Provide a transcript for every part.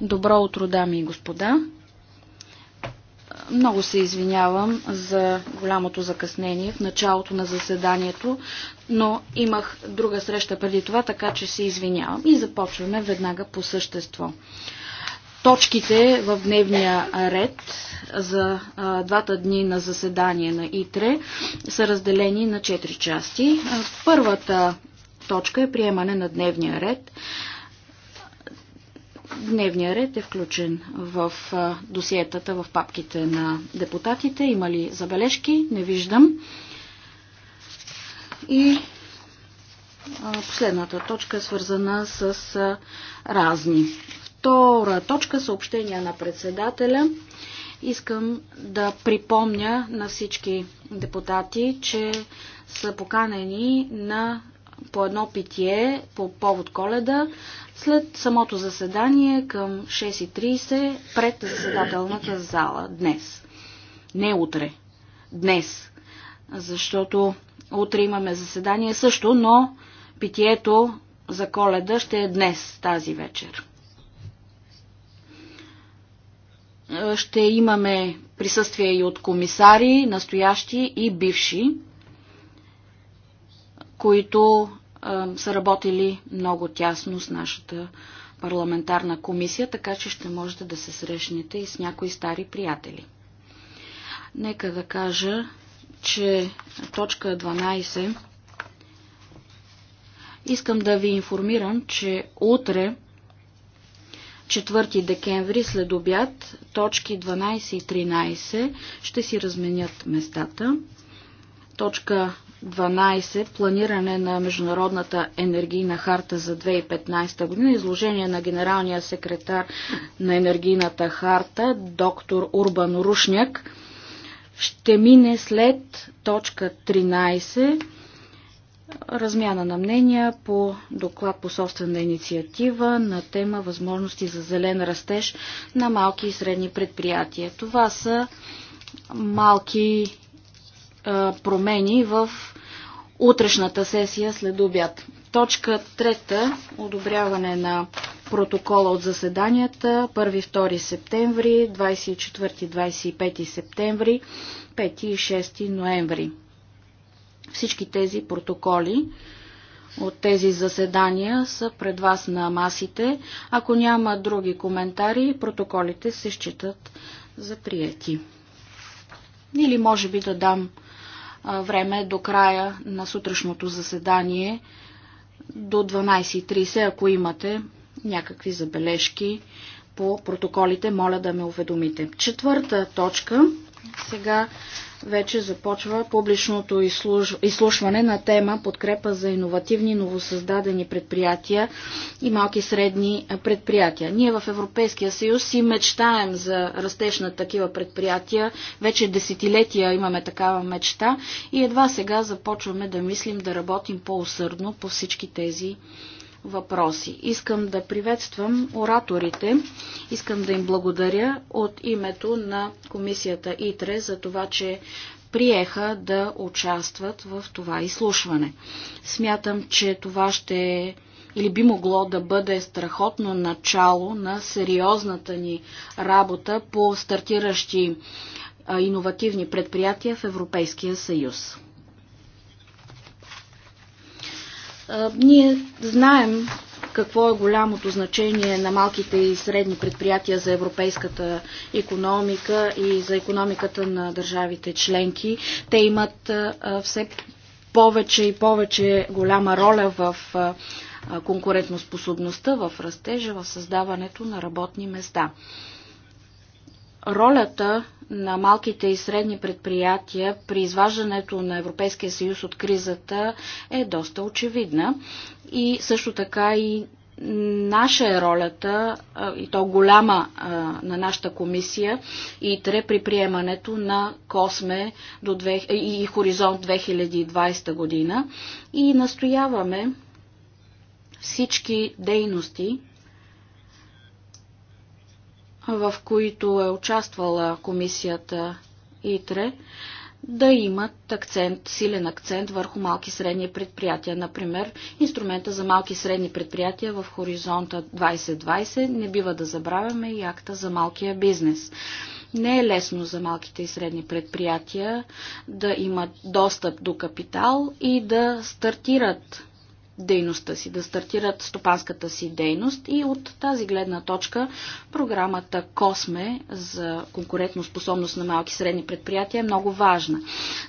Добро утро, дами и господа. Много се извинявам за голямото закъснение в началото на заседанието, но имах друга среща преди това, така че се извинявам и започваме веднага по същество. Точките в дневния ред за а, двата дни на заседание на ИТРЕ са разделени на четири части. А, първата точка е приемане на дневния ред. Дневния ред е включен в досиетата, в папките на депутатите. Има ли забележки? Не виждам. И последната точка е свързана с разни. Втора точка съобщения на председателя. Искам да припомня на всички депутати, че са поканени на по едно питие по повод коледа след самото заседание към 6.30 пред заседателната зала днес. Не утре. Днес. Защото утре имаме заседание също, но питието за коледа ще е днес, тази вечер. Ще имаме присъствие и от комисари, настоящи и бивши които са работили много тясно с нашата парламентарна комисия, така че ще можете да се срещнете и с някои стари приятели. Нека да кажа, че точка 12 искам да ви информирам, че утре 4 декември след обяд точки 12 и 13 ще си разменят местата. Точка 12 планиране на Международната енергийна харта за 2015 година, изложение на генералния секретар на енергийната харта, доктор Урбан Рушняк, ще мине след точка 13 размяна на мнения по доклад по собствена инициатива на тема Възможности за зелен растеж на малки и средни предприятия. Това са малки промени в утрешната сесия след обяд. Точка трета – одобряване на протокола от заседанията 1-2 септември, 24-25 септември, 5 6 ноември. Всички тези протоколи от тези заседания са пред вас на масите. Ако няма други коментари, протоколите се считат за прияти. Или може би да дам време до края на сутрешното заседание до 12.30, ако имате някакви забележки по протоколите, моля да ме уведомите. Четвърта точка. Сега вече започва публичното изслушване на тема подкрепа за иновативни новосъздадени предприятия и малки и средни предприятия. Ние в Европейския съюз си мечтаем за растеж на такива предприятия. Вече десетилетия имаме такава мечта и едва сега започваме да мислим да работим по-усърдно по всички тези въпроси. Искам да приветствам ораторите. Искам да им благодаря от името на комисията ИТРЕ за това, че приеха да участват в това изслушване. Смятам, че това ще е или би могло да бъде страхотно начало на сериозната ни работа по стартиращи иновативни предприятия в Европейския съюз. Ние знаем какво е голямото значение на малките и средни предприятия за европейската економика и за економиката на държавите членки. Те имат все повече и повече голяма роля в конкурентоспособността, в растежа, в създаването на работни места ролята на малките и средни предприятия при изваждането на Европейския съюз от кризата е доста очевидна. И също така и наша е ролята, и то голяма на нашата комисия, и тре при приемането на Косме до 2, и Хоризонт 2020 година. И настояваме всички дейности, в които е участвала комисията ИТРЕ, да имат акцент, силен акцент върху малки и средни предприятия. Например, инструмента за малки и средни предприятия в хоризонта 2020 не бива да забравяме и акта за малкия бизнес. Не е лесно за малките и средни предприятия да имат достъп до капитал и да стартират дейността си, да стартират стопанската си дейност и от тази гледна точка програмата Косме за конкурентно способност на малки и средни предприятия е много важна.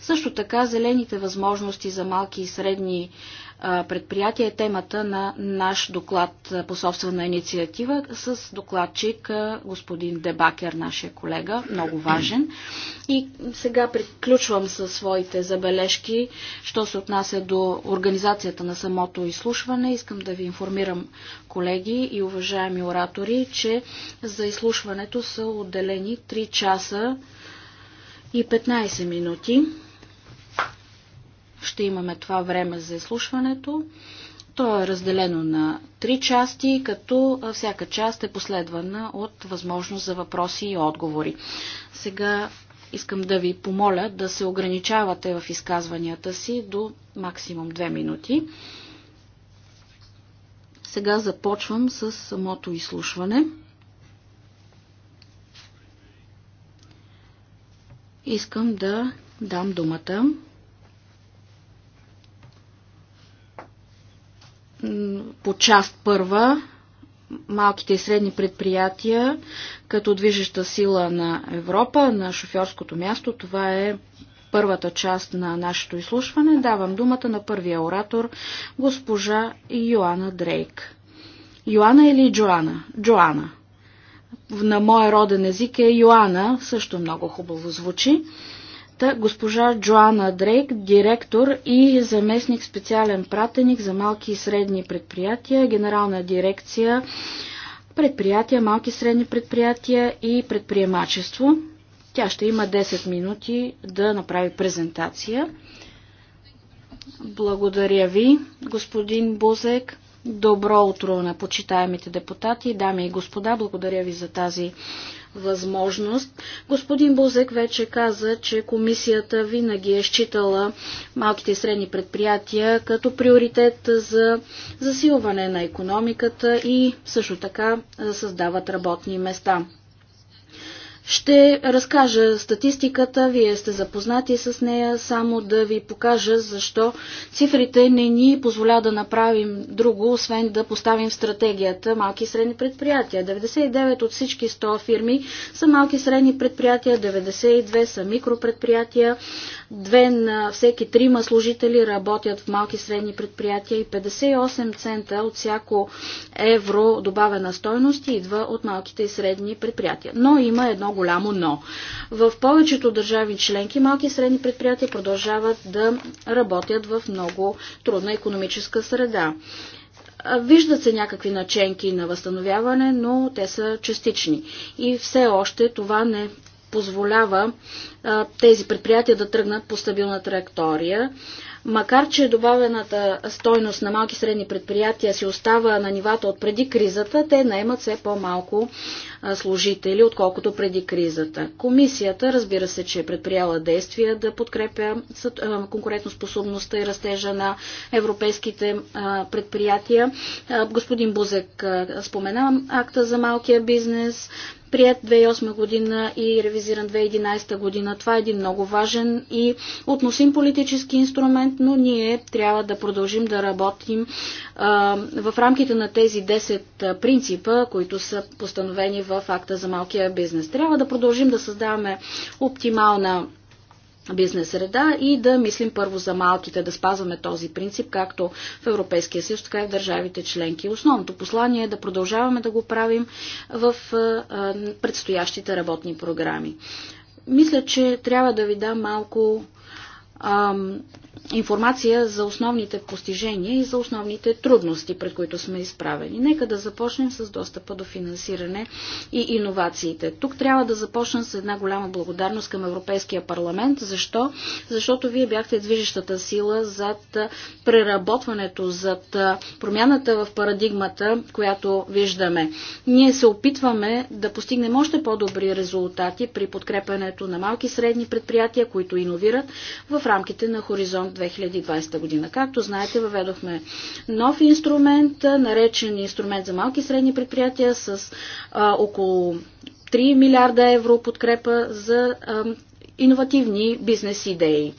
Също така зелените възможности за малки и средни предприятия предприятие е темата на наш доклад по собствена инициатива с докладчик господин Дебакер, нашия колега, много важен. И сега приключвам със своите забележки, що се отнася до организацията на самото изслушване. Искам да ви информирам, колеги и уважаеми оратори, че за изслушването са отделени 3 часа и 15 минути ще имаме това време за изслушването. То е разделено на три части, като всяка част е последвана от възможност за въпроси и отговори. Сега искам да ви помоля да се ограничавате в изказванията си до максимум две минути. Сега започвам с самото изслушване. Искам да дам думата по част първа малките и средни предприятия като движеща сила на Европа, на шофьорското място. Това е първата част на нашето изслушване. Давам думата на първия оратор, госпожа Йоана Дрейк. Йоана или Джоана? Джоана. На моя роден език е Йоана, също много хубаво звучи думата госпожа Джоана Дрейк, директор и заместник специален пратеник за малки и средни предприятия, генерална дирекция предприятия, малки и средни предприятия и предприемачество. Тя ще има 10 минути да направи презентация. Благодаря ви, господин Бузек. Добро утро на почитаемите депутати, дами и господа. Благодаря ви за тази възможност. Господин Бузек вече каза, че комисията винаги е считала малките и средни предприятия като приоритет за засилване на економиката и също така създават работни места. Ще разкажа статистиката, вие сте запознати с нея, само да ви покажа защо цифрите не ни позволя да направим друго, освен да поставим в стратегията малки и средни предприятия. 99 от всички 100 фирми са малки и средни предприятия, 92 са микропредприятия, две на всеки трима служители работят в малки и средни предприятия и 58 цента от всяко евро добавена стойност идва от малките и средни предприятия. Но има едно голямо но. В повечето държави членки малки и средни предприятия продължават да работят в много трудна економическа среда. Виждат се някакви наченки на възстановяване, но те са частични. И все още това не позволява а, тези предприятия да тръгнат по стабилна траектория. Макар, че добавената стойност на малки и средни предприятия си остава на нивата от преди кризата, те наемат все по-малко служители, отколкото преди кризата. Комисията, разбира се, че е предприяла действия да подкрепя конкурентоспособността и растежа на европейските предприятия. Господин Бузек споменавам акта за малкия бизнес, прият 2008 година и ревизиран 2011 година. Това е един много важен и относим политически инструмент, но ние трябва да продължим да работим а, в рамките на тези 10 принципа, които са постановени в акта за малкия бизнес. Трябва да продължим да създаваме оптимална бизнес среда и да мислим първо за малките, да спазваме този принцип, както в Европейския съюз, така и в държавите членки. Основното послание е да продължаваме да го правим в предстоящите работни програми. Мисля, че трябва да ви дам малко информация за основните постижения и за основните трудности, пред които сме изправени. Нека да започнем с достъпа до финансиране и иновациите. Тук трябва да започна с една голяма благодарност към Европейския парламент. Защо? Защото вие бяхте движещата сила зад преработването, зад промяната в парадигмата, която виждаме. Ние се опитваме да постигнем още по-добри резултати при подкрепането на малки и средни предприятия, които иновират в рамките на хоризонт 2020 година. Както знаете, въведохме нов инструмент, наречен инструмент за малки и средни предприятия с а, около 3 милиарда евро подкрепа за а, иновативни бизнес идеи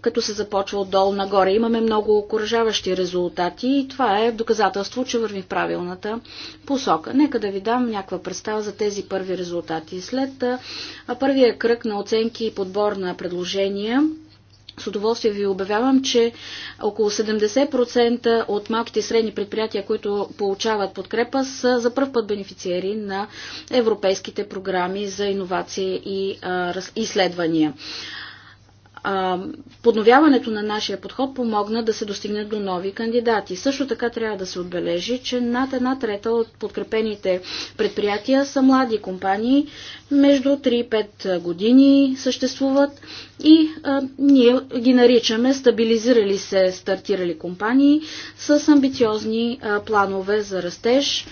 като се започва отдолу нагоре. Имаме много окоръжаващи резултати и това е доказателство, че върви в правилната посока. Нека да ви дам някаква представа за тези първи резултати. След първия кръг на оценки и подбор на предложения, с удоволствие ви обявявам, че около 70% от малките и средни предприятия, които получават подкрепа, са за първ път бенефициери на европейските програми за иновации и а, изследвания подновяването на нашия подход помогна да се достигне до нови кандидати. Също така трябва да се отбележи, че над една трета от подкрепените предприятия са млади компании, между 3 и 5 години съществуват и а, ние ги наричаме стабилизирали се стартирали компании с амбициозни а, планове за растеж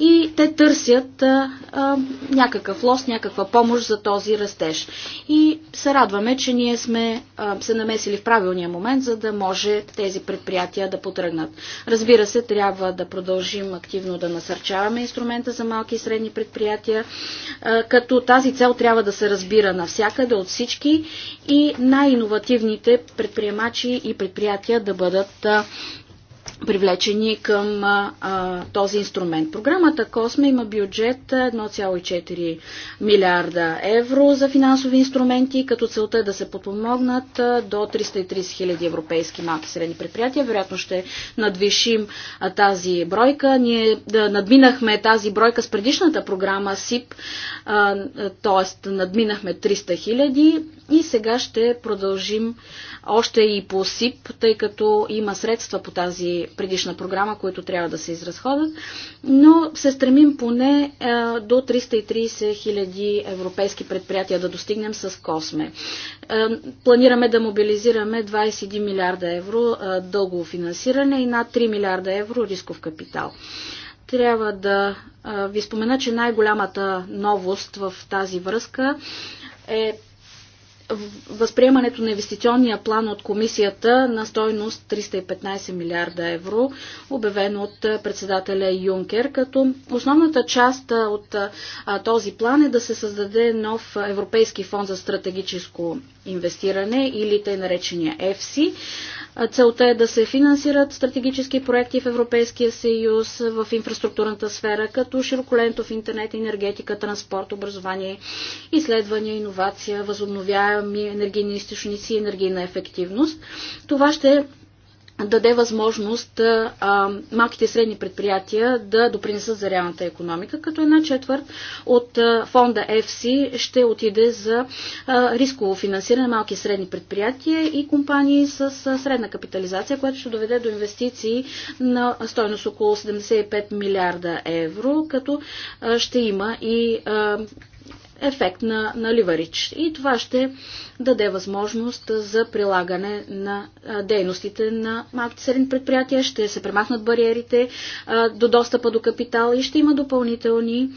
и те търсят а, а, някакъв лос, някаква помощ за този растеж. И се радваме, че ние сме а, се намесили в правилния момент, за да може тези предприятия да потръгнат. Разбира се, трябва да продължим активно да насърчаваме инструмента за малки и средни предприятия, а, като тази цел трябва да се разбира навсякъде от всички и най-инновативните предприемачи и предприятия да бъдат а, привлечени към а, този инструмент. Програмата Косме има бюджет 1,4 милиарда евро за финансови инструменти, като целта е да се подпомогнат до 330 хиляди европейски малки и средни предприятия. Вероятно ще надвишим а, тази бройка. Ние да, надминахме тази бройка с предишната програма СИП, т.е. надминахме 300 хиляди. И сега ще продължим още и по СИП, тъй като има средства по тази предишна програма, които трябва да се изразходят, но се стремим поне е, до 330 хиляди европейски предприятия да достигнем с Косме. Е, планираме да мобилизираме 21 милиарда евро е, дългово финансиране и над 3 милиарда евро рисков капитал трябва да ви спомена, че най-голямата новост в тази връзка е възприемането на инвестиционния план от комисията на стойност 315 милиарда евро, обявен от председателя Юнкер, като основната част от този план е да се създаде нов Европейски фонд за стратегическо инвестиране или тъй наречения EFSI. Целта е да се финансират стратегически проекти в Европейския съюз в инфраструктурната сфера, като широколентов интернет, енергетика, транспорт, образование, изследвания, иновация, възобновяеми енергийни източници и енергийна ефективност. Това ще даде възможност а, малките и средни предприятия да допринесат за реалната економика, като една четвърт от а, фонда FC ще отиде за а, рисково финансиране на малки и средни предприятия и компании с а, средна капитализация, което ще доведе до инвестиции на стойност около 75 милиарда евро, като а, ще има и а, ефект на, на ливарич. И това ще даде възможност за прилагане на дейностите на малките средни предприятия, ще се премахнат бариерите до достъпа до капитал и ще има допълнителни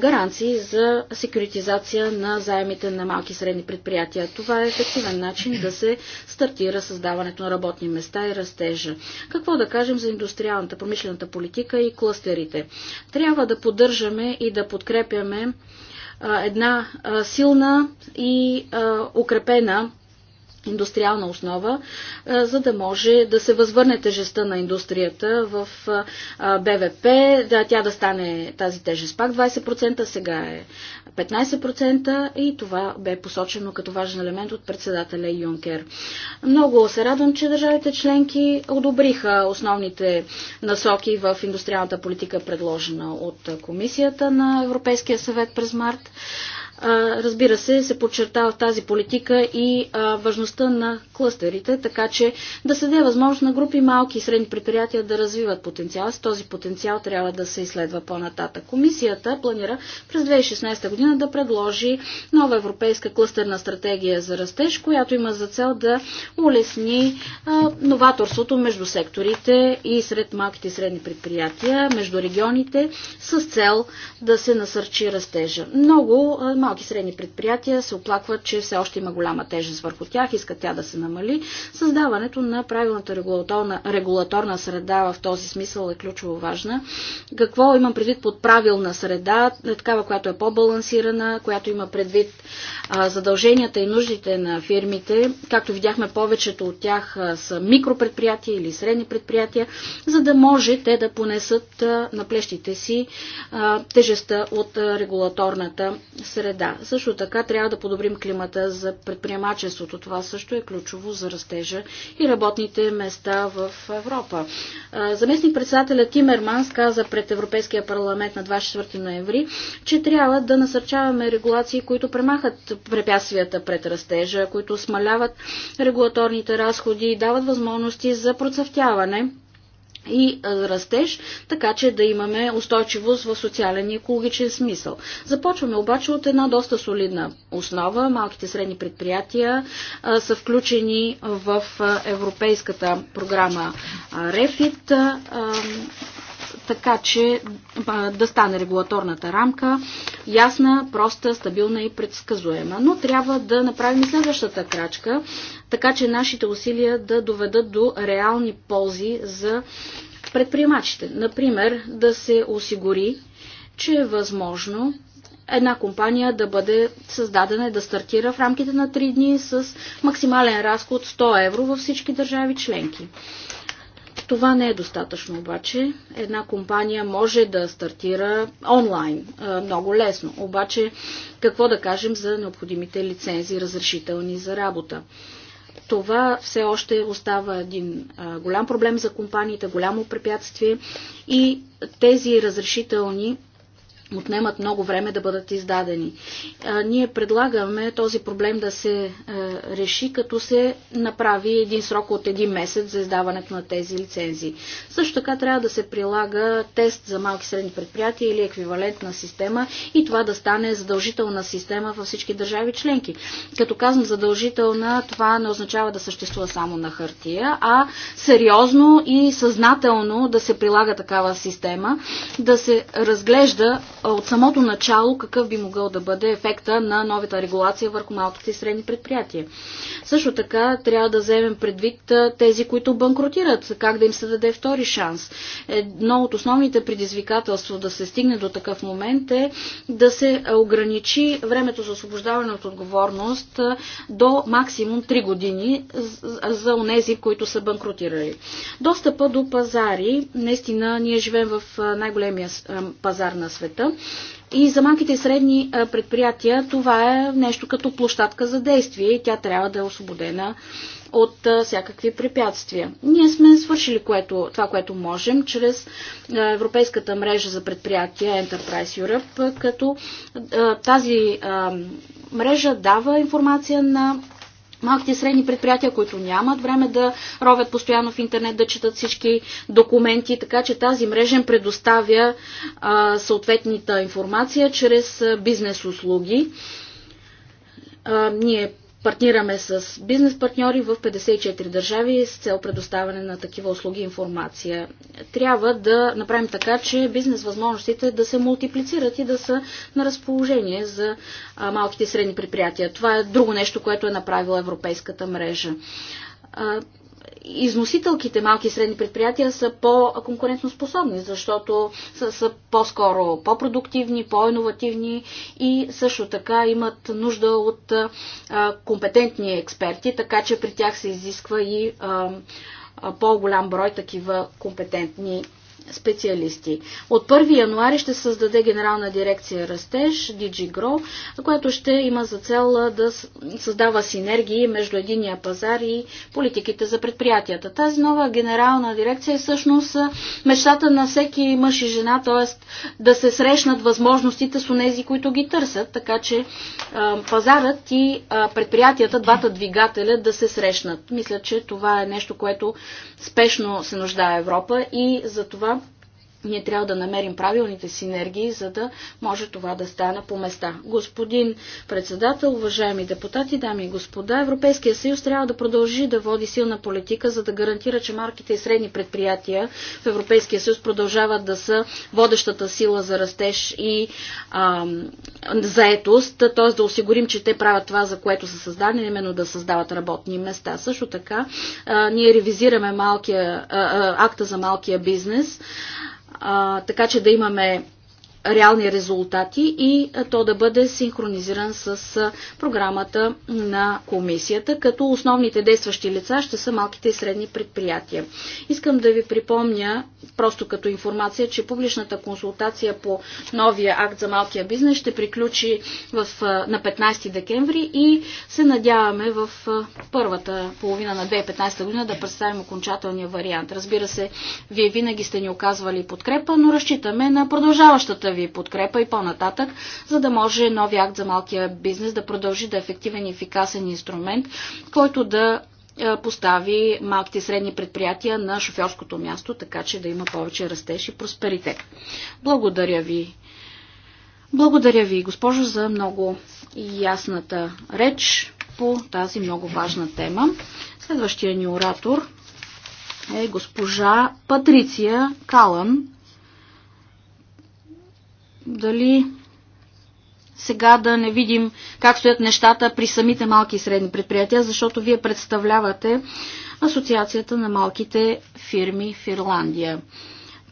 гаранции за секюритизация на заемите на малки и средни предприятия. Това е ефективен начин да се стартира създаването на работни места и растежа. Какво да кажем за индустриалната промишлената политика и кластерите? Трябва да поддържаме и да подкрепяме една силна и укрепена индустриална основа, за да може да се възвърне тежестта на индустрията в БВП, да тя да стане тази тежест пак 20%, сега е 15% и това бе посочено като важен елемент от председателя Юнкер. Много се радвам, че държавите членки одобриха основните насоки в индустриалната политика, предложена от Комисията на Европейския съвет през март. Разбира се, се подчертава в тази политика и важността на клъстерите, така че да се даде възможност на групи малки и средни предприятия да развиват потенциал. С този потенциал трябва да се изследва по-нататък. Комисията планира през 2016 година да предложи нова европейска клъстерна стратегия за растеж, която има за цел да улесни новаторството между секторите и сред малките и средни предприятия, между регионите, с цел да се насърчи растежа. Много малки и средни предприятия се оплакват, че все още има голяма тежест върху тях, искат тя да се намали. Създаването на правилната регулаторна, регулаторна среда в този смисъл е ключово важна. Какво имам предвид под правилна среда, е, такава, която е по-балансирана, която има предвид задълженията и нуждите на фирмите. Както видяхме, повечето от тях са микропредприятия или средни предприятия, за да може те да понесат на плещите си тежеста от регулаторната среда среда. Също така трябва да подобрим климата за предприемачеството. Това също е ключово за растежа и работните места в Европа. Заместник председателя Тимерманс каза пред Европейския парламент на 24 ноември, че трябва да насърчаваме регулации, които премахат препятствията пред растежа, които смаляват регулаторните разходи и дават възможности за процъфтяване и растеж, така че да имаме устойчивост в социален и екологичен смисъл. Започваме обаче от една доста солидна основа. Малките и средни предприятия са включени в европейската програма Refit така че да стане регулаторната рамка ясна, проста, стабилна и предсказуема. Но трябва да направим следващата крачка, така че нашите усилия да доведат до реални ползи за предприемачите. Например, да се осигури, че е възможно една компания да бъде създадена и да стартира в рамките на 3 дни с максимален разход 100 евро във всички държави членки. Това не е достатъчно обаче. Една компания може да стартира онлайн много лесно. Обаче какво да кажем за необходимите лицензи, разрешителни за работа? Това все още остава един голям проблем за компаниите, голямо препятствие и тези разрешителни отнемат много време да бъдат издадени. А, ние предлагаме този проблем да се а, е, реши, като се направи един срок от един месец за издаването на тези лицензии. Също така трябва да се прилага тест за малки и средни предприятия или еквивалентна система и това да стане задължителна система във всички държави членки. Като казвам задължителна, това не означава да съществува само на хартия, а сериозно и съзнателно да се прилага такава система, да се разглежда от самото начало какъв би могъл да бъде ефекта на новата регулация върху малките и средни предприятия. Също така трябва да вземем предвид тези, които банкротират, как да им се даде втори шанс. Едно от основните предизвикателства да се стигне до такъв момент е да се ограничи времето за освобождаване от отговорност до максимум 3 години за онези, които са банкротирали. Достъпа до пазари. Наистина ние живеем в най-големия пазар на света и за малките и средни предприятия това е нещо като площадка за действие и тя трябва да е освободена от всякакви препятствия. Ние сме свършили което, това, което можем чрез Европейската мрежа за предприятия Enterprise Europe, като тази мрежа дава информация на малките и средни предприятия, които нямат време да ровят постоянно в интернет, да четат всички документи, така че тази мрежа им предоставя а, съответната информация чрез бизнес услуги. А, ние Партнираме с бизнес партньори в 54 държави с цел предоставяне на такива услуги и информация. Трябва да направим така, че бизнес възможностите да се мултиплицират и да са на разположение за малките и средни предприятия. Това е друго нещо, което е направила Европейската мрежа износителките малки и средни предприятия са по-конкурентно способни, защото са, са по-скоро по-продуктивни, по-инновативни и също така имат нужда от а, компетентни експерти, така че при тях се изисква и по-голям брой такива компетентни специалисти. От 1 януари ще създаде Генерална дирекция Растеж, DigiGrow, която ще има за цел да създава синергии между единия пазар и политиките за предприятията. Тази нова Генерална дирекция е всъщност мечтата на всеки мъж и жена, т.е. да се срещнат възможностите с тези, които ги търсят, така че пазарът и предприятията, двата двигателя да се срещнат. Мисля, че това е нещо, което спешно се нуждае Европа и за това ние трябва да намерим правилните синергии, за да може това да стане по места. Господин председател, уважаеми депутати, дами и господа, Европейския съюз трябва да продължи да води силна политика, за да гарантира, че марките и средни предприятия в Европейския съюз продължават да са водещата сила за растеж и ам, заетост, т.е. да осигурим, че те правят това, за което са създадени, именно да създават работни места. Също така, а, ние ревизираме малкия, а, а, акта за малкия бизнес така че да имаме реални резултати и то да бъде синхронизиран с програмата на комисията, като основните действащи лица ще са малките и средни предприятия. Искам да ви припомня, просто като информация, че публичната консултация по новия акт за малкия бизнес ще приключи в, на 15 декември и се надяваме в първата половина на 2015 година да представим окончателния вариант. Разбира се, вие винаги сте ни оказвали подкрепа, но разчитаме на продължаващата ви ви подкрепа и по-нататък, за да може новия акт за малкия бизнес да продължи да е ефективен и ефикасен инструмент, който да е, постави малките и средни предприятия на шофьорското място, така че да има повече растеж и просперитет. Благодаря ви. Благодаря ви, госпожо, за много ясната реч по тази много важна тема. Следващия ни оратор е госпожа Патриция Калън дали сега да не видим как стоят нещата при самите малки и средни предприятия, защото вие представлявате Асоциацията на малките фирми в Ирландия.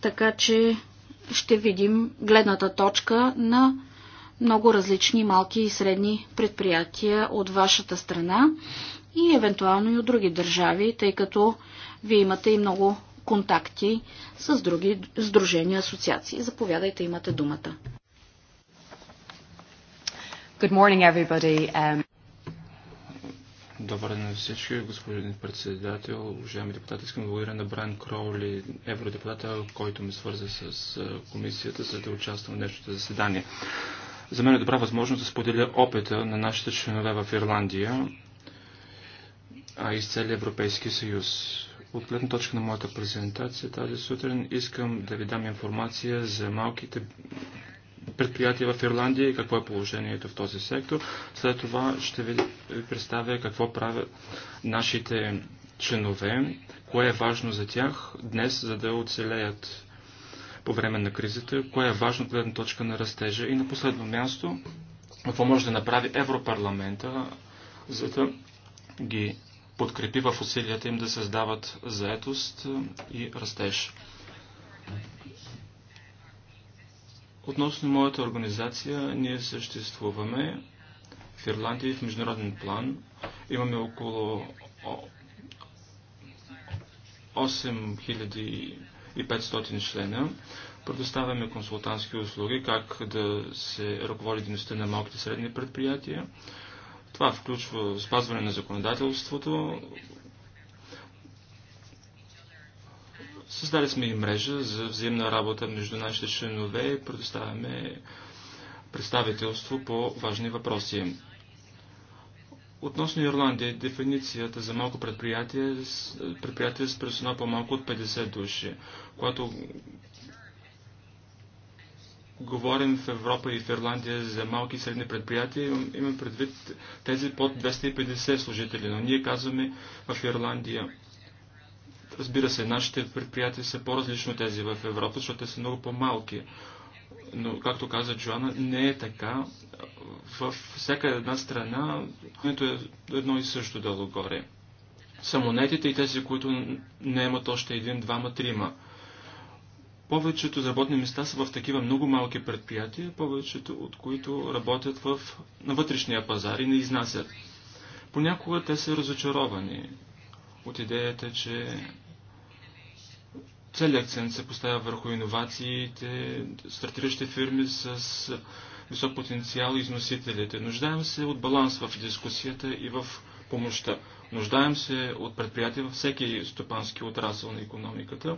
Така че ще видим гледната точка на много различни малки и средни предприятия от вашата страна и евентуално и от други държави, тъй като вие имате и много контакти с други сдружения, асоциации. Заповядайте, имате думата. Good morning, everybody. Um... Добър ден на всички, господин председател, уважаеми депутати. Искам да благодаря на Брайан Кроули, евродепутата, който ме свърза с комисията, за да участвам в днешното заседание. За мен е добра възможност да споделя опита на нашите членове в Ирландия, а и с целия Европейски съюз. От гледна точка на моята презентация тази сутрин искам да ви дам информация за малките предприятия в Ирландия и какво е положението в този сектор. След това ще ви представя какво правят нашите членове, кое е важно за тях днес, за да оцелеят по време на кризата, кое е важно от гледна точка на растежа и на последно място, какво може да направи Европарламента, за да ги подкрепи в усилията им да създават заетост и растеж. Относно моята организация, ние съществуваме в Ирландия в международен план. Имаме около 8500 члена. Предоставяме консултантски услуги, как да се ръководи дейността на малките и средни предприятия, това включва спазване на законодателството. Създали сме и мрежа за взаимна работа между нашите членове и предоставяме представителство по важни въпроси. Относно Ирландия, дефиницията за малко предприятие, предприятие с персонал по-малко от 50 души, когато говорим в Европа и в Ирландия за малки и средни предприятия, имам предвид тези под 250 служители, но ние казваме в Ирландия. Разбира се, нашите предприятия са по-различно тези в Европа, защото те са много по-малки. Но, както каза Джоана, не е така. в всяка една страна е едно и също дълго горе Самонетите и тези, които не имат още един, двама, трима повечето работни места са в такива много малки предприятия, повечето от които работят в, на вътрешния пазар и не изнасят. Понякога те са разочаровани от идеята, че целият акцент се поставя върху иновациите, стартиращи фирми с висок потенциал и износителите. Нуждаем се от баланс в дискусията и в помощта. Нуждаем се от предприятия във всеки стопански отрасъл на економиката.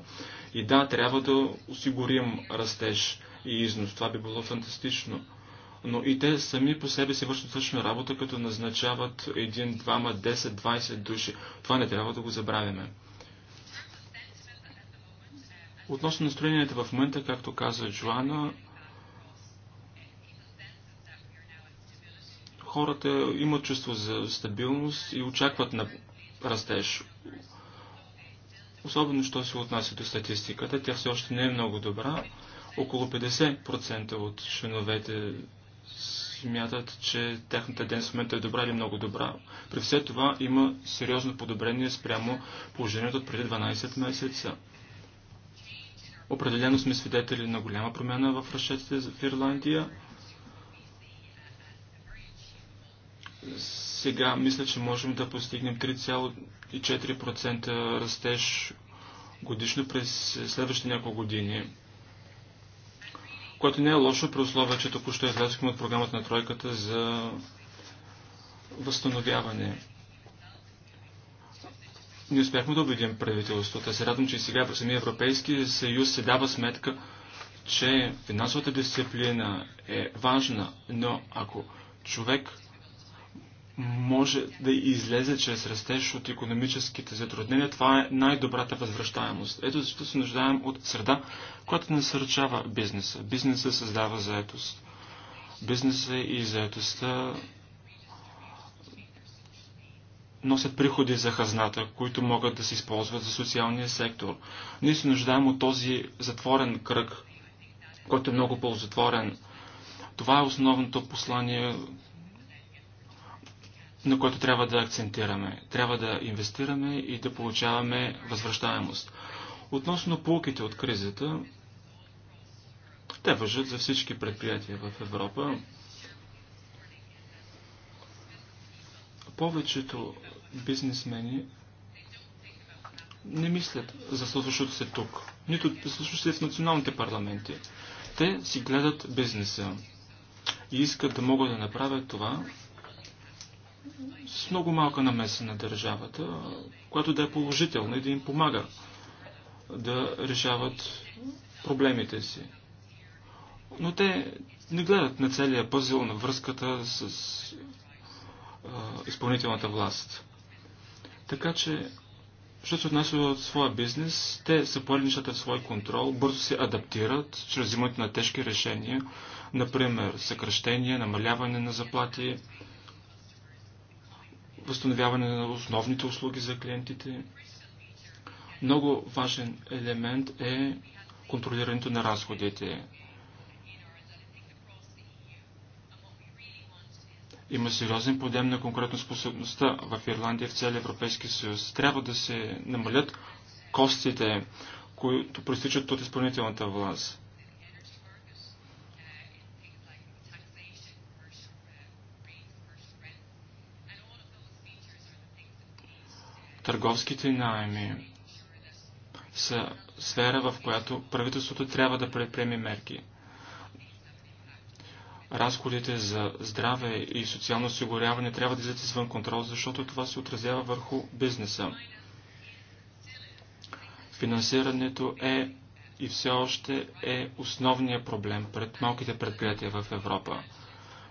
И да, трябва да осигурим растеж и износ. Това би било фантастично. Но и те сами по себе си вършат същна работа, като назначават един, двама, 10, 20 души. Това не трябва да го забравяме. Относно настроенията в момента, както каза Джоана, хората имат чувство за стабилност и очакват на растеж. Особено, що се отнася до статистиката, тя все още не е много добра. Около 50% от членовете смятат, че тяхната ден в момента е добра или много добра. При все това има сериозно подобрение спрямо положението от преди 12 месеца. Определено сме свидетели на голяма промяна в разчетите в Ирландия. Сега мисля, че можем да постигнем 3,4% растеж годишно през следващите няколко години, което не е лошо при условие, че току-що излязохме от програмата на тройката за възстановяване. Не успяхме да убедим правителството. Се радвам, че и сега самия Европейски съюз се дава сметка, че финансовата дисциплина е важна, но ако човек може да излезе чрез растеж от економическите затруднения, това е най-добрата възвръщаемост. Ето защо се нуждаем от среда, която насърчава бизнеса. Бизнеса създава заетост. Бизнеса и заетостта носят приходи за хазната, които могат да се използват за социалния сектор. Ние се нуждаем от този затворен кръг, който е много ползотворен. Това е основното послание, на което трябва да акцентираме. Трябва да инвестираме и да получаваме възвръщаемост. Относно полуките от кризата, те въжат за всички предприятия в Европа. Повечето бизнесмени не мислят за случващото се тук, нито случващото се в националните парламенти. Те си гледат бизнеса и искат да могат да направят това, с много малка намеса на държавата, която да е положителна и да им помага да решават проблемите си. Но те не гледат на целия пъзел на връзката с а, изпълнителната власт. Така че, що се отнася от своя бизнес, те са поели нещата в свой контрол, бързо се адаптират чрез взимането на тежки решения, например съкръщение, намаляване на заплати, възстановяване на основните услуги за клиентите. Много важен елемент е контролирането на разходите. Има сериозен подем на конкретно способността в Ирландия и в целия Европейски съюз. Трябва да се намалят костите, които проистичат от изпълнителната власт. Търговските найеми са сфера, в която правителството трябва да предприеме мерки. Разходите за здраве и социално осигуряване трябва да излизат извън контрол, защото това се отразява върху бизнеса. Финансирането е и все още е основният проблем пред малките предприятия в Европа.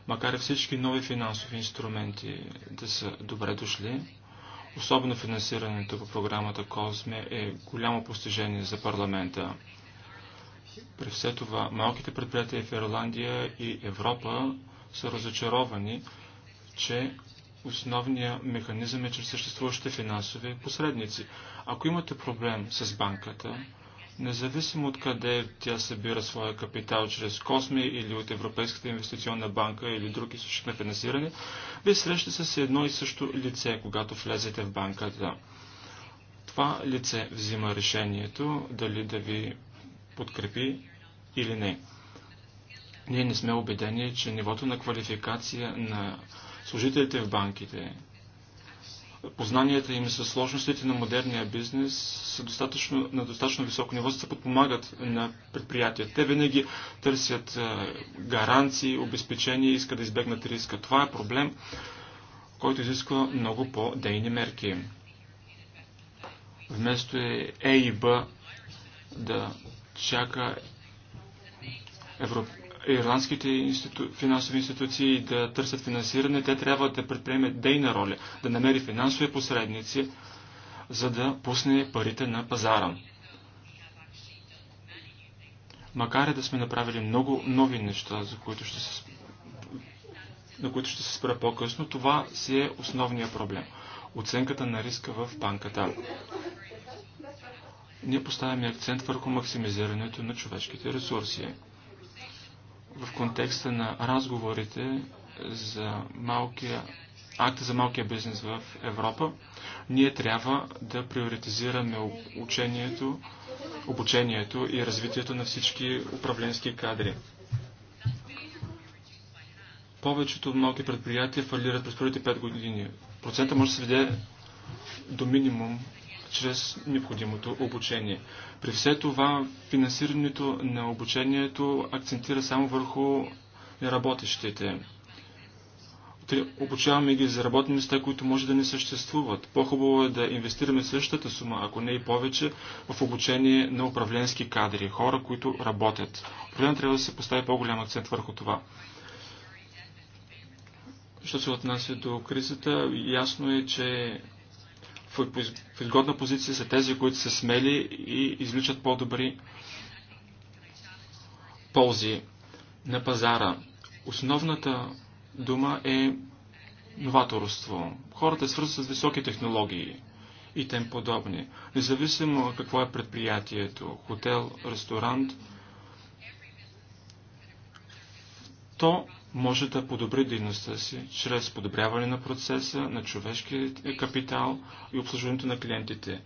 Макар и всички нови финансови инструменти да са добре дошли, Особено финансирането по програмата Козме е голямо постижение за парламента. При все това, малките предприятия в Ирландия и Европа са разочаровани, че основният механизъм е чрез съществуващите финансови посредници. Ако имате проблем с банката, Независимо от къде тя събира своя капитал чрез Косми или от Европейската инвестиционна банка или други източник на финансиране, ви среща с едно и също лице, когато влезете в банката. Това лице взима решението дали да ви подкрепи или не. Ние не сме убедени, че нивото на квалификация на служителите в банките познанията им с сложностите на модерния бизнес са достатъчно, на достатъчно високо ниво, за да подпомагат на предприятията. Те винаги търсят гаранции, обезпечения, искат да избегнат риска. Това е проблем, който изисква много по-дейни мерки. Вместо е B да чака Европ ирландските институ... финансови институции да търсят финансиране, те трябва да предприемат дейна роля, да намери финансови посредници, за да пусне парите на пазара. Макар и да сме направили много нови неща, за които ще се на които ще се спра по-късно, това си е основният проблем. Оценката на риска в банката. Ние поставяме акцент върху максимизирането на човешките ресурси в контекста на разговорите за малкия, акта за малкия бизнес в Европа, ние трябва да приоритизираме учението, обучението и развитието на всички управленски кадри. Повечето малки предприятия фалират през първите 5 години. Процента може да се веде до минимум чрез необходимото обучение. При все това финансирането на обучението акцентира само върху работещите. Обучаваме ги за работни места, които може да не съществуват. По-хубаво е да инвестираме същата сума, ако не и повече, в обучение на управленски кадри, хора, които работят. Проблем трябва да се постави по-голям акцент върху това. Що се отнася до кризата, ясно е, че в изгодна позиция са тези, които са смели и изличат по-добри ползи на пазара. Основната дума е новаторство. Хората свързват с високи технологии и тем подобни. Независимо какво е предприятието, хотел, ресторант, то може да подобри дейността си чрез подобряване на процеса, на човешкия капитал и обслужването на клиентите.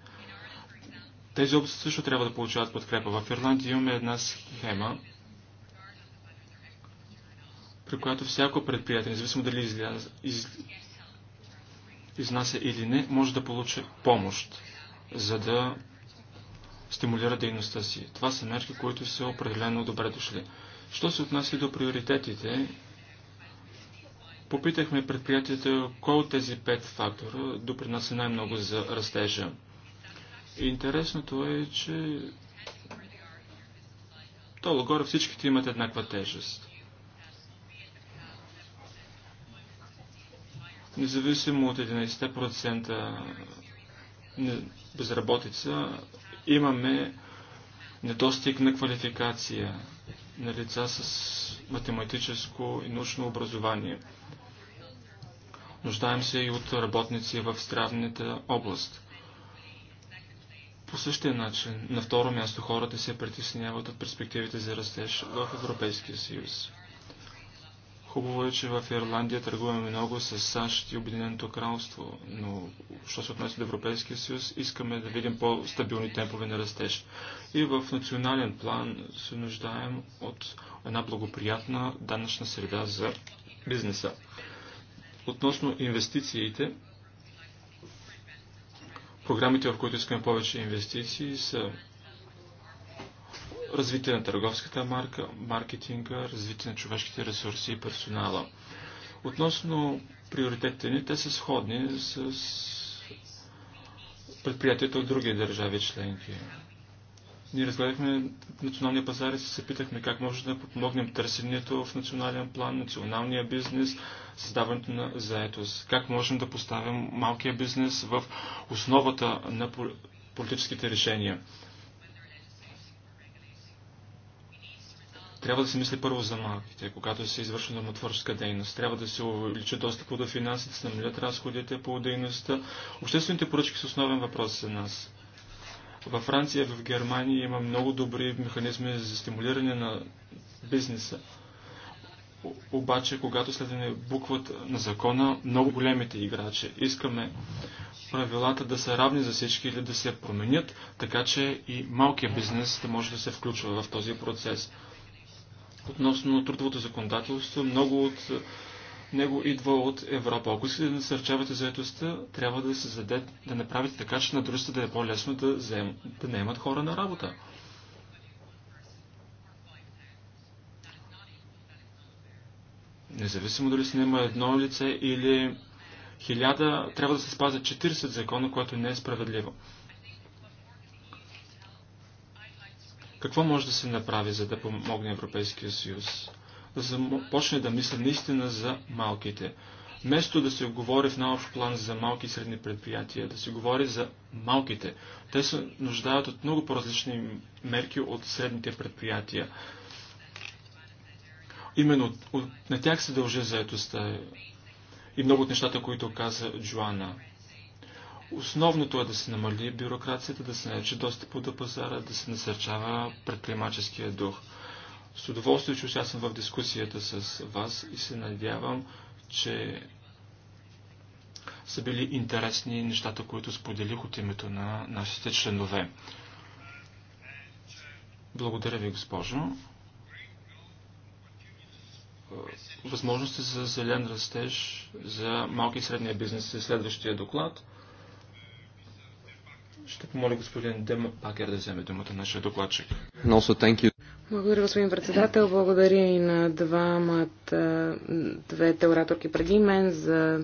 Тези области също трябва да получават подкрепа. В Ирландия имаме една схема, при която всяко предприятие, независимо дали изляз, из... изнася или не, може да получи помощ, за да стимулира дейността си. Това са мерки, които са определено добре дошли. Що се отнася до приоритетите Попитахме предприятията кой от тези пет фактора допринася най-много за растежа. Интересното е, че долу горе всичките имат еднаква тежест. Независимо от 11% безработица, имаме недостиг на квалификация на лица с математическо и научно образование. Нуждаем се и от работници в здравната област. По същия начин, на второ място, хората се притесняват от перспективите за растеж в Европейския съюз. Хубаво е, че в Ирландия търгуваме много с САЩ и Обединеното кралство, но що се отнася до Европейския съюз, искаме да видим по-стабилни темпове на растеж. И в национален план се нуждаем от една благоприятна данъчна среда за бизнеса. Относно инвестициите, програмите, в които искаме повече инвестиции, са развитие на търговската марка, маркетинга, развитие на човешките ресурси и персонала. Относно приоритетите ни, те са сходни с предприятията от други държави членки. Ние разгледахме националния пазар и се питахме как може да подмогнем търсенето в национален план, националния бизнес, създаването на заетост. Как можем да поставим малкия бизнес в основата на политическите решения. Трябва да се мисли първо за малките, когато се извършва нормотворческа дейност. Трябва да се увеличи достъпа до финансите, да се намалят разходите по дейността. Обществените поръчки са основен въпрос за нас. Във Франция, в Германия има много добри механизми за стимулиране на бизнеса. Обаче, когато следваме буквата на закона, много големите играчи искаме правилата да са равни за всички или да се променят, така че и малкият бизнес да може да се включва в този процес. Относно трудовото законодателство, много от него идва от Европа. Ако искате да насърчавате заедостта, трябва да се заде, да направите така, че на дружествата да е по-лесно да, заем, да наемат хора на работа. Независимо дали се няма едно лице или хиляда, трябва да се спазят 40 закона, което не е справедливо. Какво може да се направи, за да помогне Европейския съюз? започне да мисля наистина за малките. Вместо да се говори в наобщ план за малки и средни предприятия, да се говори за малките. Те се нуждаят от много по-различни мерки от средните предприятия. Именно от, от, на тях се дължи заетостта и много от нещата, които каза Джоана. Основното е да се намали бюрокрацията, да се нарече достъп до пазара, да се насърчава предприемаческия дух – с удоволствие, че участвам в дискусията с вас и се надявам, че са били интересни нещата, които споделих от името на нашите членове. Благодаря ви, госпожо. Възможности за зелен растеж за малки и средния бизнес е следващия доклад. Ще помоля господин Дема Пакер да вземе думата нашия докладчик. Благодаря, господин председател. Благодаря и на двамата, двете ораторки преди мен за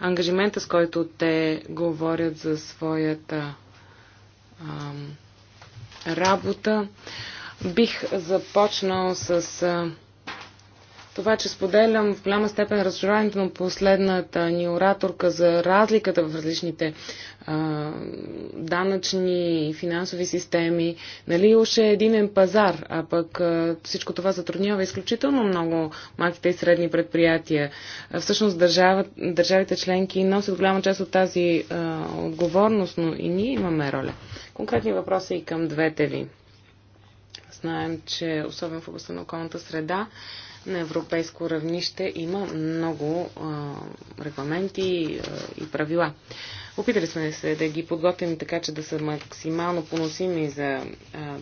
ангажимента, с който те говорят за своята ам, работа. Бих започнал с това, че споделям в голяма степен разочарованието на последната ни ораторка за разликата в различните а, данъчни и финансови системи. Нали още е единен пазар, а пък а, всичко това затруднява изключително много малките и средни предприятия. А, всъщност държава, държавите членки носят голяма част от тази а, отговорност, но и ние имаме роля. Конкретни въпроси и към двете ви. Знаем, че особено в областта на околната среда, на европейско равнище има много а, регламенти а, и правила. Опитали сме се да ги подготвим така, че да са максимално поносими за а,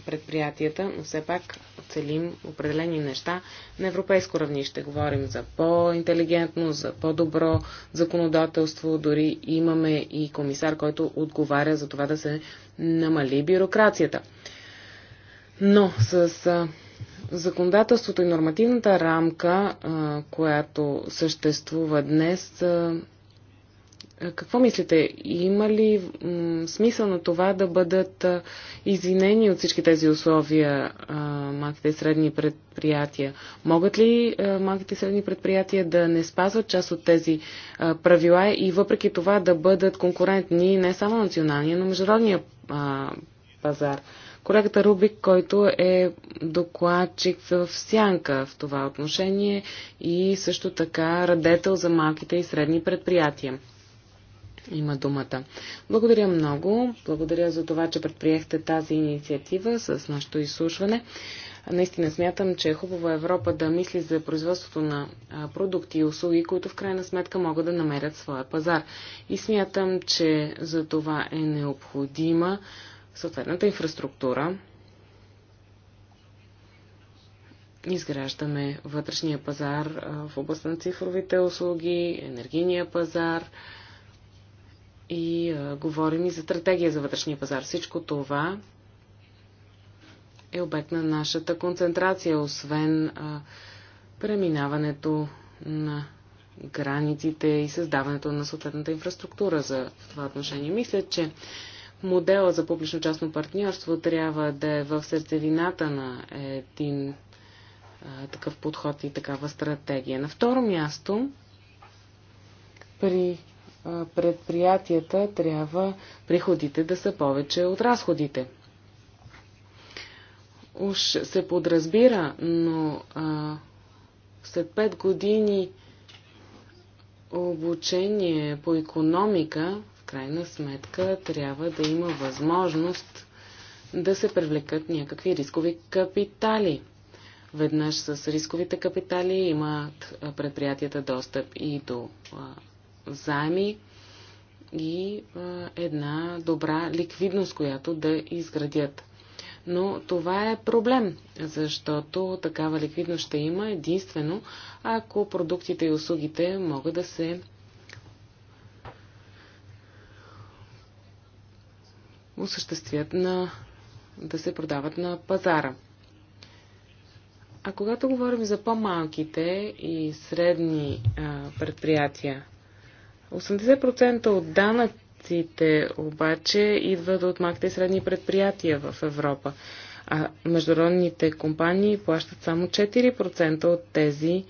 предприятията, но все пак целим определени неща на европейско равнище. Говорим за по-интелигентно, за по-добро законодателство. Дори имаме и комисар, който отговаря за това да се намали бюрокрацията. Но с а, законодателството и нормативната рамка, която съществува днес, какво мислите? Има ли смисъл на това да бъдат извинени от всички тези условия малките и средни предприятия? Могат ли малките и средни предприятия да не спазват част от тези правила и въпреки това да бъдат конкурентни не само националния, но международния пазар? колегата Рубик, който е докладчик в сянка в това отношение и също така радетел за малките и средни предприятия. Има думата. Благодаря много. Благодаря за това, че предприехте тази инициатива с нашето изслушване. Наистина смятам, че е хубаво Европа да мисли за производството на продукти и услуги, които в крайна сметка могат да намерят своя пазар. И смятам, че за това е необходима съответната инфраструктура. Изграждаме вътрешния пазар в областта на цифровите услуги, енергийния пазар и говорим и за стратегия за вътрешния пазар. Всичко това е обект на нашата концентрация, освен преминаването на границите и създаването на съответната инфраструктура за това отношение. Мисля, че Модела за публично-частно партньорство трябва да е в сърцевината на един а, такъв подход и такава стратегия. На второ място, при а, предприятията трябва приходите да са повече от разходите. Уж се подразбира, но а, след 5 години обучение по економика крайна сметка трябва да има възможност да се привлекат някакви рискови капитали. Веднъж с рисковите капитали имат предприятията достъп и до заеми и една добра ликвидност, която да изградят. Но това е проблем, защото такава ликвидност ще има единствено, ако продуктите и услугите могат да се осъществят на, да се продават на пазара. А когато говорим за по-малките и средни а, предприятия, 80% от данъците обаче идват от малките и средни предприятия в Европа, а международните компании плащат само 4% от тези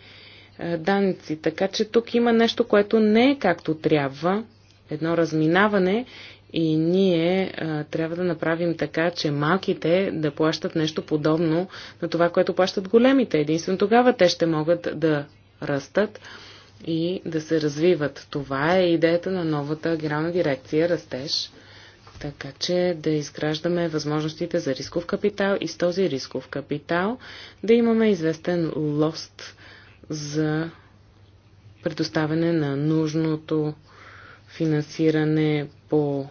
а, данъци. Така че тук има нещо, което не е както трябва, едно разминаване и ние а, трябва да направим така, че малките да плащат нещо подобно на това, което плащат големите. Единствено тогава те ще могат да растат и да се развиват. Това е идеята на новата генерална дирекция Растеж. Така че да изграждаме възможностите за рисков капитал и с този рисков капитал да имаме известен лост за предоставяне на нужното финансиране по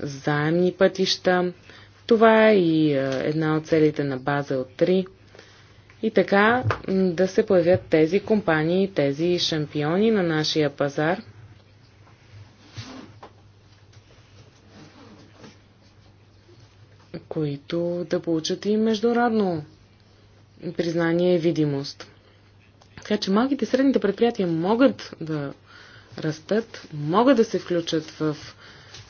заемни пътища. Това е и една от целите на база от 3. И така да се появят тези компании, тези шампиони на нашия пазар. които да получат и международно признание и видимост. Така че малките и средните предприятия могат да растат, могат да се включат в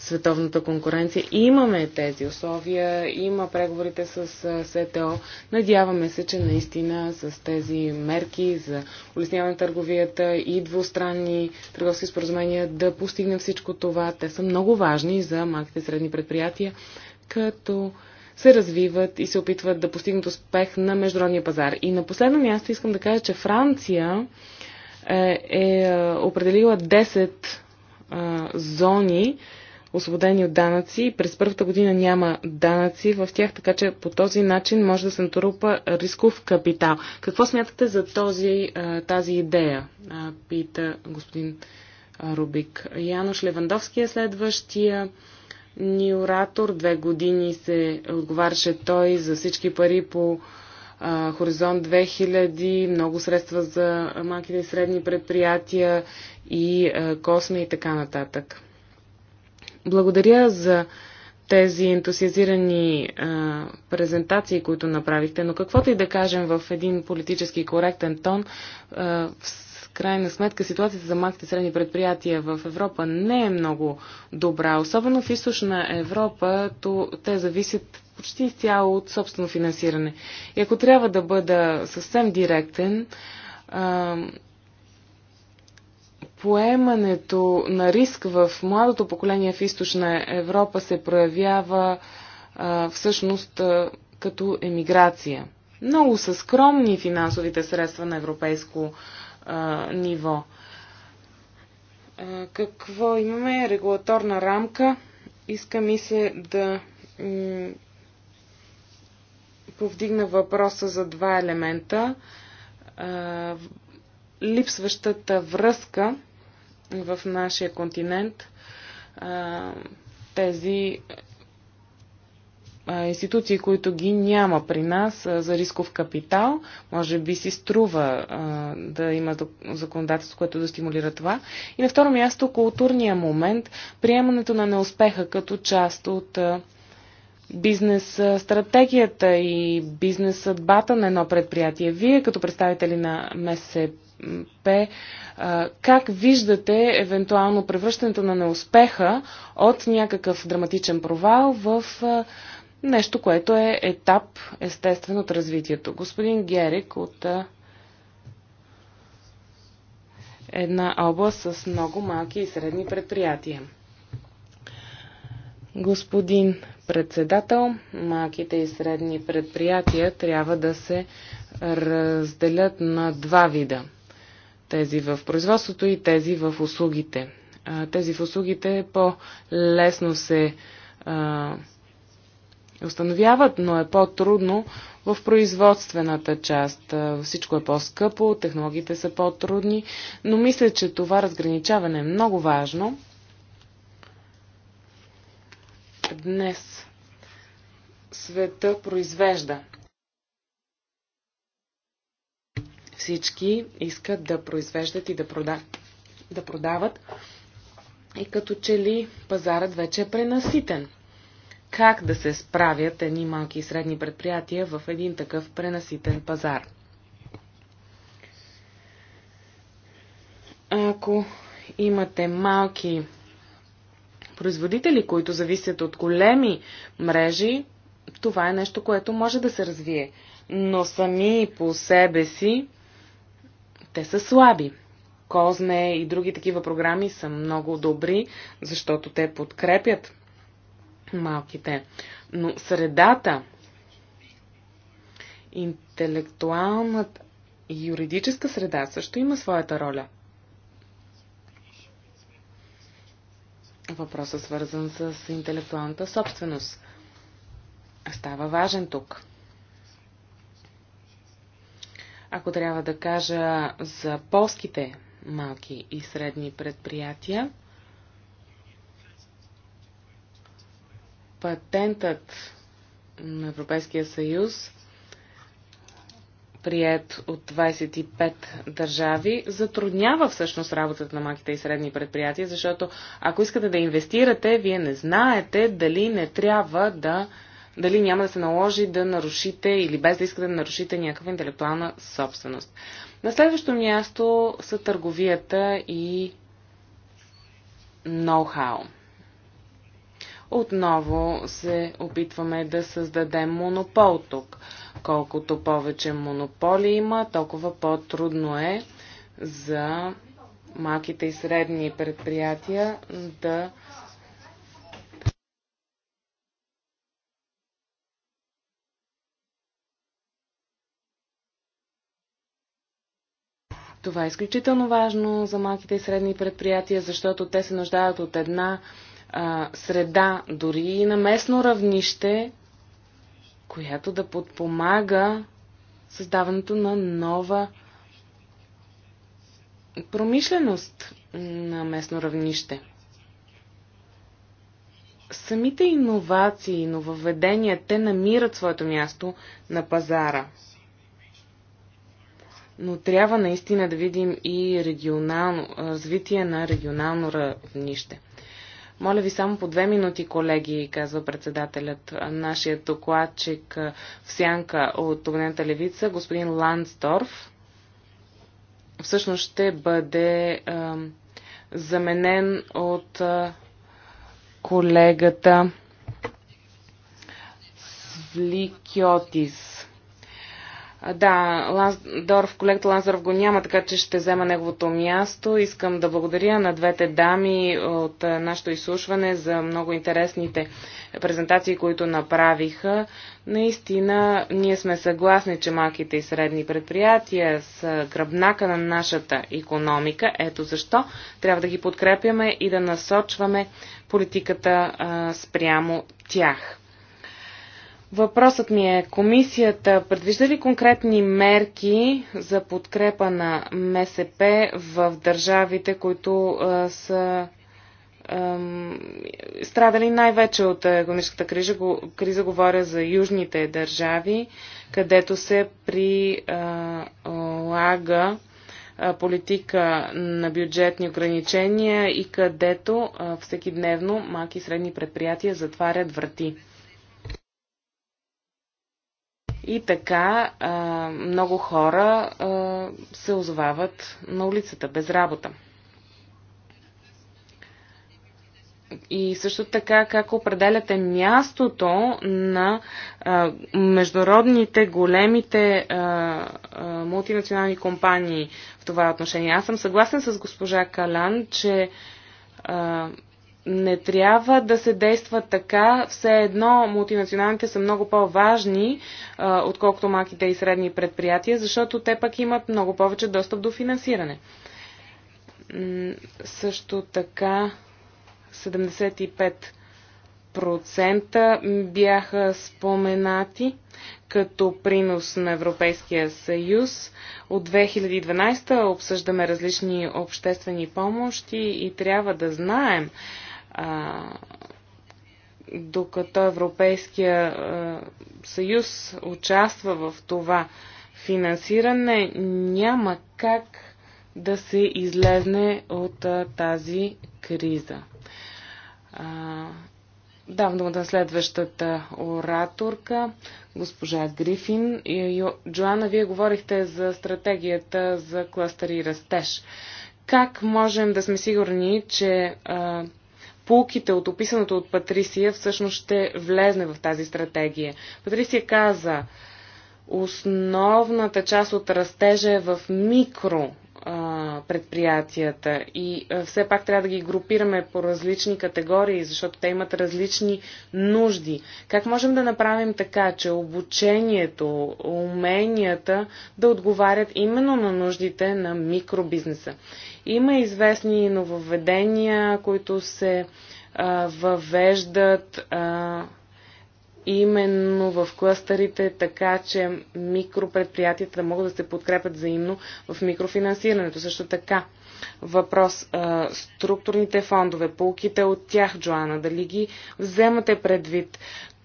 световната конкуренция. И имаме тези условия, има преговорите с СТО. Надяваме се, че наистина с тези мерки за улесняване на търговията и двустранни търговски споразумения да постигнем всичко това. Те са много важни за малките и средни предприятия, като се развиват и се опитват да постигнат успех на международния пазар. И на последно място искам да кажа, че Франция е, е, е определила 10 е, зони, освободени от данъци. През първата година няма данъци в тях, така че по този начин може да се натрупа рисков капитал. Какво смятате за този, тази идея? Пита господин Рубик. Янош Левандовски е следващия ни оратор. Две години се отговаряше той за всички пари по Хоризонт 2000, много средства за малките и средни предприятия и Косме и така нататък. Благодаря за тези ентусиазирани а, презентации, които направихте, но каквото и да кажем в един политически коректен тон, а, в крайна сметка ситуацията за малките средни предприятия в Европа не е много добра. Особено в източна Европа то, те зависят почти изцяло от собствено финансиране. И ако трябва да бъда съвсем директен, а, поемането на риск в младото поколение в източна Европа се проявява а, всъщност а, като емиграция. Много са скромни финансовите средства на европейско а, ниво. А, какво имаме? Регулаторна рамка. Иска ми се да повдигна въпроса за два елемента. А, липсващата връзка в нашия континент тези институции, които ги няма при нас за рисков капитал, може би си струва да има законодателство, което да стимулира това. И на второ място културния момент, приемането на неуспеха като част от бизнес стратегията и бизнес съдбата на едно предприятие. Вие като представители на МСП П. как виждате евентуално превръщането на неуспеха от някакъв драматичен провал в нещо, което е етап естествен от развитието. Господин Герик от една област с много малки и средни предприятия. Господин председател, малките и средни предприятия трябва да се разделят на два вида – тези в производството и тези в услугите. Тези в услугите по-лесно се а, установяват, но е по-трудно в производствената част. Всичко е по-скъпо, технологиите са по-трудни, но мисля, че това разграничаване е много важно. Днес света произвежда Всички искат да произвеждат и да, прода, да продават. И като че ли пазарът вече е пренаситен. Как да се справят едни малки и средни предприятия в един такъв пренаситен пазар? Ако имате малки производители, които зависят от големи мрежи, това е нещо, което може да се развие. Но сами по себе си те са слаби. Козме и други такива програми са много добри, защото те подкрепят малките. Но средата, интелектуалната и юридическа среда също има своята роля. Въпросът свързан с интелектуалната собственост. Става важен тук. Ако трябва да кажа за полските малки и средни предприятия, патентът на Европейския съюз, прият от 25 държави, затруднява всъщност работата на малките и средни предприятия, защото ако искате да инвестирате, вие не знаете дали не трябва да дали няма да се наложи да нарушите или без да искате да нарушите някаква интелектуална собственост. На следващо място са търговията и ноу-хау. Отново се опитваме да създадем монопол тук. Колкото повече монополи има, толкова по-трудно е за малките и средни предприятия да Това е изключително важно за малките и средни предприятия, защото те се нуждаят от една а, среда, дори и на местно равнище, която да подпомага създаването на нова промишленост на местно равнище. Самите иновации, нововведения, те намират своето място на пазара – но трябва наистина да видим и регионално, развитие на регионално равнище. Моля ви само по две минути, колеги, казва председателят. Нашият докладчик в сянка от Огнената левица, господин Ландсторф, всъщност ще бъде е, заменен от е, колегата Сликиотис. Да, Лансдорф, колегата Лансдорф го няма, така че ще взема неговото място. Искам да благодаря на двете дами от нашето изслушване за много интересните презентации, които направиха. Наистина, ние сме съгласни, че малките и средни предприятия са гръбнака на нашата економика. Ето защо трябва да ги подкрепяме и да насочваме политиката а, спрямо тях. Въпросът ми е, комисията предвижда ли конкретни мерки за подкрепа на МСП в държавите, които а, са а, страдали най-вече от економическата криза, криза, говоря за южните държави, където се прилага политика на бюджетни ограничения и където всеки дневно малки и средни предприятия затварят врати. И така а, много хора а, се озовават на улицата без работа. И също така как определяте мястото на а, международните, големите а, а, мултинационални компании в това отношение. Аз съм съгласен с госпожа Калан, че а, не трябва да се действа така, все едно мултинационалните са много по-важни, отколкото малките и средни предприятия, защото те пък имат много повече достъп до финансиране. Също така 75% бяха споменати като принос на Европейския съюз. От 2012 обсъждаме различни обществени помощи и трябва да знаем, а, докато Европейския а, съюз участва в това финансиране, няма как да се излезне от а, тази криза. А, давам на следващата ораторка, госпожа Грифин. И, Джоана, вие говорихте за стратегията за кластър и растеж. Как можем да сме сигурни, че а, Пулките от описаното от Патрисия всъщност ще влезне в тази стратегия. Патрисия каза, основната част от растежа е в микро а, предприятията и а, все пак трябва да ги групираме по различни категории, защото те имат различни нужди. Как можем да направим така, че обучението, уменията да отговарят именно на нуждите на микробизнеса? Има известни нововведения, които се а, въвеждат. А, именно в клъстерите, така че микропредприятията да могат да се подкрепят взаимно в микрофинансирането. Също така, въпрос структурните фондове, полките от тях, Джоана, дали ги вземате предвид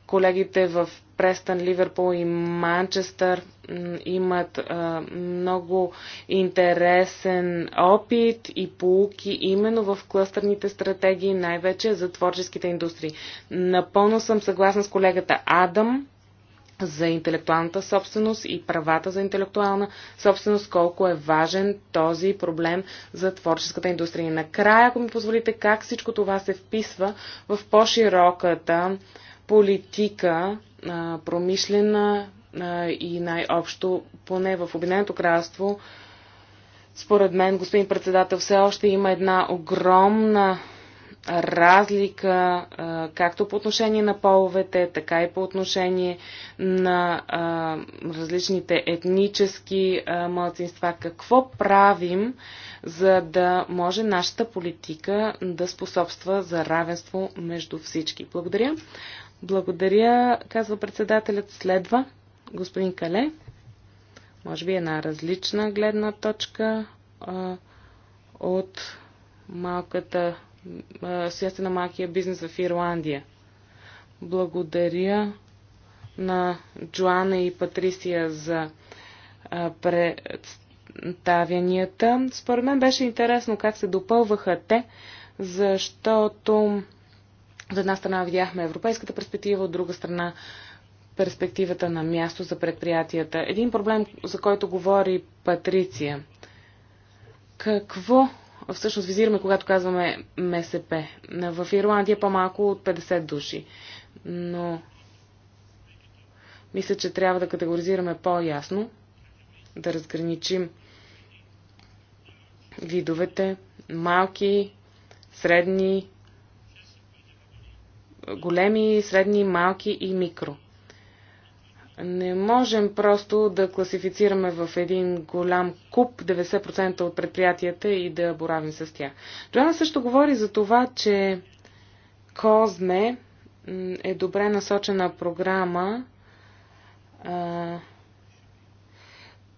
Колегите в Престън, Ливерпул и Манчестър имат а, много интересен опит и полуки именно в клъстърните стратегии, най-вече за творческите индустрии. Напълно съм съгласна с колегата Адам за интелектуалната собственост и правата за интелектуална собственост, колко е важен този проблем за творческата индустрия. И накрая, ако ми позволите, как всичко това се вписва в по-широката политика, промишлена и най-общо, поне в Обединеното кралство, според мен, господин председател, все още има една огромна разлика както по отношение на половете, така и по отношение на различните етнически младсинства. Какво правим, за да може нашата политика да способства за равенство между всички? Благодаря. Благодаря, казва председателят. Следва господин Кале. Може би една различна гледна точка а, от малката свята на малкия бизнес в Ирландия. Благодаря на Джоана и Патрисия за а, представянията. Според мен беше интересно как се допълваха те, защото от една страна видяхме европейската перспектива, от друга страна перспективата на място за предприятията. Един проблем, за който говори Патриция. Какво всъщност визираме, когато казваме МСП? В Ирландия по-малко от 50 души. Но мисля, че трябва да категоризираме по-ясно, да разграничим видовете малки, средни, големи, средни, малки и микро. Не можем просто да класифицираме в един голям куп 90% от предприятията и да боравим с тях. Джоана също говори за това, че Козме е добре насочена програма.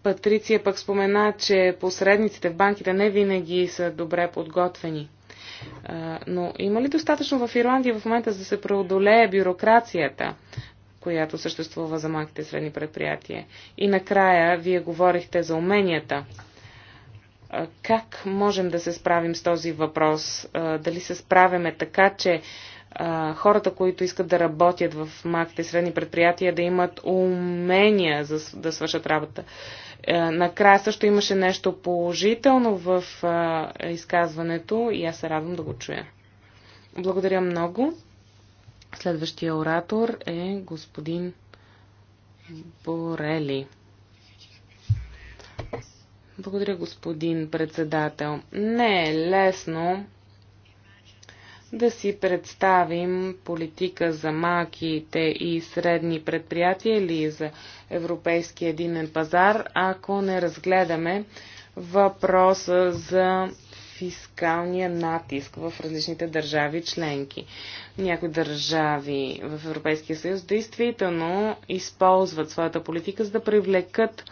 Патриция пък спомена, че посредниците в банките не винаги са добре подготвени. Но има ли достатъчно в Ирландия в момента за да се преодолее бюрокрацията, която съществува за малките средни предприятия? И накрая, вие говорихте за уменията. Как можем да се справим с този въпрос? Дали се справяме така, че хората, които искат да работят в малките и средни предприятия, да имат умения за, да свършат работа? Е, накрая също имаше нещо положително в е, изказването и аз се радвам да го чуя. Благодаря много. Следващия оратор е господин Борели. Благодаря, господин председател. Не е лесно да си представим политика за малките и средни предприятия или за Европейския единен пазар, ако не разгледаме въпроса за фискалния натиск в различните държави членки. Някои държави в Европейския съюз действително използват своята политика за да привлекат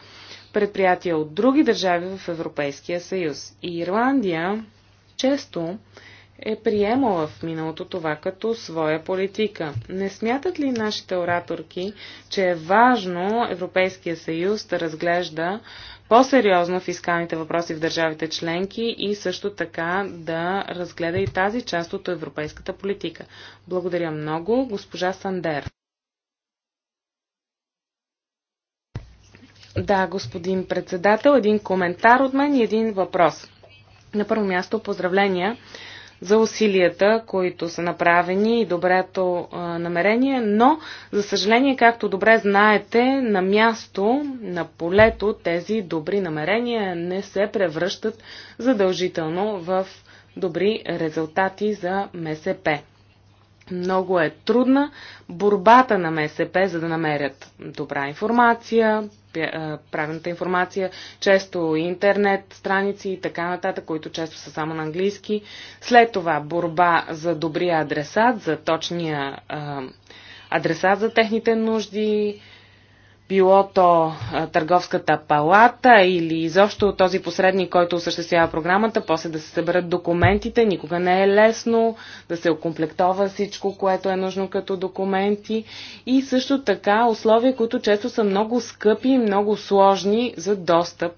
предприятия от други държави в Европейския съюз. И Ирландия често е приемала в миналото това като своя политика. Не смятат ли нашите ораторки, че е важно Европейския съюз да разглежда по-сериозно фискалните въпроси в държавите членки и също така да разгледа и тази част от европейската политика? Благодаря много, госпожа Сандер. Да, господин председател, един коментар от мен и един въпрос. На първо място поздравления за усилията, които са направени и доброто намерение, но, за съжаление, както добре знаете, на място, на полето тези добри намерения не се превръщат задължително в добри резултати за МСП. Много е трудна борбата на МСП, за да намерят добра информация, правилната информация, често интернет, страници и така нататък, които често са само на английски. След това борба за добрия адресат, за точния адресат за техните нужди, било то търговската палата или изобщо този посредник, който осъществява програмата, после да се съберат документите. Никога не е лесно да се окомплектова всичко, което е нужно като документи. И също така условия, които често са много скъпи и много сложни за достъп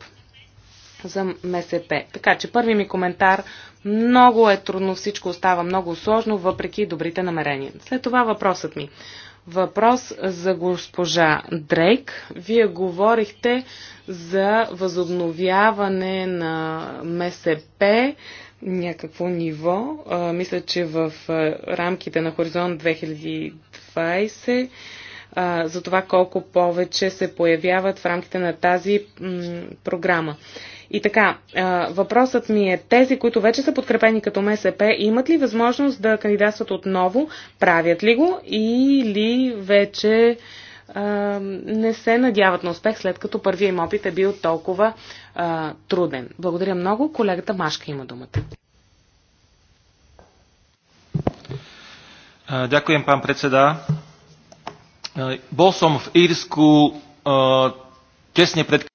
за МСП. Така че първи ми коментар много е трудно, всичко остава много сложно, въпреки добрите намерения. След това въпросът ми. Въпрос за госпожа Дрейк. Вие говорихте за възобновяване на МСП, някакво ниво. А, мисля, че в рамките на Хоризонт 2020 а, за това колко повече се появяват в рамките на тази програма. И така, въпросът ми е, тези, които вече са подкрепени като МСП, имат ли възможност да кандидатстват отново, правят ли го или вече не се надяват на успех, след като първия им опит е бил толкова а, труден. Благодаря много. Колегата Машка има думата. Ďakujem, пан председа. Бол съм в Írsku tesne pred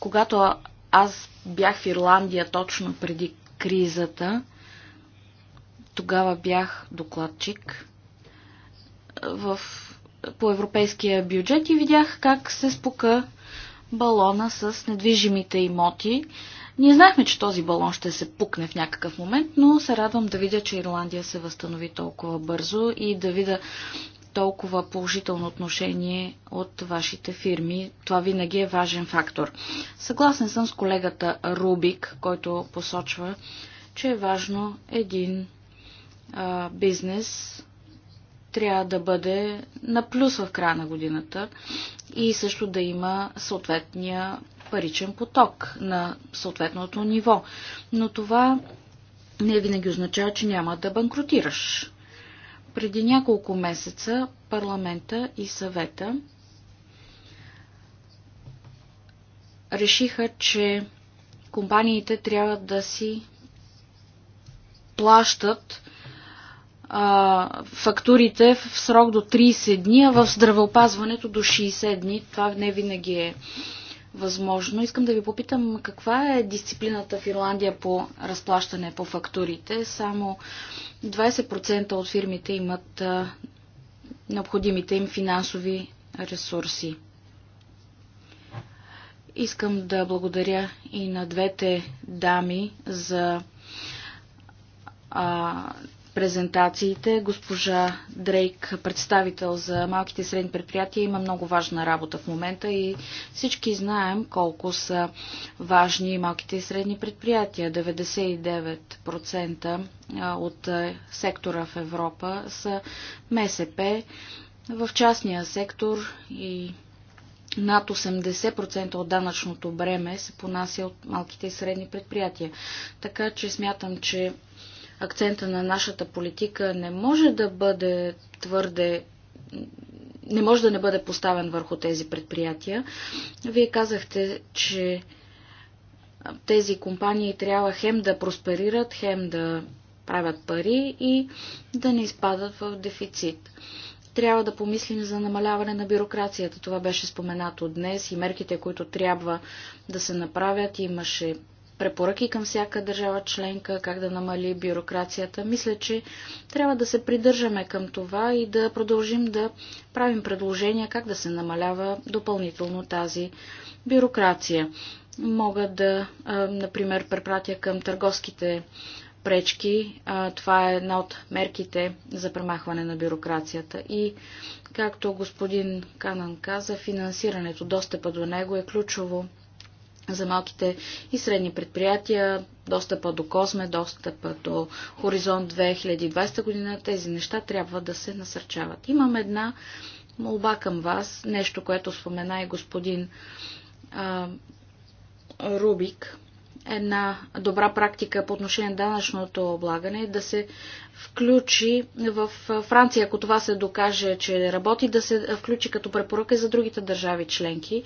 когато аз бях в Ирландия точно преди кризата, тогава бях докладчик в, по европейския бюджет и видях как се спука балона с недвижимите имоти. Ние знаехме, че този балон ще се пукне в някакъв момент, но се радвам да видя, че Ирландия се възстанови толкова бързо и да видя толкова положително отношение от вашите фирми. Това винаги е важен фактор. Съгласен съм с колегата Рубик, който посочва, че е важно един а, бизнес трябва да бъде на плюс в края на годината и също да има съответния паричен поток на съответното ниво. Но това не винаги означава, че няма да банкротираш преди няколко месеца парламента и съвета решиха, че компаниите трябва да си плащат а, фактурите в срок до 30 дни, а в здравеопазването до 60 дни. Това не винаги е възможно. Искам да ви попитам каква е дисциплината в Ирландия по разплащане по фактурите. Само 20% от фирмите имат необходимите им финансови ресурси. Искам да благодаря и на двете дами за а, презентациите. Госпожа Дрейк, представител за малките и средни предприятия, има много важна работа в момента и всички знаем колко са важни малките и средни предприятия. 99% от сектора в Европа са МСП. В частния сектор и над 80% от данъчното бреме се понася от малките и средни предприятия. Така че смятам, че акцента на нашата политика не може да бъде твърде не може да не бъде поставен върху тези предприятия. Вие казахте, че тези компании трябва хем да просперират, хем да правят пари и да не изпадат в дефицит. Трябва да помислим за намаляване на бюрокрацията. Това беше споменато днес и мерките, които трябва да се направят. Имаше препоръки към всяка държава членка, как да намали бюрокрацията. Мисля, че трябва да се придържаме към това и да продължим да правим предложения как да се намалява допълнително тази бюрокрация. Мога да, например, препратя към търговските пречки. Това е една от мерките за премахване на бюрокрацията. И, както господин Канан каза, финансирането, достъпа до него е ключово за малките и средни предприятия, достъпа до Косме, достъпа до Хоризонт 2020 година, тези неща трябва да се насърчават. Имам една молба към вас, нещо, което спомена и господин а, Рубик. Една добра практика по отношение на данъчното облагане е да се включи в Франция, ако това се докаже, че работи, да се включи като препоръка и за другите държави членки.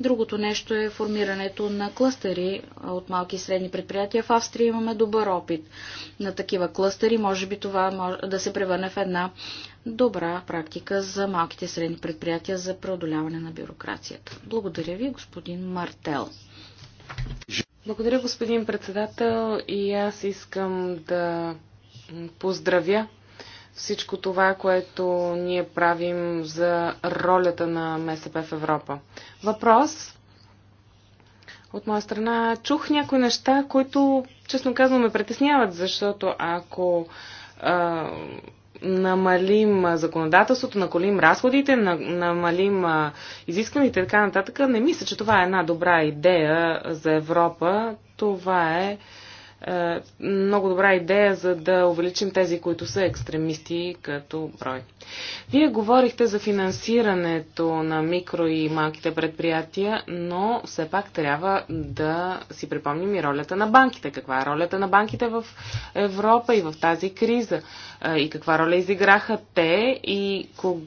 Другото нещо е формирането на клъстери от малки и средни предприятия. В Австрия имаме добър опит на такива клъстери. Може би това може да се превърне в една добра практика за малките и средни предприятия за преодоляване на бюрокрацията. Благодаря ви, господин Мартел. Благодаря, господин председател. И аз искам да поздравя всичко това, което ние правим за ролята на МСП в Европа. Въпрос от моя страна. Чух някои неща, които, честно казвам, ме притесняват, защото ако а, намалим законодателството, наколим разходите, намалим изискваните и така нататък, не мисля, че това е една добра идея за Европа. Това е а, е, много добра идея, за да увеличим тези, които са екстремисти като брой. Вие говорихте за финансирането на микро и малките предприятия, но все пак трябва да си припомним и ролята на банките. Каква е ролята на банките в Европа и в тази криза? Е, и каква роля изиграха те и кога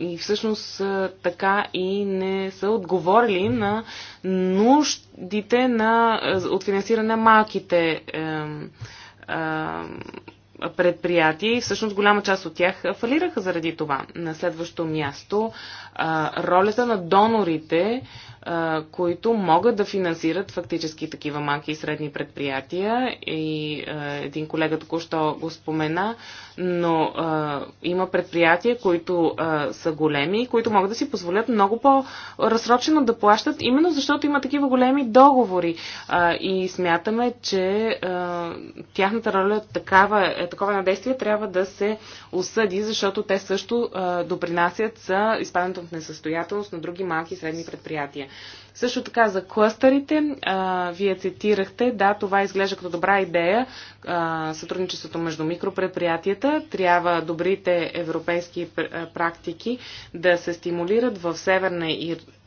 и всъщност така и не са отговорили на нуждите на, от финансиране на малките е, е, предприятия и всъщност голяма част от тях фалираха заради това. На следващо място е, ролята на донорите които могат да финансират фактически такива малки и средни предприятия. И един колега току-що го спомена, но има предприятия, които са големи които могат да си позволят много по-разсрочено да плащат, именно защото има такива големи договори. И смятаме, че тяхната роля такава, е, такова на действие трябва да се осъди, защото те също допринасят за изпадането в несъстоятелност на други малки и средни предприятия. Също така за клъстерите, а, вие цитирахте, да, това изглежда като добра идея, а, сътрудничеството между микропредприятията, трябва добрите европейски практики да се стимулират в Северна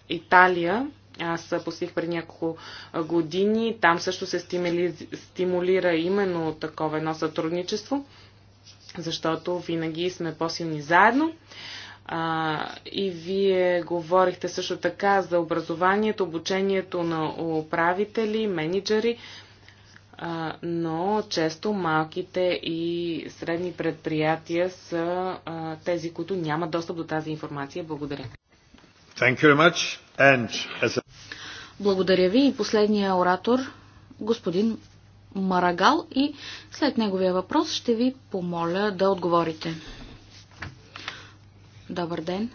Италия, аз посих преди няколко години. Там също се стимули, стимулира именно такова едно сътрудничество, защото винаги сме по-силни заедно. А, и вие говорихте също така за образованието, обучението на управители, менеджери, а, но често малките и средни предприятия са а, тези, които нямат достъп до тази информация. Благодаря. Thank you very much. And as a... Благодаря ви и последния оратор, господин Марагал и след неговия въпрос ще ви помоля да отговорите. Добър ден.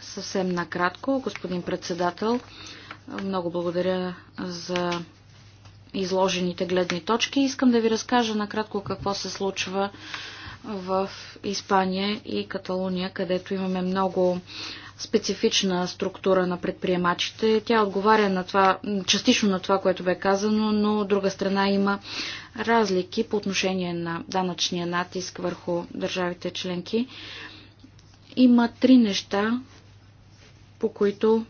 Съвсем накратко, господин председател, много благодаря за изложените гледни точки. Искам да ви разкажа накратко какво се случва в Испания и Каталуния, където имаме много специфична структура на предприемачите. Тя отговаря на това, частично на това, което бе казано, но от друга страна има разлики по отношение на данъчния натиск върху държавите членки. Има три неща, по които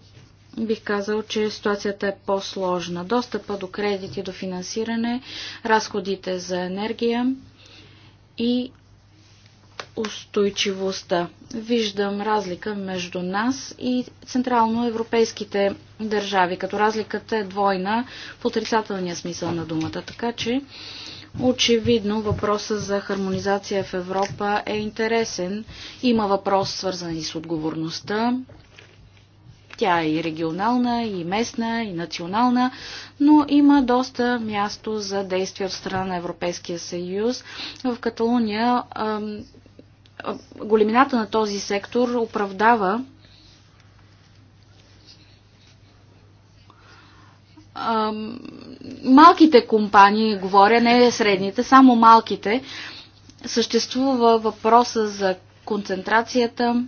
бих казал, че ситуацията е по-сложна. Достъпа до кредити, до финансиране, разходите за енергия и устойчивостта. Виждам разлика между нас и централно европейските държави, като разликата е двойна в отрицателния смисъл на думата. Така че Очевидно въпроса за хармонизация в Европа е интересен. Има въпрос свързан и с отговорността. Тя е и регионална, и местна, и национална, но има доста място за действия от страна на Европейския съюз. В Каталуния големината на този сектор оправдава малките компании, говоря, не средните, само малките, съществува въпроса за концентрацията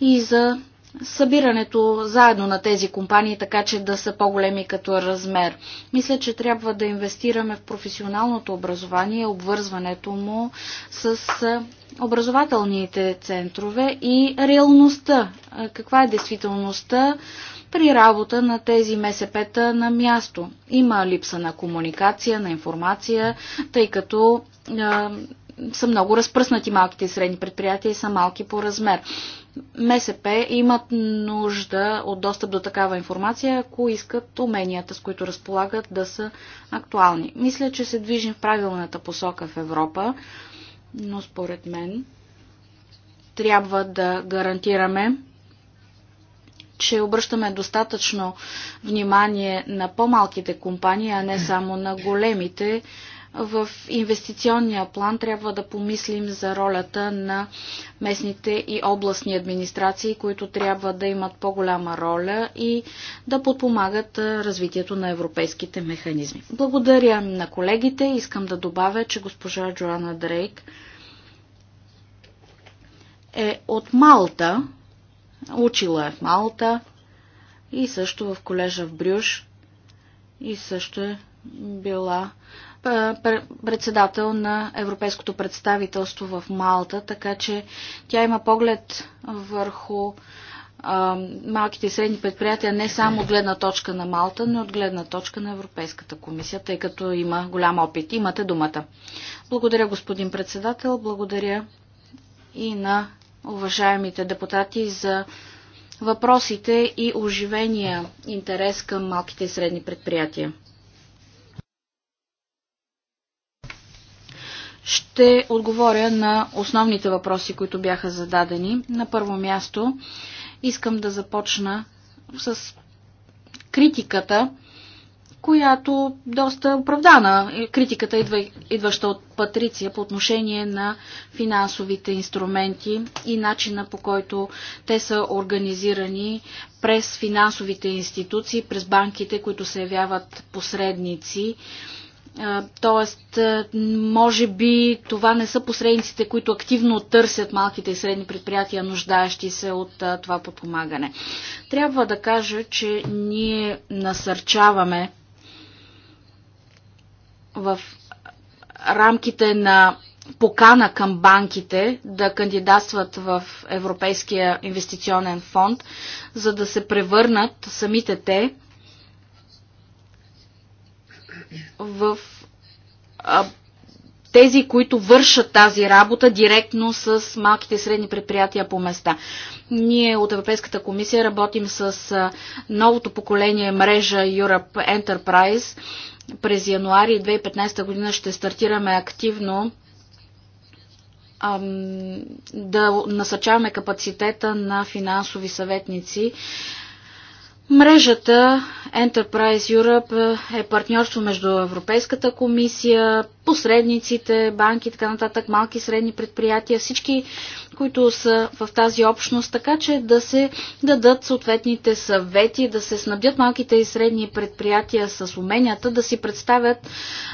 и за събирането заедно на тези компании, така че да са по-големи като размер. Мисля, че трябва да инвестираме в професионалното образование, обвързването му с образователните центрове и реалността. Каква е действителността при работа на тези МСП-та на място? Има липса на комуникация, на информация, тъй като са много разпръснати малките и средни предприятия и са малки по размер. МСП имат нужда от достъп до такава информация, ако искат уменията, с които разполагат, да са актуални. Мисля, че се движим в правилната посока в Европа, но според мен трябва да гарантираме, че обръщаме достатъчно внимание на по-малките компании, а не само на големите, в инвестиционния план трябва да помислим за ролята на местните и областни администрации, които трябва да имат по-голяма роля и да подпомагат развитието на европейските механизми. Благодаря на колегите. Искам да добавя, че госпожа Джоана Дрейк е от Малта, учила е в Малта и също в колежа в Брюш и също е била е, председател на Европейското представителство в Малта, така че тя има поглед върху е, малките и средни предприятия не само от гледна точка на Малта, но от гледна точка на Европейската комисия, тъй като има голям опит. Имате думата. Благодаря, господин председател. Благодаря и на уважаемите депутати за въпросите и оживения интерес към малките и средни предприятия. ще отговоря на основните въпроси, които бяха зададени. На първо място искам да започна с критиката, която доста оправдана, критиката идва, идваща от Патриция по отношение на финансовите инструменти и начина по който те са организирани през финансовите институции, през банките, които се явяват посредници Тоест, може би това не са посредниците, които активно търсят малките и средни предприятия, нуждаещи се от това подпомагане. Трябва да кажа, че ние насърчаваме в рамките на покана към банките да кандидатстват в Европейския инвестиционен фонд, за да се превърнат самите те в а, тези, които вършат тази работа директно с малките и средни предприятия по места. Ние от Европейската комисия работим с а, новото поколение мрежа Europe Enterprise. През януари 2015 година ще стартираме активно да насъчаваме капацитета на финансови съветници Мрежата Enterprise Europe е, е партньорство между Европейската комисия, посредниците, банки, така нататък, малки и средни предприятия, всички, които са в тази общност, така че да се дадат съответните съвети, да се снабдят малките и средни предприятия с уменията, да си представят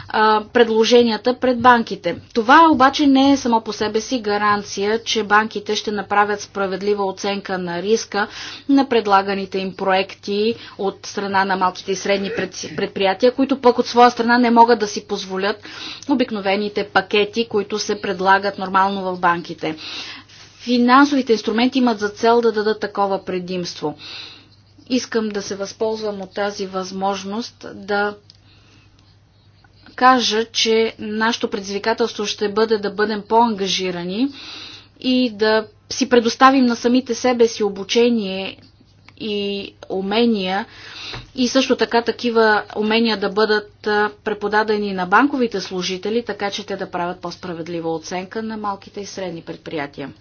а, предложенията пред банките. Това обаче не е само по себе си гаранция, че банките ще направят справедлива оценка на риска на предлаганите им проекти проекти от страна на малките и средни предприятия, които пък от своя страна не могат да си позволят обикновените пакети, които се предлагат нормално в банките. Финансовите инструменти имат за цел да дадат такова предимство. Искам да се възползвам от тази възможност да кажа, че нашето предизвикателство ще бъде да бъдем по-ангажирани и да си предоставим на самите себе си обучение и умения и също така такива умения да бъдат преподадени на банковите служители, така че те да правят по-справедлива оценка на малките и средни предприятия.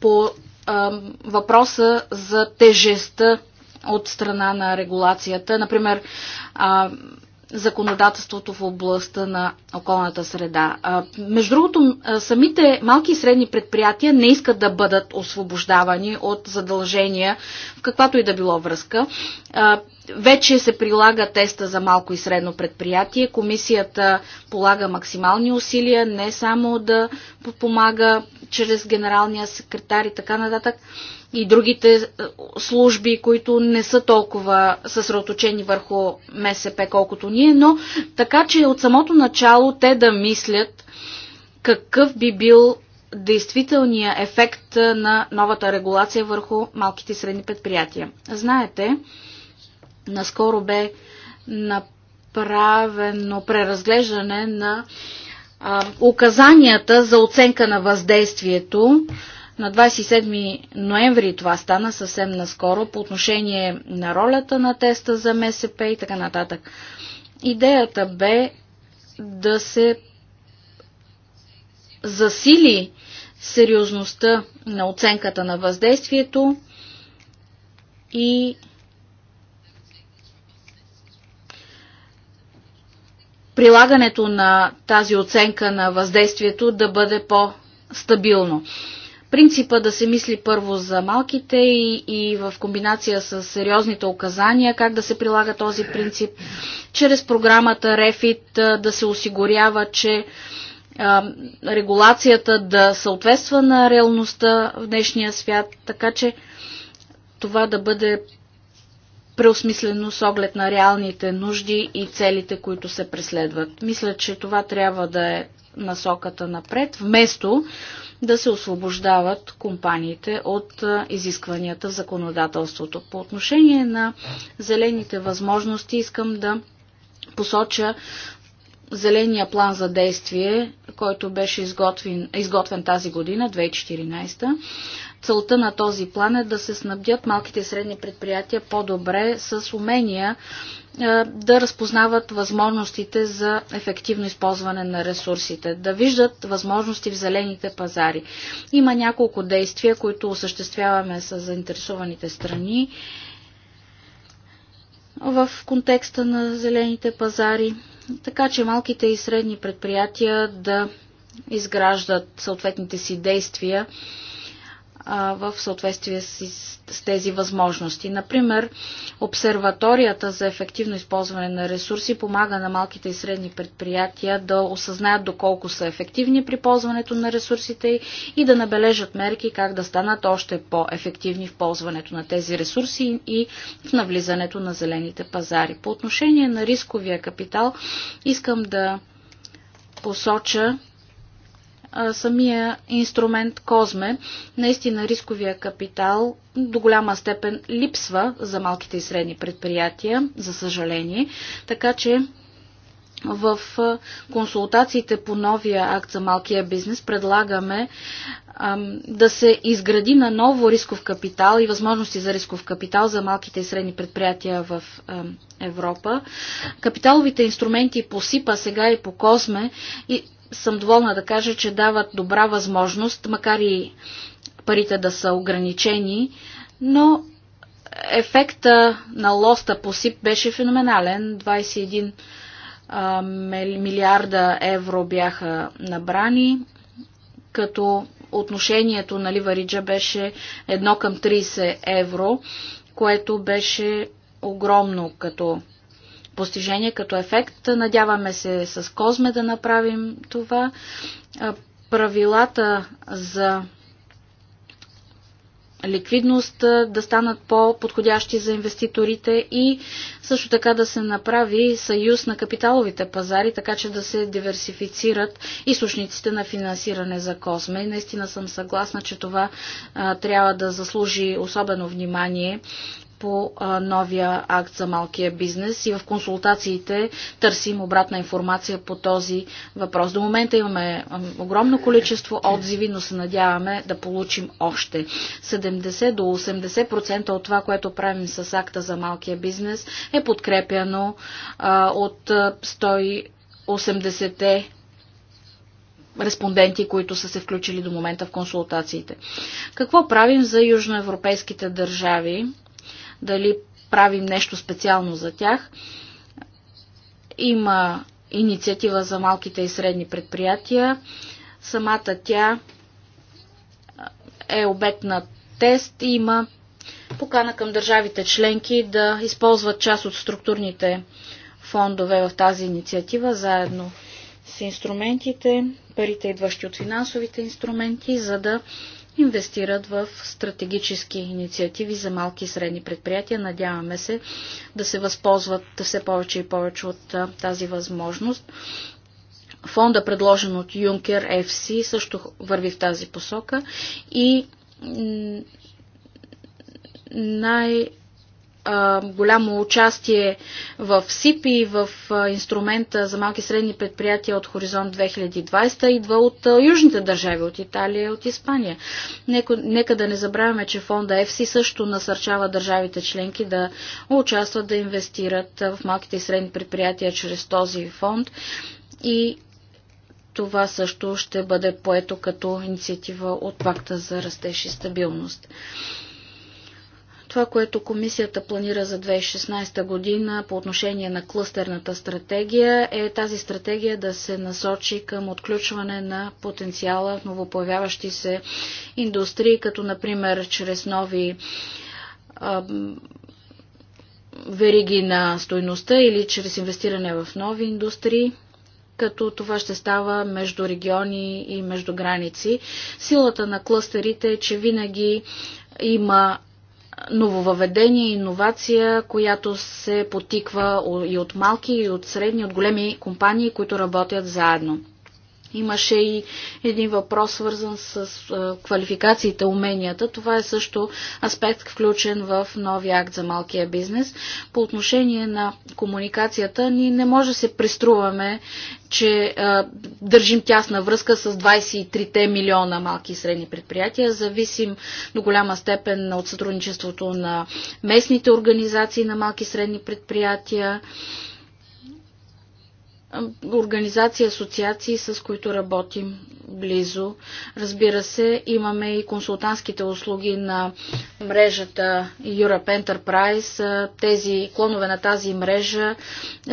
По а, въпроса за тежестта от страна на регулацията, например, а, законодателството в областта на околната среда. Между другото, самите малки и средни предприятия не искат да бъдат освобождавани от задължения в каквато и да било връзка вече се прилага теста за малко и средно предприятие. Комисията полага максимални усилия, не само да помага чрез генералния секретар и така нататък, и другите е, служби, които не са толкова съсредоточени върху МСП, колкото ние, но така, че от самото начало те да мислят какъв би бил действителния ефект е, на новата регулация върху малките и средни предприятия. Знаете, Наскоро бе направено преразглеждане на а, указанията за оценка на въздействието. На 27 ноември това стана съвсем наскоро по отношение на ролята на теста за МСП и така нататък. Идеята бе да се засили сериозността на оценката на въздействието и прилагането на тази оценка на въздействието да бъде по-стабилно. Принципа да се мисли първо за малките и, и в комбинация с сериозните указания, как да се прилага този принцип, чрез програмата REFIT да се осигурява, че а, регулацията да съответства на реалността в днешния свят, така че това да бъде преосмислено с оглед на реалните нужди и целите, които се преследват. Мисля, че това трябва да е насоката напред, вместо да се освобождават компаниите от изискванията в законодателството. По отношение на зелените възможности искам да посоча зеления план за действие, който беше изготвен, изготвен тази година, 2014 целта на този план е да се снабдят малките и средни предприятия по-добре с умения е, да разпознават възможностите за ефективно използване на ресурсите, да виждат възможности в зелените пазари. Има няколко действия, които осъществяваме с заинтересованите страни в контекста на зелените пазари, така че малките и средни предприятия да изграждат съответните си действия в съответствие с, с тези възможности. Например, обсерваторията за ефективно използване на ресурси помага на малките и средни предприятия да осъзнаят доколко са ефективни при ползването на ресурсите и да набележат мерки как да станат още по-ефективни в ползването на тези ресурси и в навлизането на зелените пазари. По отношение на рисковия капитал, искам да посоча, самия инструмент Козме. Наистина рисковия капитал до голяма степен липсва за малките и средни предприятия, за съжаление. Така че в консултациите по новия акт за малкия бизнес предлагаме да се изгради на ново рисков капитал и възможности за рисков капитал за малките и средни предприятия в Европа. Капиталовите инструменти по СИПА сега и по КОСМЕ и съм доволна да кажа, че дават добра възможност, макар и парите да са ограничени, но ефекта на лоста по СИП беше феноменален. 21 милиарда евро бяха набрани, като отношението на Ливариджа беше 1 към 30 евро, което беше огромно като постижение, като ефект. Надяваме се с Козме да направим това. Правилата за ликвидност да станат по-подходящи за инвеститорите и също така да се направи съюз на капиталовите пазари, така че да се диверсифицират източниците на финансиране за Козме. И наистина съм съгласна, че това а, трябва да заслужи особено внимание по новия акт за малкия бизнес и в консултациите търсим обратна информация по този въпрос. До момента имаме огромно количество отзиви, но се надяваме да получим още. 70 до 80% от това, което правим с акта за малкия бизнес е подкрепяно от 180 респонденти, които са се включили до момента в консултациите. Какво правим за южноевропейските държави? дали правим нещо специално за тях. Има инициатива за малките и средни предприятия. Самата тя е обект на тест и има покана към държавите членки да използват част от структурните фондове в тази инициатива, заедно с инструментите, парите идващи от финансовите инструменти, за да инвестират в стратегически инициативи за малки и средни предприятия. Надяваме се да се възползват все повече и повече от тази възможност. Фонда, предложен от Юнкер FC, също върви в тази посока и най- а, голямо участие в СИПИ в а, инструмента за малки и средни предприятия от Хоризонт 2020 идва от а, южните държави, от Италия, от Испания. Неко, нека да не забравяме, че фонда ЕФСИ също насърчава държавите членки да участват, да инвестират в малките и средни предприятия чрез този фонд и това също ще бъде поето като инициатива от Пакта за растеж и стабилност. Това, което комисията планира за 2016 година по отношение на клъстерната стратегия е тази стратегия да се насочи към отключване на потенциала в новопоявяващи се индустрии, като например чрез нови а, вериги на стойността или чрез инвестиране в нови индустрии като това ще става между региони и между граници. Силата на клъстерите е, че винаги има нововъведение, иновация, която се потиква и от малки, и от средни, и от големи компании, които работят заедно. Имаше и един въпрос, свързан с квалификациите, уменията. Това е също аспект, включен в новия акт за малкия бизнес. По отношение на комуникацията, ние не може да се преструваме, че а, държим тясна връзка с 23-те милиона малки и средни предприятия. Зависим до голяма степен от сътрудничеството на местните организации на малки и средни предприятия организации, асоциации, с които работим близо. Разбира се, имаме и консултантските услуги на мрежата Europe Enterprise. Тези клонове на тази мрежа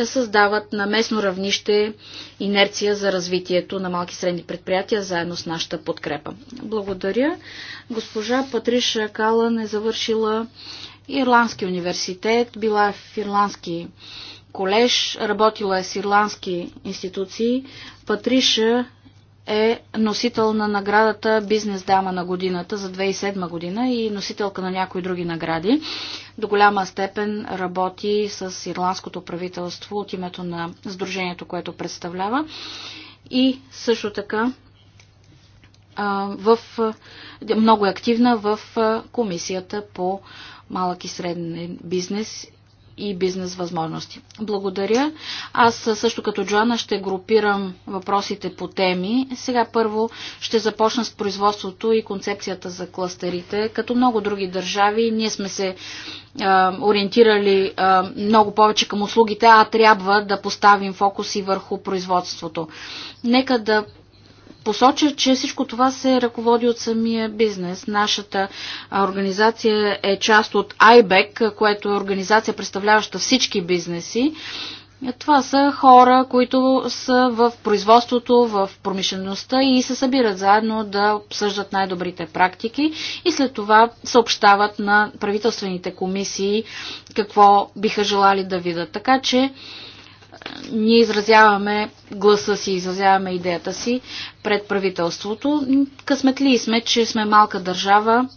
създават на местно равнище инерция за развитието на малки и средни предприятия, заедно с нашата подкрепа. Благодаря. Госпожа Патриша Калън е завършила Ирландски университет, била е в Ирландски колеж, работила е с ирландски институции. Патриша е носител на наградата Бизнес дама на годината за 2007 година и носителка на някои други награди. До голяма степен работи с ирландското правителство от името на сдружението, което представлява. И също така в, много е активна в комисията по малък и среден бизнес и бизнес възможности. Благодаря. Аз също като Джоана ще групирам въпросите по теми. Сега първо ще започна с производството и концепцията за кластерите. Като много други държави, ние сме се а, ориентирали а, много повече към услугите, а трябва да поставим фокус и върху производството. Нека да посоча, че всичко това се ръководи от самия бизнес. Нашата организация е част от IBEC, което е организация, представляваща всички бизнеси. Това са хора, които са в производството, в промишлеността и се събират заедно да обсъждат най-добрите практики и след това съобщават на правителствените комисии какво биха желали да видят. Така че ние изразяваме гласа си, изразяваме идеята си пред правителството. Късметли сме, че сме малка държава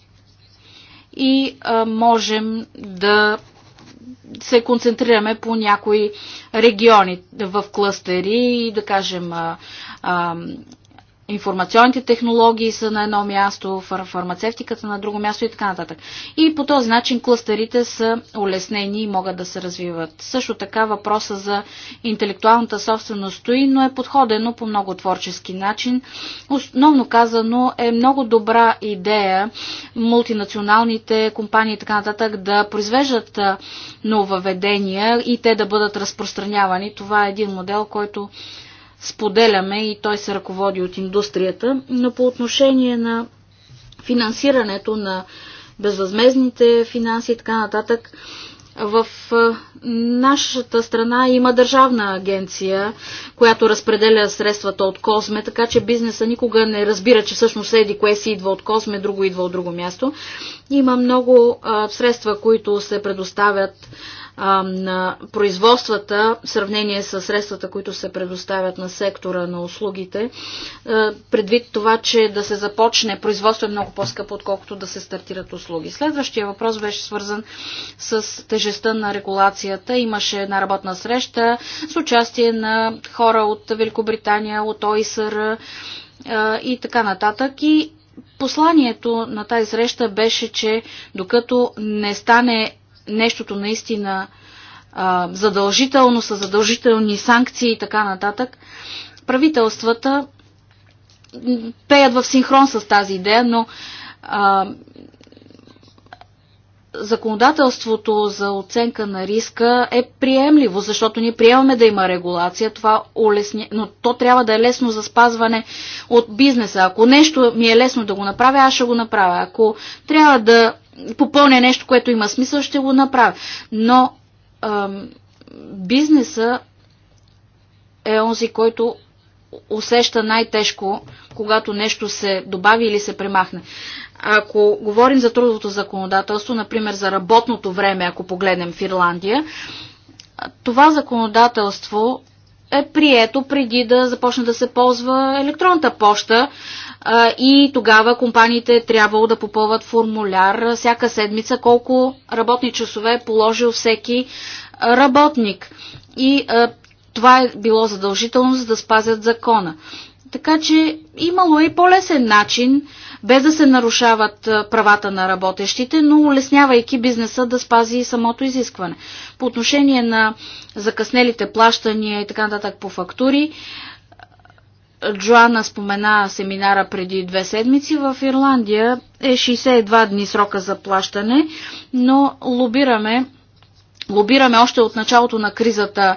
и а, можем да се концентрираме по някои региони в кластери и да кажем а, а, информационните технологии са на едно място, фар фармацевтиката на друго място и така нататък. И по този начин кластерите са улеснени и могат да се развиват. Също така въпроса за интелектуалната собственост стои, но е подходено по много творчески начин. Основно казано е много добра идея мултинационалните компании и така нататък да произвеждат нововведения и те да бъдат разпространявани. Това е един модел, който споделяме и той се ръководи от индустрията, но по отношение на финансирането на безвъзмезните финанси и така нататък, в нашата страна има държавна агенция, която разпределя средствата от Козме, така че бизнеса никога не разбира, че всъщност е еди кое си идва от Козме, друго идва от друго място. Има много средства, които се предоставят а, на производствата в сравнение с средствата, които се предоставят на сектора на услугите, а, предвид това, че да се започне производство е много по-скъпо, отколкото да се стартират услуги. Следващия въпрос беше свързан с тежестта на регулацията. Имаше една работна среща с участие на хора от Великобритания, от ОИСР а, и така нататък. И посланието на тази среща беше, че докато не стане нещото наистина а, задължително, са задължителни санкции и така нататък, правителствата пеят в синхрон с тази идея, но а, законодателството за оценка на риска е приемливо, защото ние приемаме да има регулация, това улесня... но то трябва да е лесно за спазване от бизнеса. Ако нещо ми е лесно да го направя, аз ще го направя. Ако трябва да попълня нещо, което има смисъл, ще го направя. Но ам, бизнеса е онзи, който усеща най-тежко, когато нещо се добави или се премахне. Ако говорим за трудовото законодателство, например за работното време, ако погледнем в Ирландия, това законодателство е прието преди да започне да се ползва електронната поща и тогава компаниите трябвало да попълват формуляр всяка седмица колко работни часове е положил всеки работник. И това е било задължително, за да спазят закона. Така че имало е и по-лесен начин, без да се нарушават правата на работещите, но улеснявайки бизнеса да спази и самото изискване. По отношение на закъснелите плащания и така нататък по фактури, Джоана спомена семинара преди две седмици в Ирландия. Е 62 дни срока за плащане, но лобираме, лобираме още от началото на кризата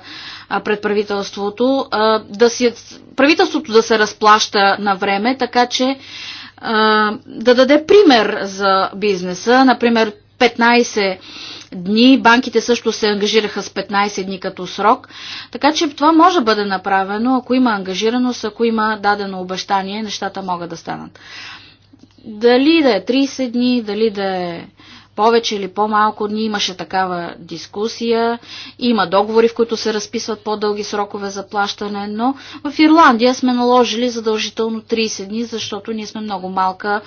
пред правителството, да си, правителството да се разплаща на време, така че да даде пример за бизнеса. Например, 15 дни. Банките също се ангажираха с 15 дни като срок. Така че това може да бъде направено, ако има ангажираност, ако има дадено обещание, нещата могат да станат. Дали да е 30 дни, дали да е повече или по-малко дни имаше такава дискусия. Има договори, в които се разписват по-дълги срокове за плащане, но в Ирландия сме наложили задължително 30 дни, защото ние сме много малка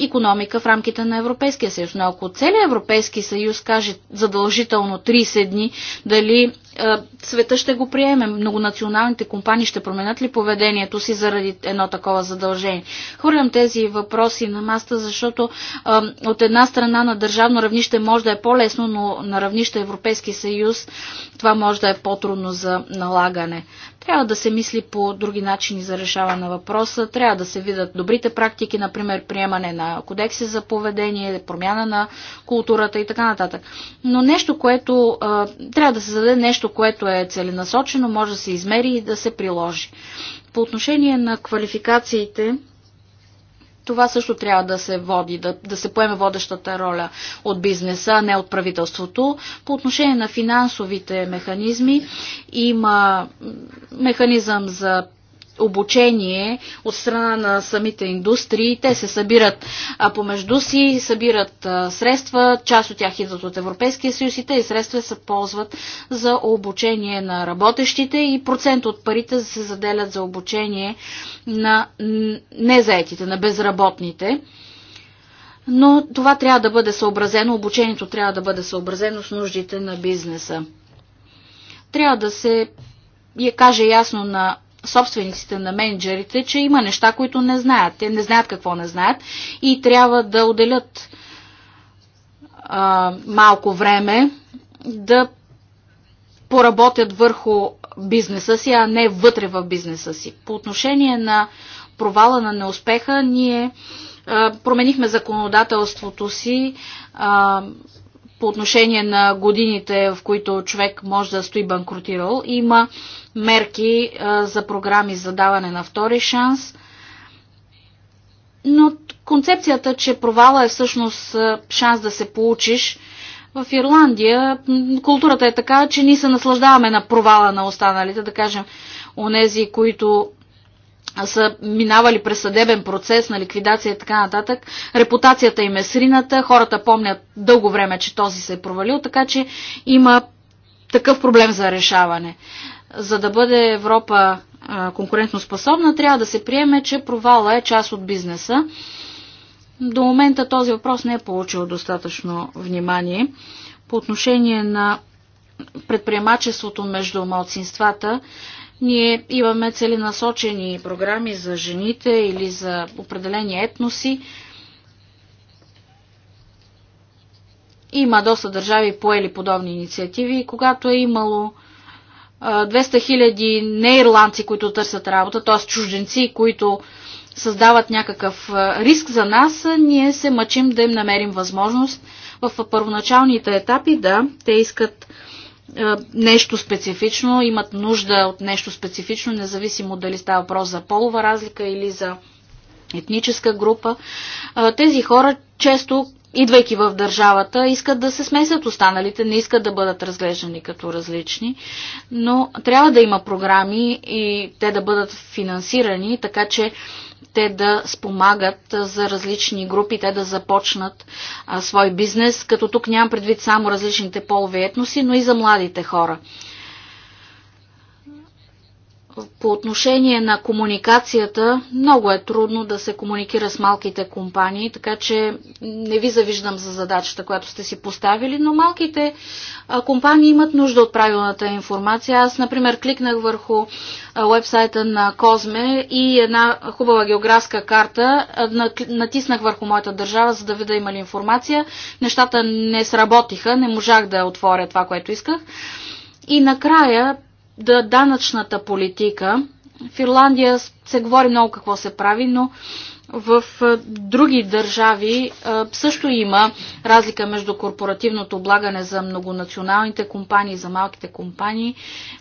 економика в рамките на Европейския съюз. Но ако целият Европейски съюз каже задължително 30 дни, дали е, света ще го приеме. Многонационалните компании ще променят ли поведението си заради едно такова задължение? Хвърлям тези въпроси на маста, защото а, е, от една страна на държавно равнище може да е по-лесно, но на равнище Европейски съюз това може да е по-трудно за налагане. Трябва да се мисли по други начини за решаване на въпроса. Трябва да се видят добрите практики, например приемане на кодекси за поведение, промяна на културата и така нататък. Но нещо, което трябва да се заде нещо, което е целенасочено, може да се измери и да се приложи. По отношение на квалификациите, това също трябва да се води, да, да се поеме водещата роля от бизнеса, а не от правителството. По отношение на финансовите механизми има механизъм за обучение от страна на самите индустрии. Те се събират помежду си, събират средства, част от тях идват от Европейския съюз и тези средства се ползват за обучение на работещите и процент от парите се заделят за обучение на незаетите, на безработните. Но това трябва да бъде съобразено, обучението трябва да бъде съобразено с нуждите на бизнеса. Трябва да се я каже ясно на собствениците на менеджерите, че има неща, които не знаят. Те не знаят какво не знаят и трябва да отделят а, малко време да поработят върху бизнеса си, а не вътре в бизнеса си. По отношение на провала на неуспеха, ние а, променихме законодателството си а, по отношение на годините, в които човек може да стои банкротирал. Има мерки за програми за даване на втори шанс. Но концепцията, че провала е всъщност шанс да се получиш, в Ирландия културата е така, че ние се наслаждаваме на провала на останалите, да кажем, онези, които са минавали през съдебен процес на ликвидация и така нататък. Репутацията им е срината, хората помнят дълго време, че този се е провалил, така че има такъв проблем за решаване за да бъде Европа конкурентно способна, трябва да се приеме, че провала е част от бизнеса. До момента този въпрос не е получил достатъчно внимание. По отношение на предприемачеството между малцинствата, ние имаме целенасочени програми за жените или за определени етноси. Има доста държави поели подобни инициативи и когато е имало 200 хиляди неирландци, които търсят работа, т.е. чужденци, които създават някакъв риск за нас, ние се мъчим да им намерим възможност в първоначалните етапи да, те искат нещо специфично, имат нужда от нещо специфично, независимо дали става въпрос за полова разлика или за етническа група. Тези хора често идвайки в държавата, искат да се смесят останалите, не искат да бъдат разглеждани като различни, но трябва да има програми и те да бъдат финансирани, така че те да спомагат за различни групи, те да започнат а, свой бизнес, като тук нямам предвид само различните полови етноси, но и за младите хора. По отношение на комуникацията, много е трудно да се комуникира с малките компании, така че не ви завиждам за задачата, която сте си поставили, но малките компании имат нужда от правилната информация. Аз, например, кликнах върху вебсайта на Козме и една хубава географска карта натиснах върху моята държава, за да видя да има ли информация. Нещата не сработиха, не можах да отворя това, което исках. И накрая да данъчната политика. В Ирландия се говори много какво се прави, но в други държави също има разлика между корпоративното облагане за многонационалните компании за малките компании.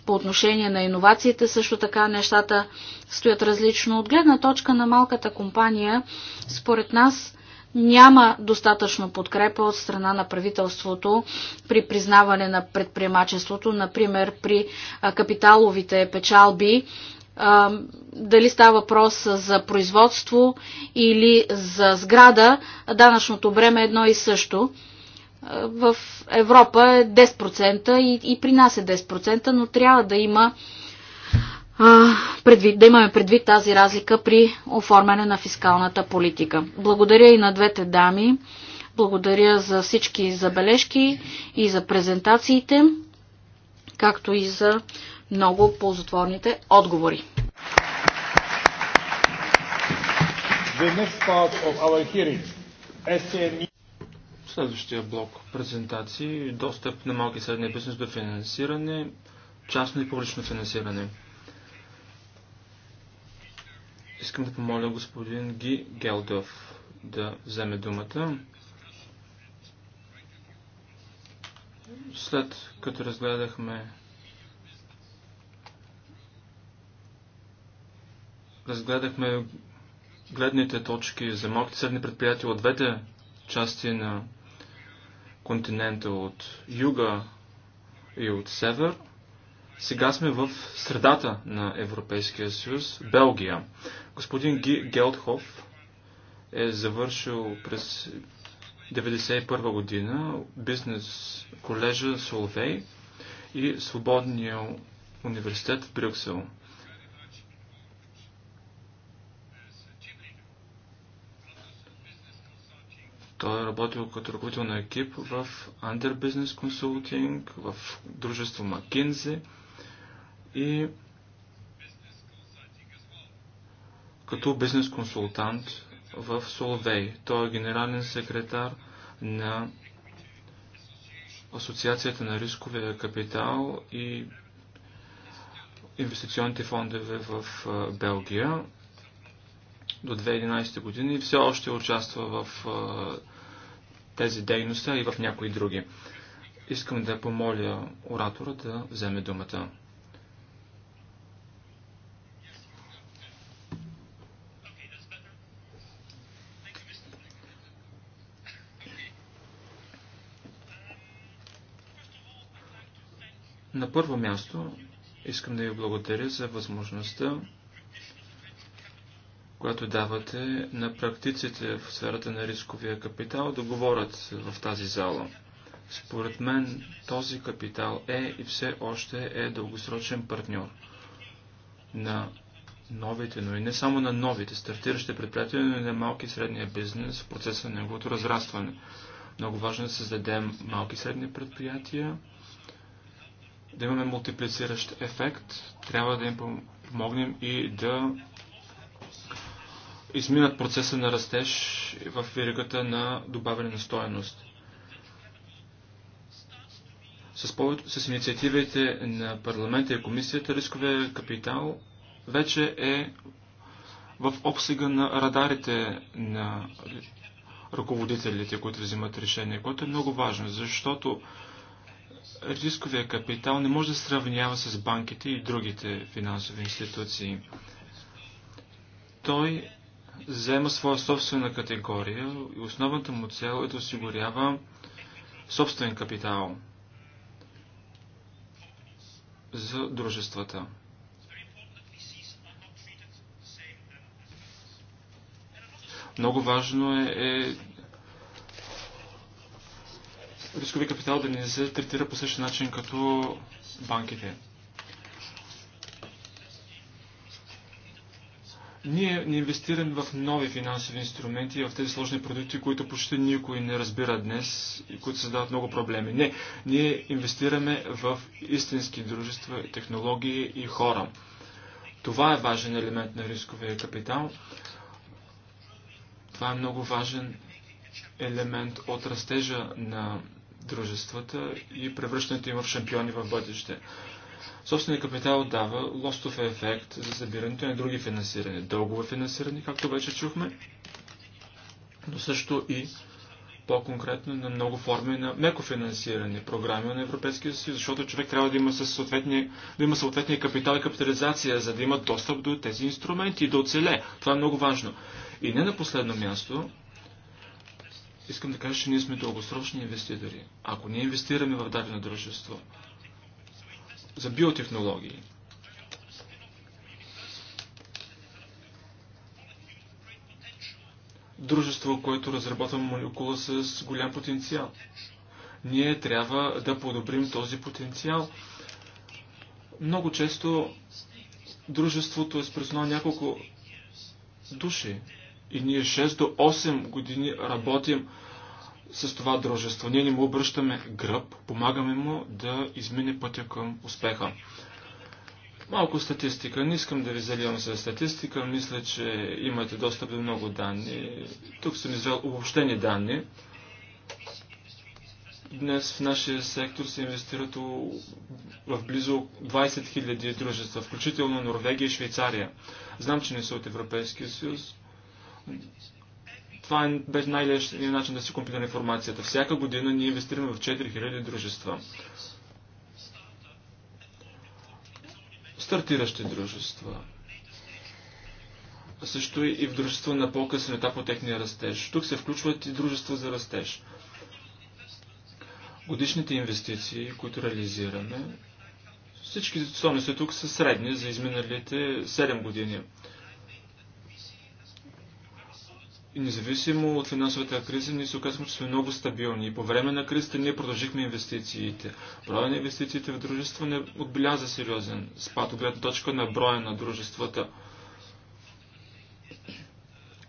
По отношение на иновациите също така нещата стоят различно. От гледна точка на малката компания, според нас, няма достатъчно подкрепа от страна на правителството при признаване на предприемачеството, например при капиталовите печалби дали става въпрос за производство или за сграда, данъчното бреме е едно и също. В Европа е 10% и при нас е 10%, но трябва да има а, предвид, да имаме предвид тази разлика при оформяне на фискалната политика. Благодаря и на двете дами. Благодаря за всички забележки и за презентациите, както и за много ползотворните отговори. E. Следващия блок презентации достъп на малки и средния бизнес до финансиране, частно и публично финансиране. Искам да помоля господин Ги Гелдов да вземе думата. След като разгледахме разгледахме гледните точки за малките средни предприятия от двете части на континента, от юга и от север – сега сме в средата на Европейския съюз, Белгия. Господин Ги Гелдхоф е завършил през 1991 година бизнес колежа Соловей и Свободния университет в Брюксел. Той е работил като ръководител на екип в Under Business Consulting, в дружество McKinsey, и като бизнес консултант в Соловей. Той е генерален секретар на Асоциацията на рисковия капитал и инвестиционните фондове в Белгия до 2011 година и все още участва в тези дейности и в някои други. Искам да помоля оратора да вземе думата. На първо място искам да ви благодаря за възможността, която давате на практиците в сферата на рисковия капитал да говорят в тази зала. Според мен този капитал е и все още е дългосрочен партньор на новите, но и не само на новите стартиращи предприятия, но и на малки и средния бизнес в процеса на неговото разрастване. Много важно е да създадем малки и средни предприятия, да имаме мултиплициращ ефект, трябва да им помогнем и да изминат процеса на растеж в веригата на добавяне на стоеност. С, с инициативите на парламента и комисията рисковия капитал вече е в обсега на радарите на ръководителите, които взимат решение, което е много важно, защото рисковия капитал не може да сравнява с банките и другите финансови институции. Той взема своя собствена категория и основната му цел е да осигурява собствен капитал за дружествата. Много важно е, е рискови капитал да не се третира по същия начин като банките. Ние не инвестираме в нови финансови инструменти, в тези сложни продукти, които почти никой не разбира днес и които създават много проблеми. Не, ние инвестираме в истински дружества, технологии и хора. Това е важен елемент на рисковия капитал. Това е много важен елемент от растежа на дружествата и превръщането им в шампиони в бъдеще. Собственият капитал дава лостов ефект за събирането на други финансиране, дългово финансиране, както вече чухме, но също и по-конкретно на много форми на меко финансиране, програми на Европейския съюз, защото човек трябва да има, съответния, да има съответния капитал и капитализация, за да има достъп до тези инструменти и да оцеле. Това е много важно. И не на последно място, искам да кажа, че ние сме дългосрочни инвеститори. Ако ние инвестираме в дадено дружество за биотехнологии, дружество, което разработва молекула с голям потенциал. Ние трябва да подобрим този потенциал. Много често дружеството е спреснало няколко души и ние 6 до 8 години работим с това дружество. Ние не му обръщаме гръб, помагаме му да измине пътя към успеха. Малко статистика. Не искам да ви заливам с статистика. Мисля, че имате достъп до много данни. Тук съм извел обобщени данни. Днес в нашия сектор се инвестират в близо 20 000 дружества, включително Норвегия и Швейцария. Знам, че не са от Европейския съюз. Това е беше най-лесният начин да се компилира информацията. Всяка година ние инвестираме в 4000 дружества. Стартиращи дружества. А също и в дружества на по-късен етап от техния растеж. Тук се включват и дружества за растеж. Годишните инвестиции, които реализираме, всички стоимости тук са средни за изминалите 7 години. И независимо от финансовата криза, ние се оказваме, че сме много стабилни. И по време на кризата ние продължихме инвестициите. Броя на инвестициите в дружества не отбеляза сериозен спад от гледна точка на броя на дружествата.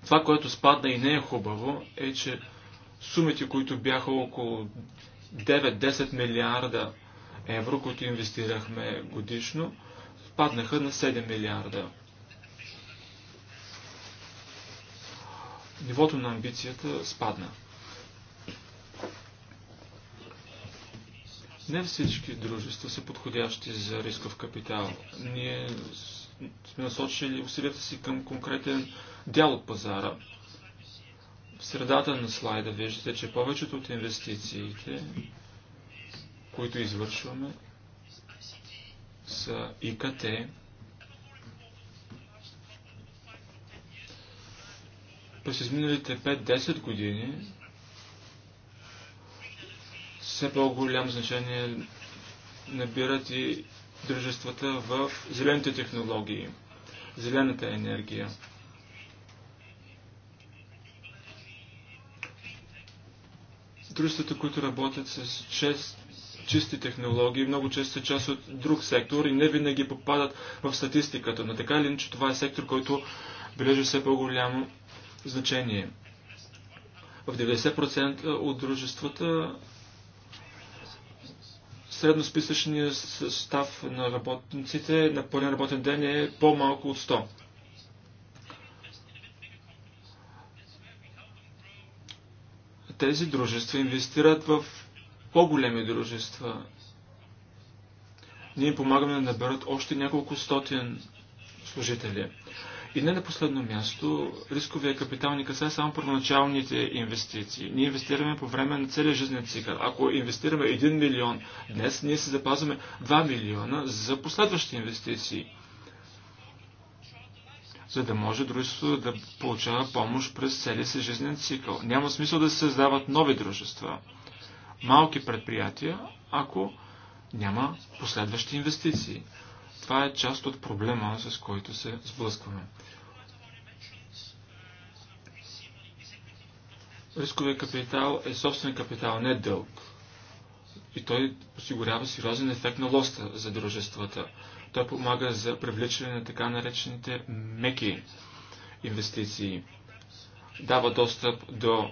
Това, което спадна и не е хубаво, е, че сумите, които бяха около 9-10 милиарда евро, които инвестирахме годишно, паднаха на 7 милиарда. нивото на амбицията спадна. Не всички дружества са подходящи за рисков капитал. Ние сме насочили усилията си към конкретен дял от пазара. В средата на слайда виждате, че повечето от инвестициите, които извършваме, са ИКТ, През изминалите 5-10 години все по-голям значение набират и дружествата в зелените технологии, зелената енергия. Дружествата, които работят с чест, чисти технологии, много често са част от друг сектор и не винаги попадат в статистиката. Но така или иначе това е сектор, който бележи все по-голямо значение. В 90% от дружествата средносписъчният състав на работниците на пълен работен ден е по-малко от 100. Тези дружества инвестират в по-големи дружества. Ние им помагаме да наберат още няколко стотин служители. И не на последно място, рисковия капитал ни касае само първоначалните инвестиции. Ние инвестираме по време на целия жизнен цикъл. Ако инвестираме 1 милион днес, ние се запазваме 2 милиона за последващи инвестиции. За да може дружеството да получава помощ през целия си жизнен цикъл. Няма смисъл да се създават нови дружества, малки предприятия, ако няма последващи инвестиции. Това е част от проблема, с който се сблъскваме. Рискове капитал е собствен капитал, не дълг. И той осигурява сериозен ефект на лоста за дружествата. Той помага за привличане на така наречените меки инвестиции. Дава достъп до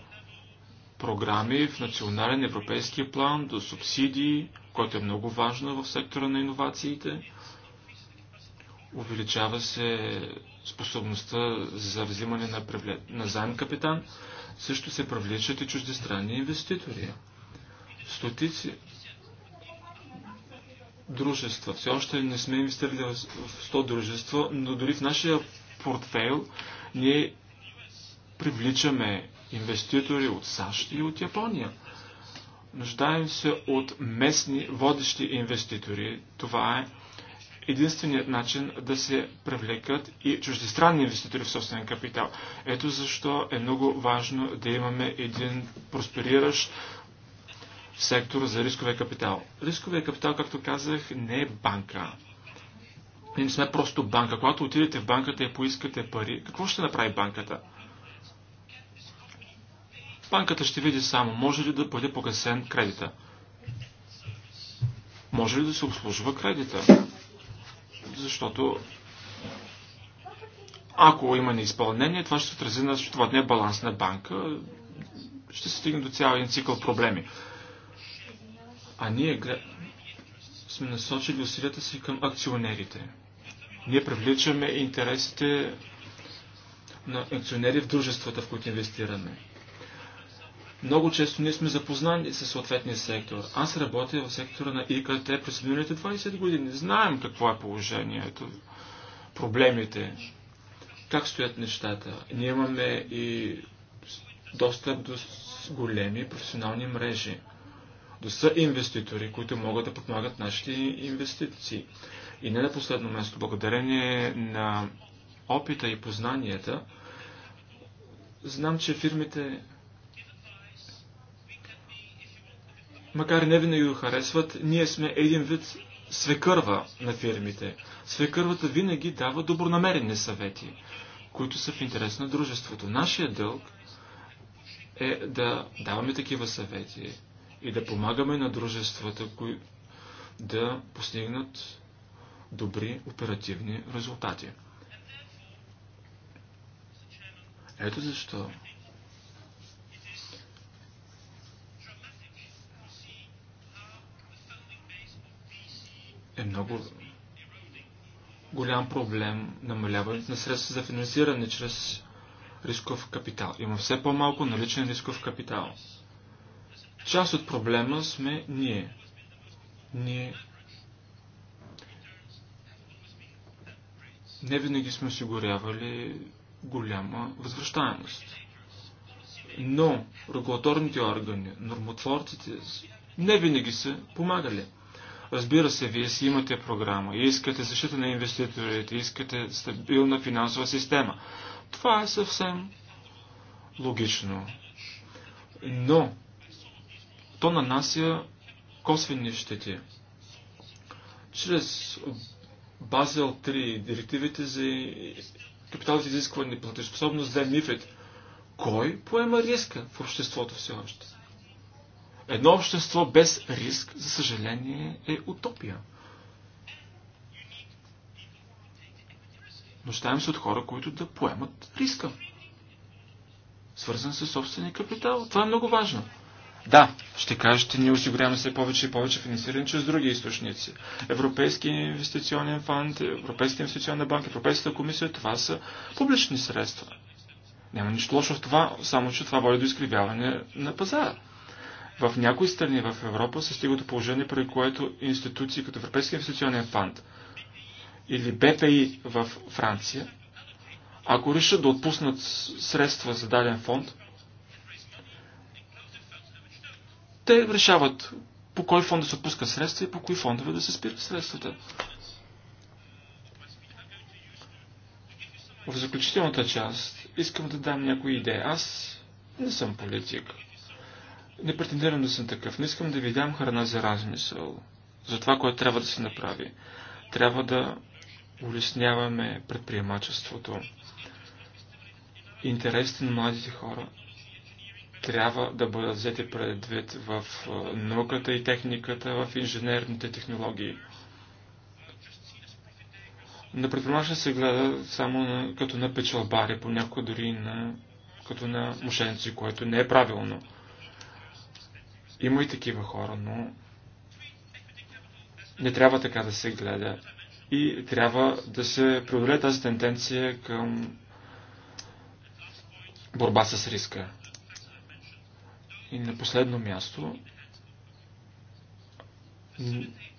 програми в национален европейски план, до субсидии, което е много важно в сектора на иновациите. Увеличава се способността за взимане на, привле... на заем капитан. Също се привличат и чуждестранни инвеститори. Стотици дружества. Все още не сме инвестирали в 100 дружества, но дори в нашия портфейл ние привличаме инвеститори от САЩ и от Япония. Нуждаем се от местни водещи инвеститори. Това е единственият начин да се привлекат и чуждестранни инвеститори в собствен капитал. Ето защо е много важно да имаме един проспериращ сектор за рисковия капитал. Рисковия капитал, както казах, не е банка. Ние не сме просто банка. Когато отидете в банката и поискате пари, какво ще направи банката? Банката ще види само, може ли да бъде погасен кредита. Може ли да се обслужва кредита? защото ако има неизпълнение, това ще се отрази на счетоводния баланс на банка. Ще се стигне до цял един цикъл проблеми. А ние сме насочили усилията си към акционерите. Ние привличаме интересите на акционери в дружествата, в които инвестираме. Много често ние сме запознани с съответния сектор. Аз работя в сектора на ИКТ през миналите 20 години. Знаем какво е положението, проблемите, как стоят нещата. Ние имаме и достъп до големи професионални мрежи, до са инвеститори, които могат да подмагат нашите инвестиции. И не на последно място, благодарение на опита и познанията, знам, че фирмите макар не винаги го харесват, ние сме един вид свекърва на фирмите. Свекървата винаги дава добронамерени съвети, които са в интерес на дружеството. Нашия дълг е да даваме такива съвети и да помагаме на дружествата, кои да постигнат добри оперативни резултати. Ето защо е много голям проблем намаляването на средства за финансиране чрез рисков капитал. Има все по-малко наличен рисков капитал. Част от проблема сме ние. Ние не винаги сме осигурявали голяма възвръщаемост. Но регулаторните органи, нормотворците не винаги са помагали. Разбира се, вие си имате програма, искате защита на инвеститорите, искате стабилна финансова система. Това е съвсем логично. Но то нанася косвени щети. Чрез Базел 3, директивите за капиталните изисквания, платежоспособност за мифет. кой поема риска в обществото все още? Едно общество без риск, за съжаление, е утопия. Нуждаем се от хора, които да поемат риска. Свързан с собствения капитал. Това е много важно. Да, ще кажете, ние осигуряваме се повече и повече финансиране чрез други източници. Европейски инвестиционен фонд, Европейска инвестиционна банка, Европейската комисия, това са публични средства. Няма нищо лошо в това, само че това води до изкривяване на пазара. В някои страни в Европа се стига до положение, при което институции като Европейския инвестиционен фонд или БПИ в Франция, ако решат да отпуснат средства за даден фонд, те решават по кой фонд да се отпуска средства и по кои фондове да се спират средствата. В заключителната част искам да дам някои идеи. Аз не съм политик. Не претендирам да съм такъв. Не искам да ви дам храна за размисъл за това, което трябва да се направи. Трябва да улесняваме предприемачеството, интересите на младите хора трябва да бъдат взети предвид в науката и техниката, в инженерните технологии. На предприемача се гледа само на, като на печалбари, понякога дори на, като на мошенци, което не е правилно. Има и такива хора, но не трябва така да се гледа. И трябва да се преодолее тази тенденция към борба с риска. И на последно място,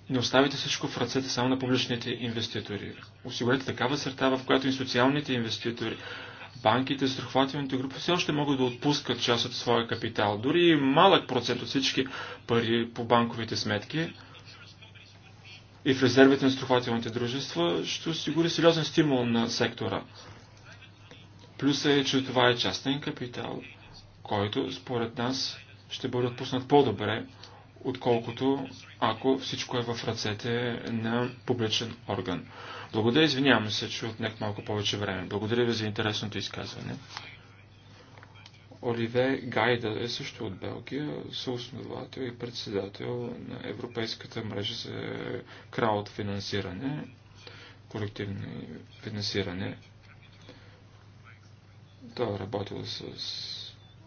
не оставите всичко в ръцете само на публичните инвеститори. Осигурете такава среда, в която и социалните инвеститори, банките, страхователните групи все още могат да отпускат част от своя капитал. Дори малък процент от всички пари по банковите сметки и в резервите на страхователните дружества ще осигури сериозен стимул на сектора. Плюсът е, че това е частен капитал, който според нас ще бъде отпуснат по-добре отколкото ако всичко е в ръцете на публичен орган. Благодаря, извинявам се, че отнех малко повече време. Благодаря ви за интересното изказване. Оливе Гайда е също от Белгия, съосновател и председател на Европейската мрежа за крауд финансиране, колективно финансиране. Той е работил с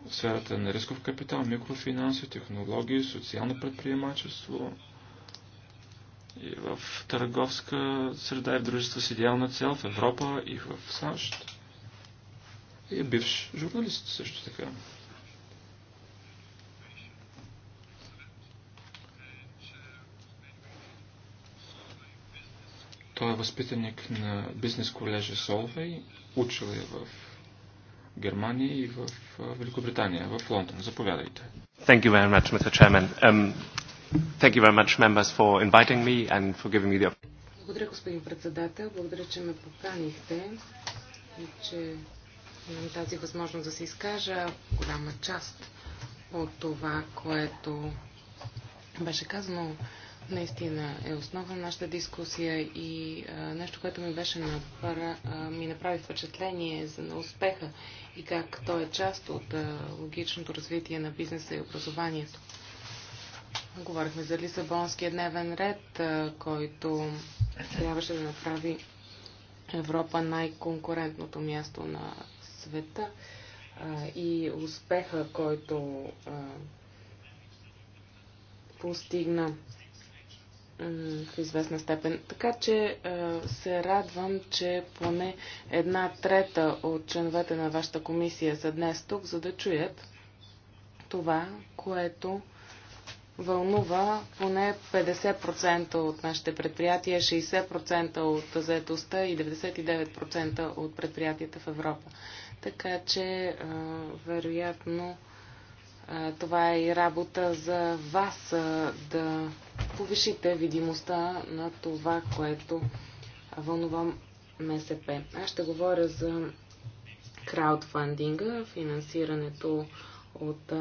в сферата на рисков капитал, микрофинанси, технологии, социално предприемачество и в търговска среда и в дружество с идеална цел в Европа и в САЩ. И е бивш журналист също така. Той е възпитаник на бизнес колежа Солвей, учил е в Германия и в Великобритания, в Лондон. Заповядайте. Thank you very much, Mr. Chairman. Um, thank you very much, members, for inviting me and for giving me the Благодаря, господин председател. Благодаря, че ме поканихте и че имам тази възможност да се изкажа. Голяма част от това, което беше казано, наистина е основа на нашата дискусия и а, нещо, което ми беше напара, а, ми направи впечатление за на успеха и как то е част от а, логичното развитие на бизнеса и образованието. Говорихме за Лисабонския дневен ред, а, който трябваше да направи Европа най-конкурентното място на света а, и успеха, който а, постигна в известна степен. Така че се радвам, че поне една трета от членовете на вашата комисия са днес тук, за да чуят това, което вълнува поне 50% от нашите предприятия, 60% от заедостта и 99% от предприятията в Европа. Така че, вероятно, това е и работа за вас да повишите видимостта на това, което вълнува МСП. Аз ще говоря за краудфандинга, финансирането от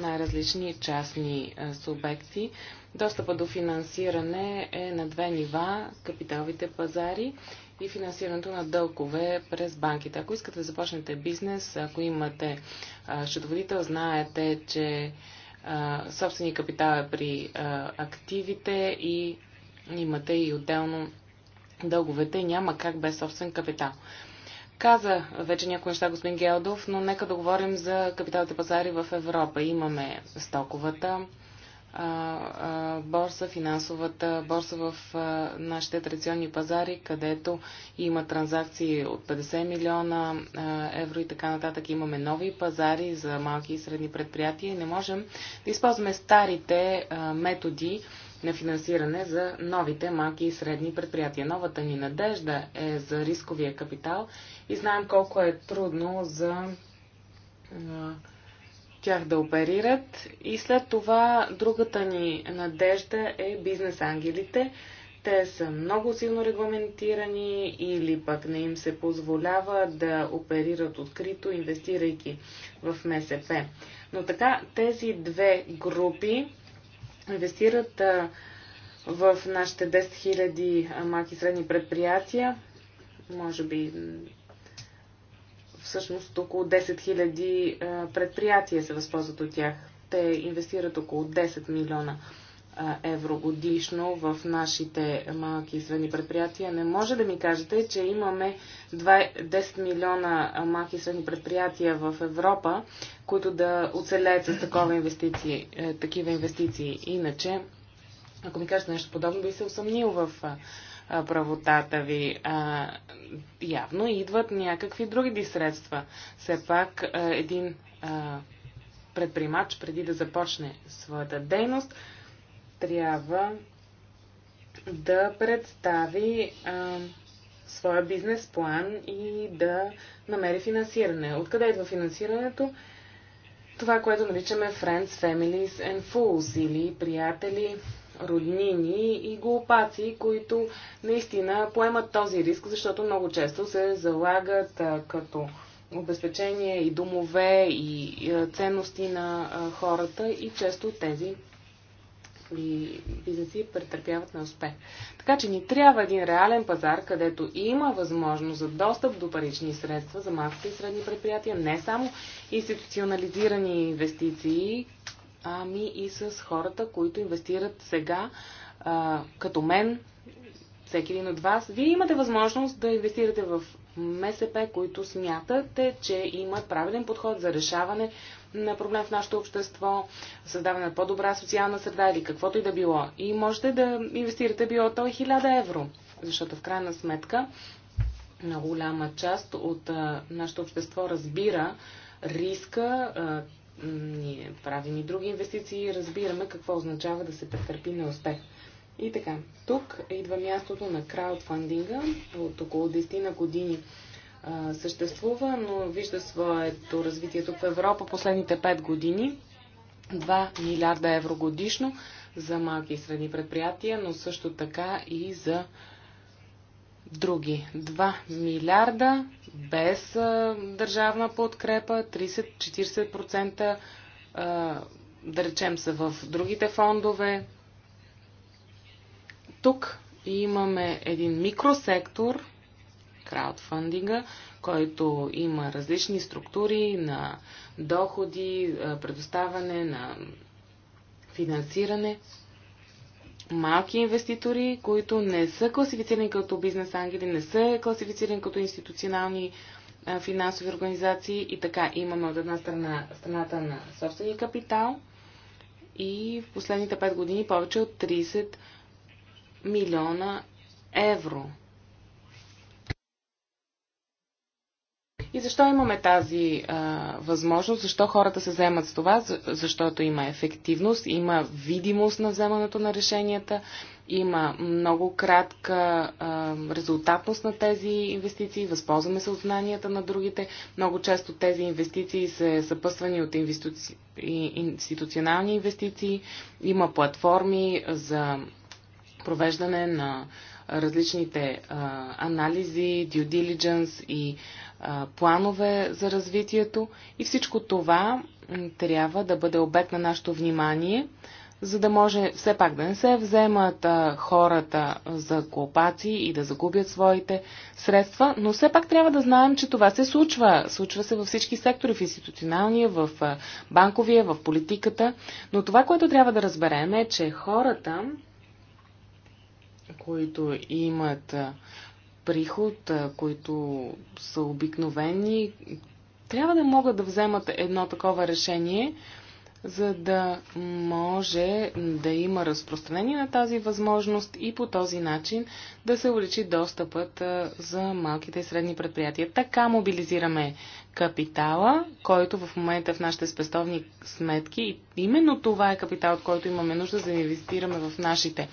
най-различни частни субекти. Достъпа до финансиране е на две нива капиталовите пазари и финансирането на дългове през банките. Ако искате да започнете бизнес, ако имате счетоводител, знаете, че собствени капитал е при а, активите и имате и отделно дълговете. Няма как без собствен капитал. Каза вече някои неща господин Гелдов, но нека да говорим за капиталните пазари в Европа. Имаме стоковата борса, финансовата борса в нашите традиционни пазари, където има транзакции от 50 милиона евро и така нататък. Имаме нови пазари за малки и средни предприятия и не можем да използваме старите методи на финансиране за новите малки и средни предприятия. Новата ни надежда е за рисковия капитал и знаем колко е трудно за тях да оперират. И след това другата ни надежда е бизнес ангелите. Те са много силно регламентирани или пък не им се позволява да оперират открито, инвестирайки в МСП. Но така тези две групи инвестират в нашите 10 000 малки и средни предприятия, може би всъщност около 10 000 предприятия се възползват от тях. Те инвестират около 10 милиона евро годишно в нашите малки и средни предприятия. Не може да ми кажете, че имаме 10 милиона малки и средни предприятия в Европа, които да оцелеят с такова инвестиции, е, такива инвестиции. Иначе, ако ми кажете нещо подобно, би се усъмнил в правотата ви. А, явно идват някакви други средства. Все пак а, един а, предприемач, преди да започне своята дейност, трябва да представи а, своя бизнес план и да намери финансиране. Откъде идва финансирането? Това, което наричаме Friends, Families and Fools или приятели, роднини и глупаци, които наистина поемат този риск, защото много често се залагат а, като обезпечение и домове и, и ценности на а, хората и често тези и бизнеси претърпяват на успех. Така че ни трябва един реален пазар, където има възможност за достъп до парични средства за малките и средни предприятия, не само институционализирани инвестиции, ами и с хората, които инвестират сега, а, като мен, всеки един от вас. Вие имате възможност да инвестирате в МСП, които смятате, че имат правилен подход за решаване на проблем в нашето общество, създаване на по-добра социална среда или каквото и да било. И можете да инвестирате било то 1000 евро, защото в крайна сметка много голяма част от а, нашето общество разбира риска, а, ние правим и други инвестиции и разбираме какво означава да се претърпи неуспех. И така, тук идва мястото на краудфандинга. От около 10 на години а, съществува, но вижда своето развитие тук в Европа последните 5 години. 2 милиарда евро годишно за малки и средни предприятия, но също така и за други. 2 милиарда без а, държавна подкрепа, 30-40% да речем са в другите фондове. Тук имаме един микросектор, краудфандинга, който има различни структури на доходи, предоставяне на финансиране – малки инвеститори, които не са класифицирани като бизнес ангели, не са класифицирани като институционални а, финансови организации и така имаме от една страна страната на собствения капитал и в последните 5 години повече от 30 милиона евро И защо имаме тази а, възможност? Защо хората се заемат с това? Защото има ефективност, има видимост на вземането на решенията, има много кратка а, резултатност на тези инвестиции, възползваме се от знанията на другите. Много често тези инвестиции са съпъствани от инвестици... институционални инвестиции, има платформи за провеждане на различните а, анализи, due diligence и планове за развитието и всичко това трябва да бъде обект на нашето внимание, за да може все пак да не се вземат хората за глупаци и да загубят своите средства, но все пак трябва да знаем, че това се случва. Случва се във всички сектори, в институционалния, в банковия, в политиката. Но това, което трябва да разберем е, че хората, които имат приход, които са обикновени, трябва да могат да вземат едно такова решение, за да може да има разпространение на тази възможност и по този начин да се увеличи достъпът за малките и средни предприятия. Така мобилизираме капитала, който в момента в нашите спестовни сметки. И именно това е капитал, от който имаме нужда за да инвестираме в нашите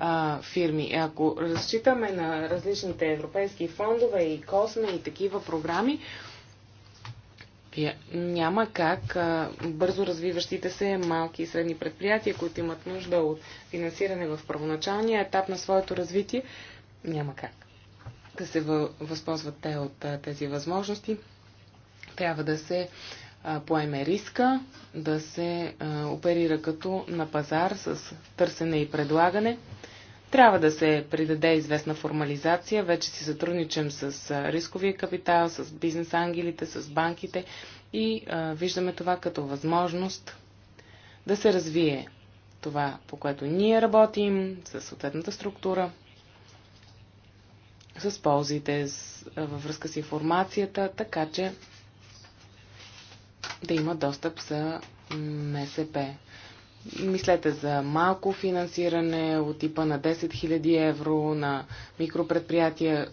а, фирми. Ако разчитаме на различните европейски фондове и косме и такива програми, няма как а, бързо развиващите се малки и средни предприятия, които имат нужда от финансиране в първоначалния етап на своето развитие, няма как да се възползват те от а, тези възможности. Трябва да се поеме риска да се оперира като на пазар с търсене и предлагане. Трябва да се придаде известна формализация. Вече си сътрудничам с рисковия капитал, с бизнес ангелите, с банките и виждаме това като възможност да се развие това, по което ние работим, с съответната структура, с ползите с, във връзка с информацията, така че да има достъп за МСП. Мислете за малко финансиране от типа на 10 000 евро на микропредприятия.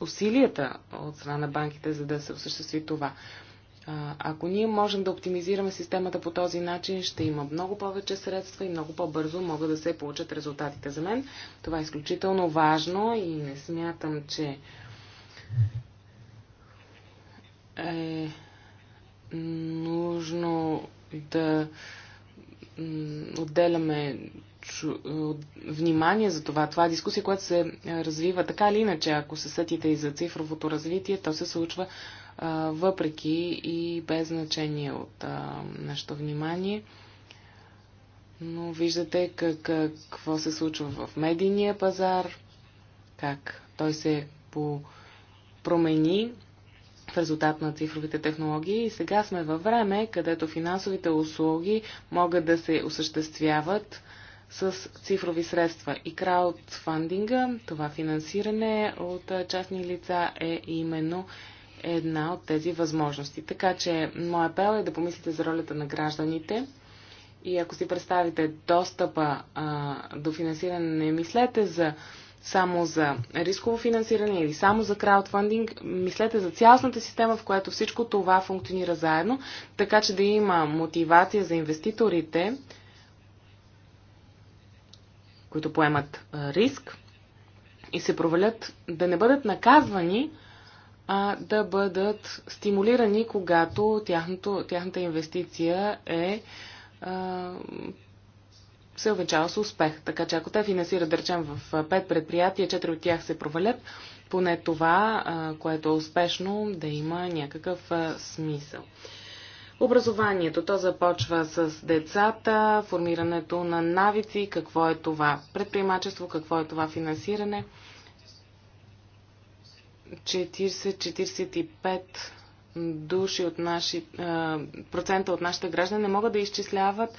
Усилията от страна на банките, за да се осъществи това. Ако ние можем да оптимизираме системата по този начин, ще има много повече средства и много по-бързо могат да се получат резултатите. За мен това е изключително важно и не смятам, че е нужно да отделяме внимание за това. Това е дискусия, която се е, развива така или иначе. Ако се сетите и за цифровото развитие, то се случва въпреки и без значение от нашето внимание. Но виждате как, какво се случва в медийния пазар, как той се по промени в резултат на цифровите технологии и сега сме във време, където финансовите услуги могат да се осъществяват с цифрови средства. И краудфандинга, това финансиране от частни лица е именно една от тези възможности. Така че моя апел е да помислите за ролята на гражданите. И ако си представите достъпа а, до финансиране, не мислете за само за рисково финансиране или само за краудфандинг. Мислете за цялостната система, в която всичко това функционира заедно, така че да има мотивация за инвеститорите, които поемат риск и се провалят, да не бъдат наказвани, а да бъдат стимулирани, когато тяхното, тяхната инвестиция е а, се увенчава с успех. Така че ако те финансират, да речем, в пет предприятия, четири от тях се провалят, поне това, което е успешно, да има някакъв смисъл. Образованието, то започва с децата, формирането на навици, какво е това предприемачество, какво е това финансиране. 40-45 души от наши, процента от нашите граждани не могат да изчисляват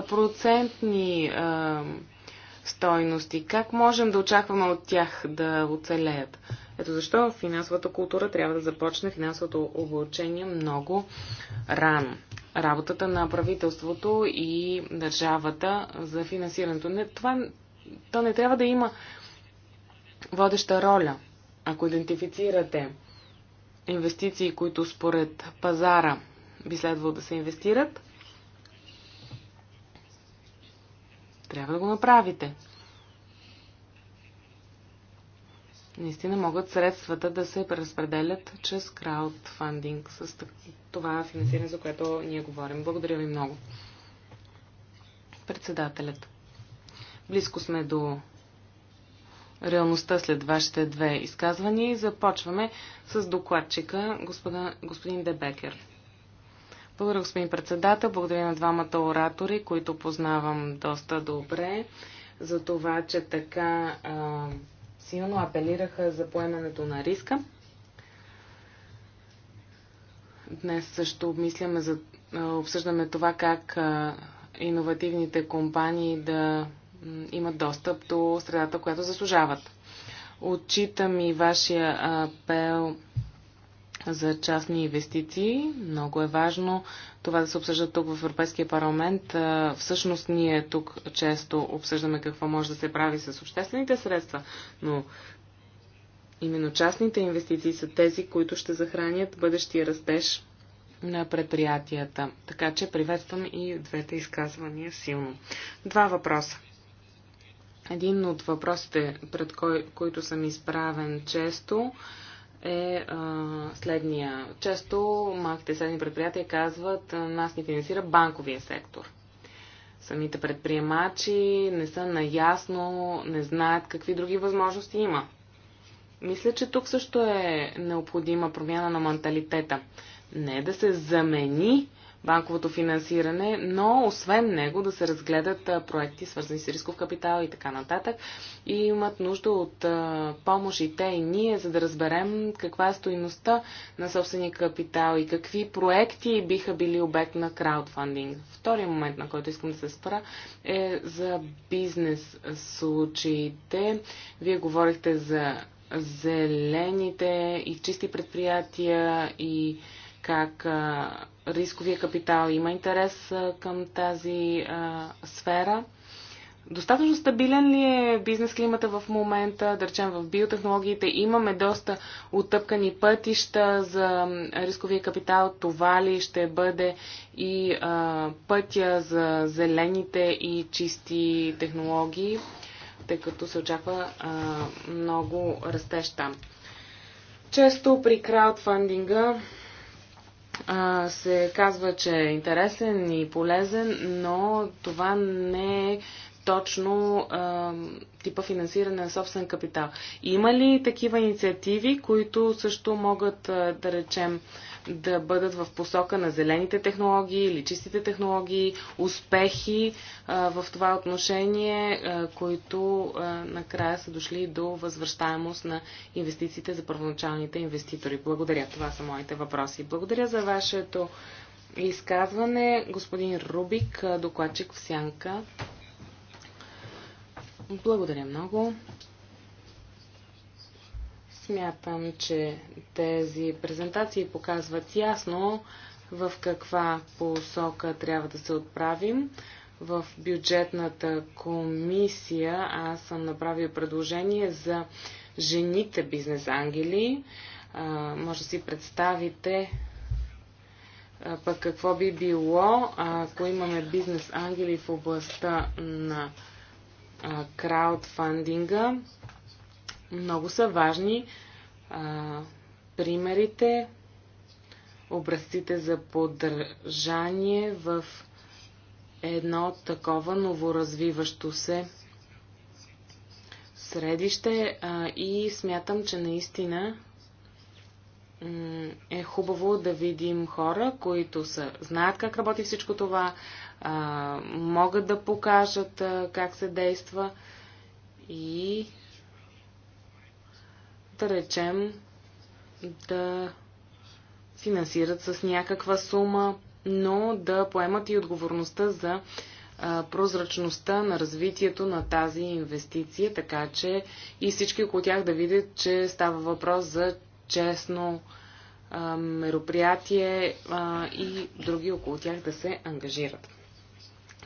процентни а, стойности. Как можем да очакваме от тях да оцелеят? Ето защо финансовата култура трябва да започне финансовото обучение много рано. Работата на правителството и държавата за финансирането. Не, това, то не трябва да има водеща роля. Ако идентифицирате инвестиции, които според пазара би следвало да се инвестират, Трябва да го направите. Наистина могат средствата да се преразпределят чрез краудфандинг с това финансиране, за което ние говорим. Благодаря ви много. Председателят. Близко сме до реалността след вашите две изказвания и започваме с докладчика господин Дебекер. Благодаря, господин председател. Благодаря на двамата оратори, които познавам доста добре, за това, че така а, силно апелираха за поемането на риска. Днес също обмисляме за, а, обсъждаме това как а, иновативните компании да имат достъп до средата, която заслужават. Отчитам и вашия апел за частни инвестиции. Много е важно това да се обсъжда тук в Европейския парламент. Всъщност ние тук често обсъждаме какво може да се прави с обществените средства, но именно частните инвестиции са тези, които ще захранят бъдещия растеж на предприятията. Така че приветствам и двете изказвания силно. Два въпроса. Един от въпросите, пред кой, които съм изправен често, е а, следния. Често малките средни предприятия казват, нас ни финансира банковия сектор. Самите предприемачи не са наясно, не знаят какви други възможности има. Мисля, че тук също е необходима промяна на менталитета. Не е да се замени банковото финансиране, но освен него да се разгледат проекти, свързани с рисков капитал и така нататък. И имат нужда от помощ и те и ние, за да разберем каква е стоиността на собствения капитал и какви проекти биха били обект на краудфандинг. Втория момент, на който искам да се спра, е за бизнес случаите. Вие говорихте за зелените и чисти предприятия и как а, рисковия капитал има интерес към тази а, сфера. Достатъчно стабилен ли е бизнес климата в момента, да речем в биотехнологиите? Имаме доста отъпкани пътища за рисковия капитал. Това ли ще бъде и а, пътя за зелените и чисти технологии, тъй като се очаква а, много растеж там. Често при краудфандинга а, се казва, че е интересен и полезен, но това не е точно а, типа финансиране на собствен капитал. Има ли такива инициативи, които също могат, а, да речем, да бъдат в посока на зелените технологии или чистите технологии, успехи а, в това отношение, а, които а, накрая са дошли до възвръщаемост на инвестициите за първоначалните инвеститори. Благодаря. Това са моите въпроси. Благодаря за вашето изказване. Господин Рубик, докладчик в Сянка. Благодаря много. Смятам, че тези презентации показват ясно в каква посока трябва да се отправим. В бюджетната комисия аз съм направил предложение за жените бизнес ангели. А, може да си представите а, пък какво би било, ако имаме бизнес ангели в областта на краудфандинга много са важни а, примерите, образците за поддържание в едно такова новоразвиващо се средище а, и смятам, че наистина е хубаво да видим хора, които са, знаят как работи всичко това, а, могат да покажат а, как се действа и да речем, да финансират с някаква сума, но да поемат и отговорността за а, прозрачността на развитието на тази инвестиция, така че и всички около тях да видят, че става въпрос за честно а, мероприятие а, и други около тях да се ангажират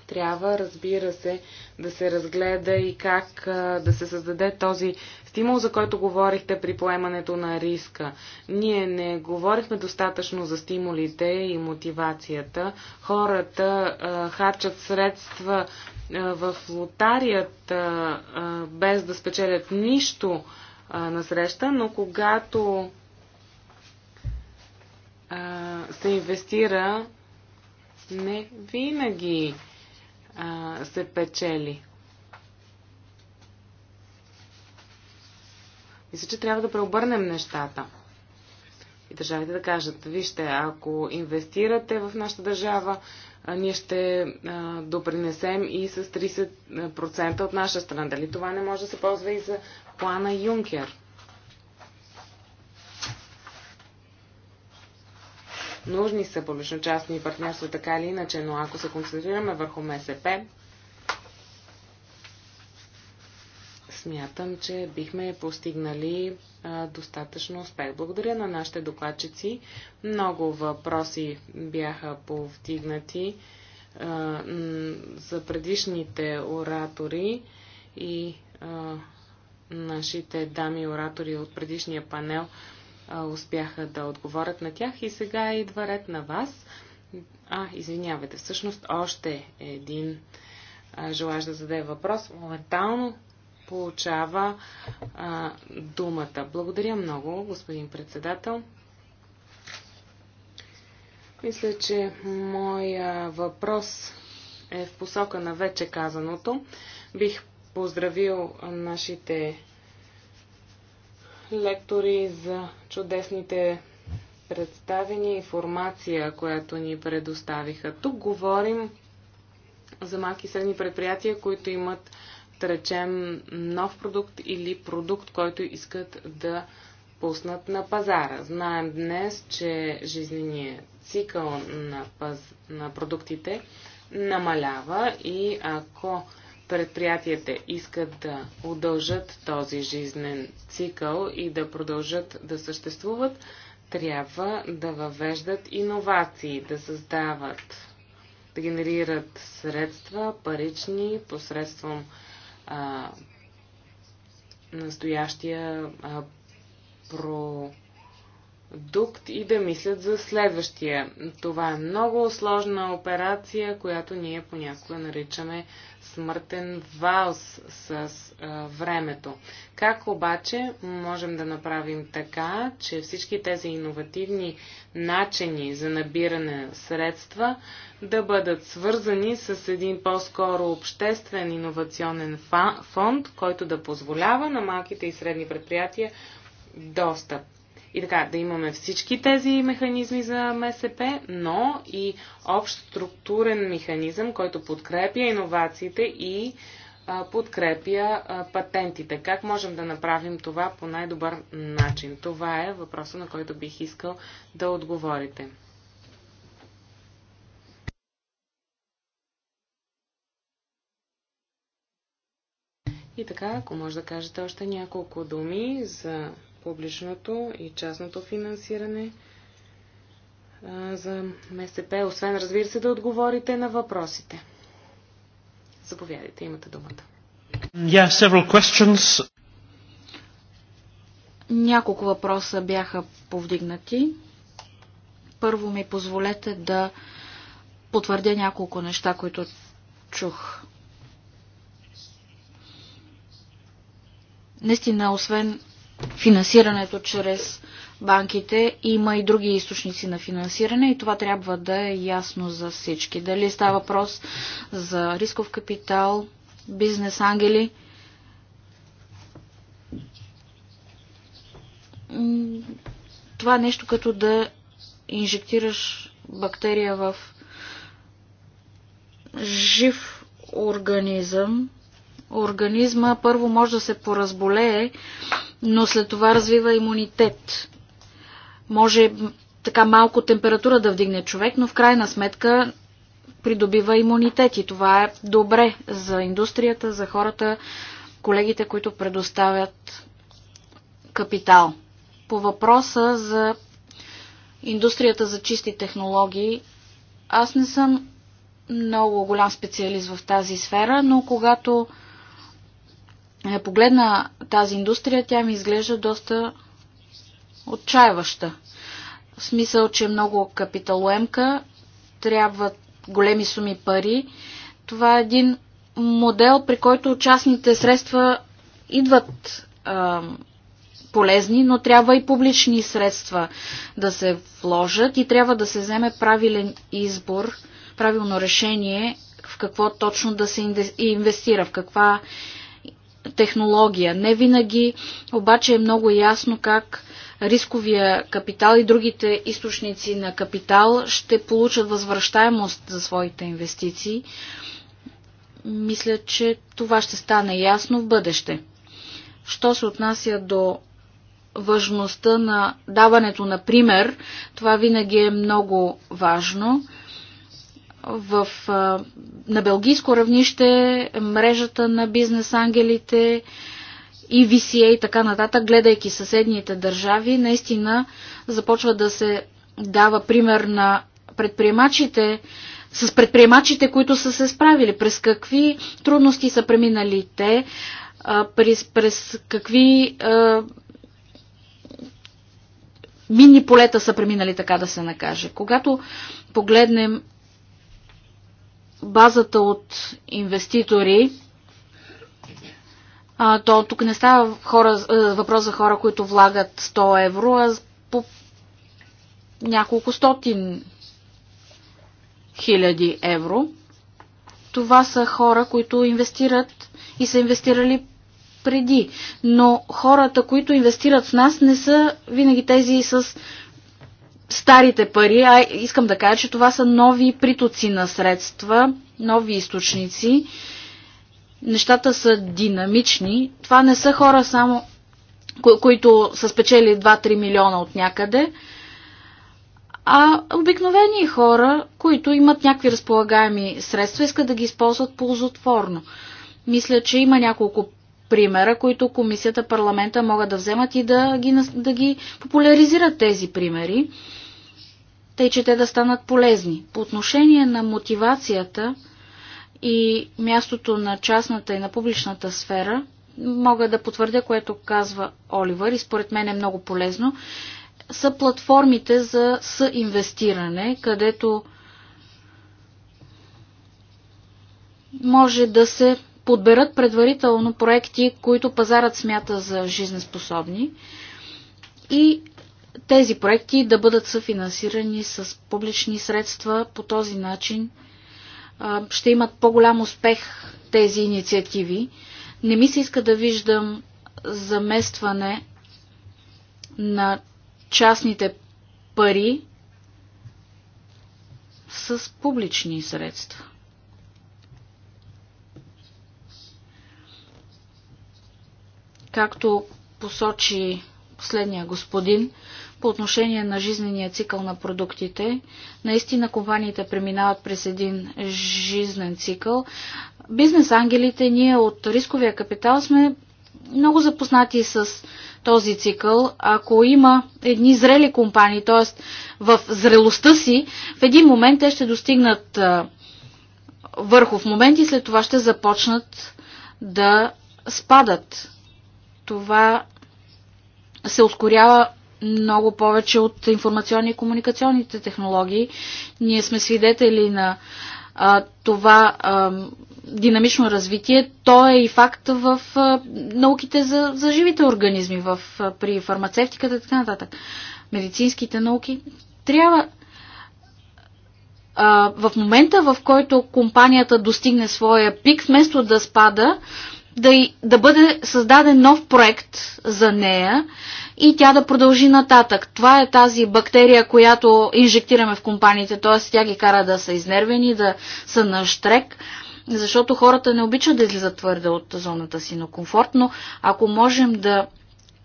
трябва, разбира се, да се разгледа и как да се създаде този стимул, за който говорихте при поемането на риска. Ние не говорихме достатъчно за стимулите и мотивацията. Хората а, харчат средства в лотарията без да спечелят нищо на среща, но когато се инвестира не винаги а, се печели. Мисля, че трябва да преобърнем нещата. И държавите да кажат, вижте, ако инвестирате в нашата държава, ние ще а, допринесем и с 30% от наша страна. Дали това не може да се ползва и за плана Юнкер? Нужни са публично-частни партньорства така или иначе, но ако се концентрираме върху МСП, смятам, че бихме постигнали а, достатъчно успех. Благодаря на нашите докладчици. Много въпроси бяха повдигнати а, за предишните оратори и а, нашите дами оратори от предишния панел успяха да отговорят на тях. И сега идва ред на вас. А, извинявайте, всъщност още един желаж да зададе въпрос. Моментално получава а, думата. Благодаря много, господин председател. Мисля, че моя въпрос е в посока на вече казаното. Бих поздравил нашите лектори за чудесните представени информация, която ни предоставиха. Тук говорим за малки и средни предприятия, които имат, да речем, нов продукт или продукт, който искат да пуснат на пазара. Знаем днес, че жизненият цикъл на, паз... на продуктите намалява и ако предприятията искат да удължат този жизнен цикъл и да продължат да съществуват, трябва да въвеждат иновации, да създават, да генерират средства, парични, посредством а, настоящия а, про дукт и да мислят за следващия. Това е много сложна операция, която ние понякога наричаме смъртен валс с а, времето. Как обаче можем да направим така, че всички тези иновативни начини за набиране средства да бъдат свързани с един по-скоро обществен иновационен фонд, който да позволява на малките и средни предприятия достъп и така да имаме всички тези механизми за МСП, но и общ структурен механизъм, който подкрепя иновациите и подкрепя патентите. Как можем да направим това по най-добър начин? Това е въпросът, на който бих искал да отговорите. И така, ако може да кажете още няколко думи за публичното и частното финансиране за МСП, освен разбира се да отговорите на въпросите. Заповядайте, имате думата. Yeah, several questions. Няколко въпроса бяха повдигнати. Първо ми позволете да потвърдя няколко неща, които чух. Наистина, освен финансирането чрез банките. Има и други източници на финансиране и това трябва да е ясно за всички. Дали става въпрос за рисков капитал, бизнес ангели. Това е нещо като да инжектираш бактерия в жив организъм. Организма първо може да се поразболее но след това развива имунитет. Може така малко температура да вдигне човек, но в крайна сметка придобива имунитет и това е добре за индустрията, за хората, колегите, които предоставят капитал. По въпроса за индустрията за чисти технологии, аз не съм много голям специалист в тази сфера, но когато е, погледна тази индустрия, тя ми изглежда доста отчаяваща. В смисъл, че е много капиталоемка, трябват големи суми пари. Това е един модел, при който частните средства идват а, полезни, но трябва и публични средства да се вложат и трябва да се вземе правилен избор, правилно решение в какво точно да се инвестира, в каква технология. Не винаги обаче е много ясно как рисковия капитал и другите източници на капитал ще получат възвръщаемост за своите инвестиции. Мисля, че това ще стане ясно в бъдеще. Що се отнася до важността на даването на пример, това винаги е много важно в, на белгийско равнище, мрежата на бизнес ангелите и VCA и така нататък, гледайки съседните държави, наистина започва да се дава пример на предприемачите, с предприемачите, които са се справили, през какви трудности са преминали те, през, през какви а, мини полета са преминали, така да се накаже. Когато погледнем базата от инвеститори, а, то тук не става хора, въпрос за хора, които влагат 100 евро, а по няколко стотин хиляди евро. Това са хора, които инвестират и са инвестирали преди. Но хората, които инвестират в нас, не са винаги тези с старите пари, а искам да кажа, че това са нови притоци на средства, нови източници. Нещата са динамични. Това не са хора само, кои, които са спечели 2-3 милиона от някъде, а обикновени хора, които имат някакви разполагаеми средства, искат да ги използват ползотворно. Мисля, че има няколко примера, които комисията, парламента могат да вземат и да ги, да ги популяризират тези примери, тъй че те да станат полезни. По отношение на мотивацията и мястото на частната и на публичната сфера, мога да потвърдя, което казва Оливър и според мен е много полезно, са платформите за съинвестиране, където може да се подберат предварително проекти, които пазарът смята за жизнеспособни и тези проекти да бъдат съфинансирани с публични средства. По този начин ще имат по-голям успех тези инициативи. Не ми се иска да виждам заместване на частните пари с публични средства. Както посочи последния господин, по отношение на жизнения цикъл на продуктите, наистина компаниите преминават през един жизнен цикъл. Бизнес ангелите, ние от рисковия капитал сме много запознати с този цикъл. Ако има едни зрели компании, т.е. в зрелостта си, в един момент те ще достигнат върхов момент и след това ще започнат да спадат това се ускорява много повече от информационни и комуникационните технологии. Ние сме свидетели на а, това а, динамично развитие. То е и факт в а, науките за, за живите организми, в, а, при фармацевтиката и така нататък. Медицинските науки. Трябва а, в момента, в който компанията достигне своя пик, вместо да спада, да, да бъде създаден нов проект за нея и тя да продължи нататък. Това е тази бактерия, която инжектираме в компаниите, т.е. тя ги кара да са изнервени, да са на штрек, защото хората не обичат да излизат твърде от зоната си на комфорт, но ако можем да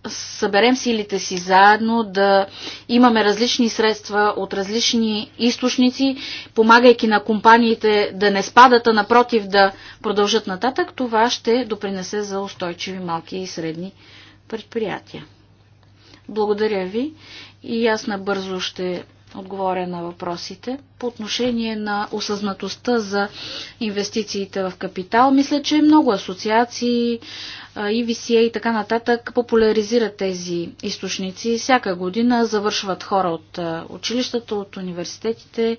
съберем силите си заедно, да имаме различни средства от различни източници, помагайки на компаниите да не спадат, а напротив да продължат нататък, това ще допринесе за устойчиви малки и средни предприятия. Благодаря ви и аз набързо ще отговоря на въпросите. По отношение на осъзнатостта за инвестициите в капитал, мисля, че много асоциации, EVCA и така нататък популяризират тези източници. Всяка година завършват хора от училищата, от университетите.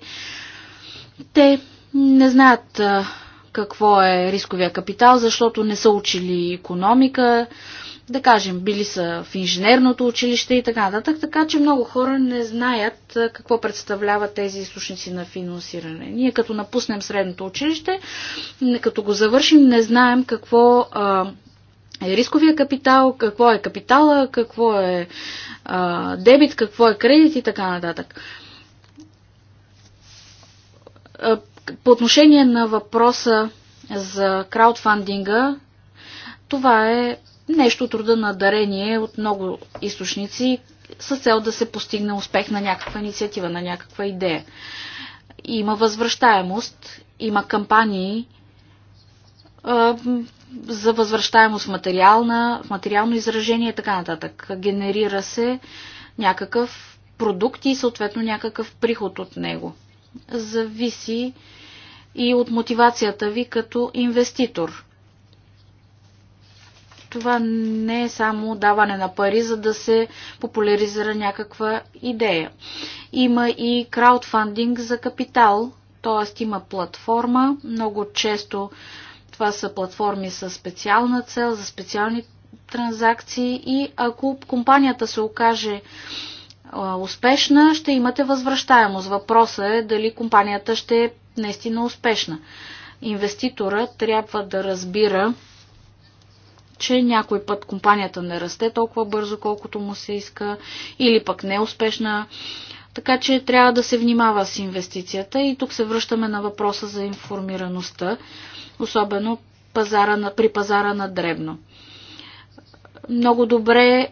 Те не знаят какво е рисковия капитал, защото не са учили економика, да кажем, били са в инженерното училище и така нататък, така че много хора не знаят какво представляват тези източници на финансиране. Ние като напуснем средното училище, като го завършим, не знаем какво е рисковия капитал, какво е капитала, какво е а, дебит, какво е кредит и така нататък. По отношение на въпроса за краудфандинга, това е нещо труда на дарение от много източници с цел да се постигне успех на някаква инициатива, на някаква идея. Има възвръщаемост, има кампании за възвръщаемост в, материална, в материално изражение и така нататък. Генерира се някакъв продукт и съответно някакъв приход от него. Зависи и от мотивацията ви като инвеститор това не е само даване на пари, за да се популяризира някаква идея. Има и краудфандинг за капитал, т.е. има платформа. Много често това са платформи с специална цел, за специални транзакции и ако компанията се окаже успешна, ще имате възвръщаемост. Въпросът е дали компанията ще е наистина успешна. Инвеститора трябва да разбира че някой път компанията не расте толкова бързо, колкото му се иска, или пък не е успешна. Така че трябва да се внимава с инвестицията и тук се връщаме на въпроса за информираността, особено пазара на, при пазара на дребно. Много добре е,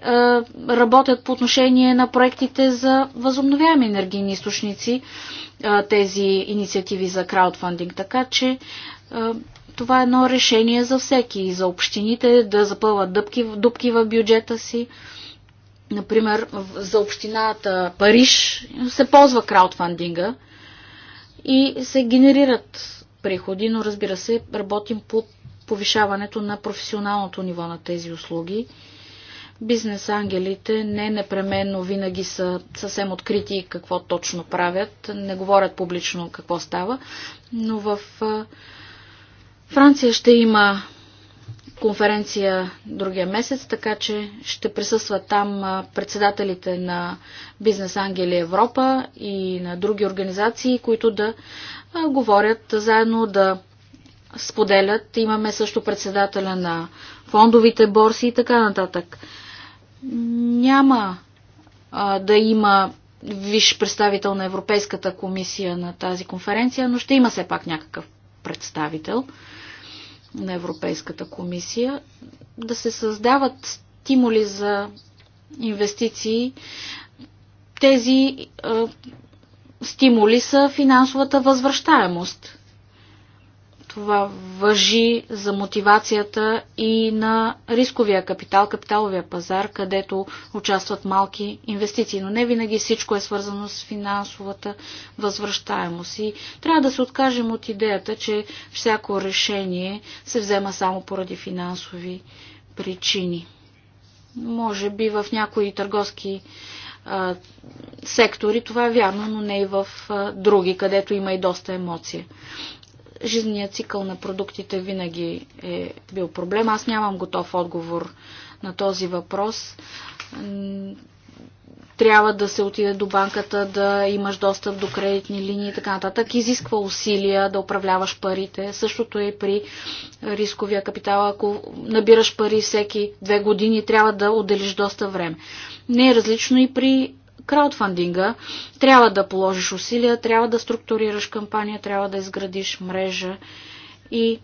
работят по отношение на проектите за възобновяеми енергийни източници е, тези инициативи за краудфандинг, така че е, това е едно решение за всеки и за общините да запълват дупки, дупки в бюджета си. Например, за общината Париж се ползва краудфандинга и се генерират приходи, но разбира се, работим по повишаването на професионалното ниво на тези услуги. Бизнес ангелите не непременно винаги са съвсем открити какво точно правят, не говорят публично какво става, но в Франция ще има конференция другия месец, така че ще присъстват там председателите на Бизнес Ангели Европа и на други организации, които да говорят заедно, да споделят. Имаме също председателя на фондовите борси и така нататък. Няма а, да има виш представител на Европейската комисия на тази конференция, но ще има все пак някакъв представител на Европейската комисия, да се създават стимули за инвестиции. Тези е, стимули са финансовата възвръщаемост. Това въжи за мотивацията и на рисковия капитал, капиталовия пазар, където участват малки инвестиции. Но не винаги всичко е свързано с финансовата възвръщаемост. И трябва да се откажем от идеята, че всяко решение се взема само поради финансови причини. Може би в някои търговски а, сектори това е вярно, но не и в а, други, където има и доста емоция жизненият цикъл на продуктите винаги е бил проблем. Аз нямам готов отговор на този въпрос. Трябва да се отиде до банката, да имаш достъп до кредитни линии и така нататък. Изисква усилия да управляваш парите. Същото е при рисковия капитал. Ако набираш пари всеки две години, трябва да отделиш доста време. Не е различно и при краудфандинга трябва да положиш усилия, трябва да структурираш кампания, трябва да изградиш мрежа и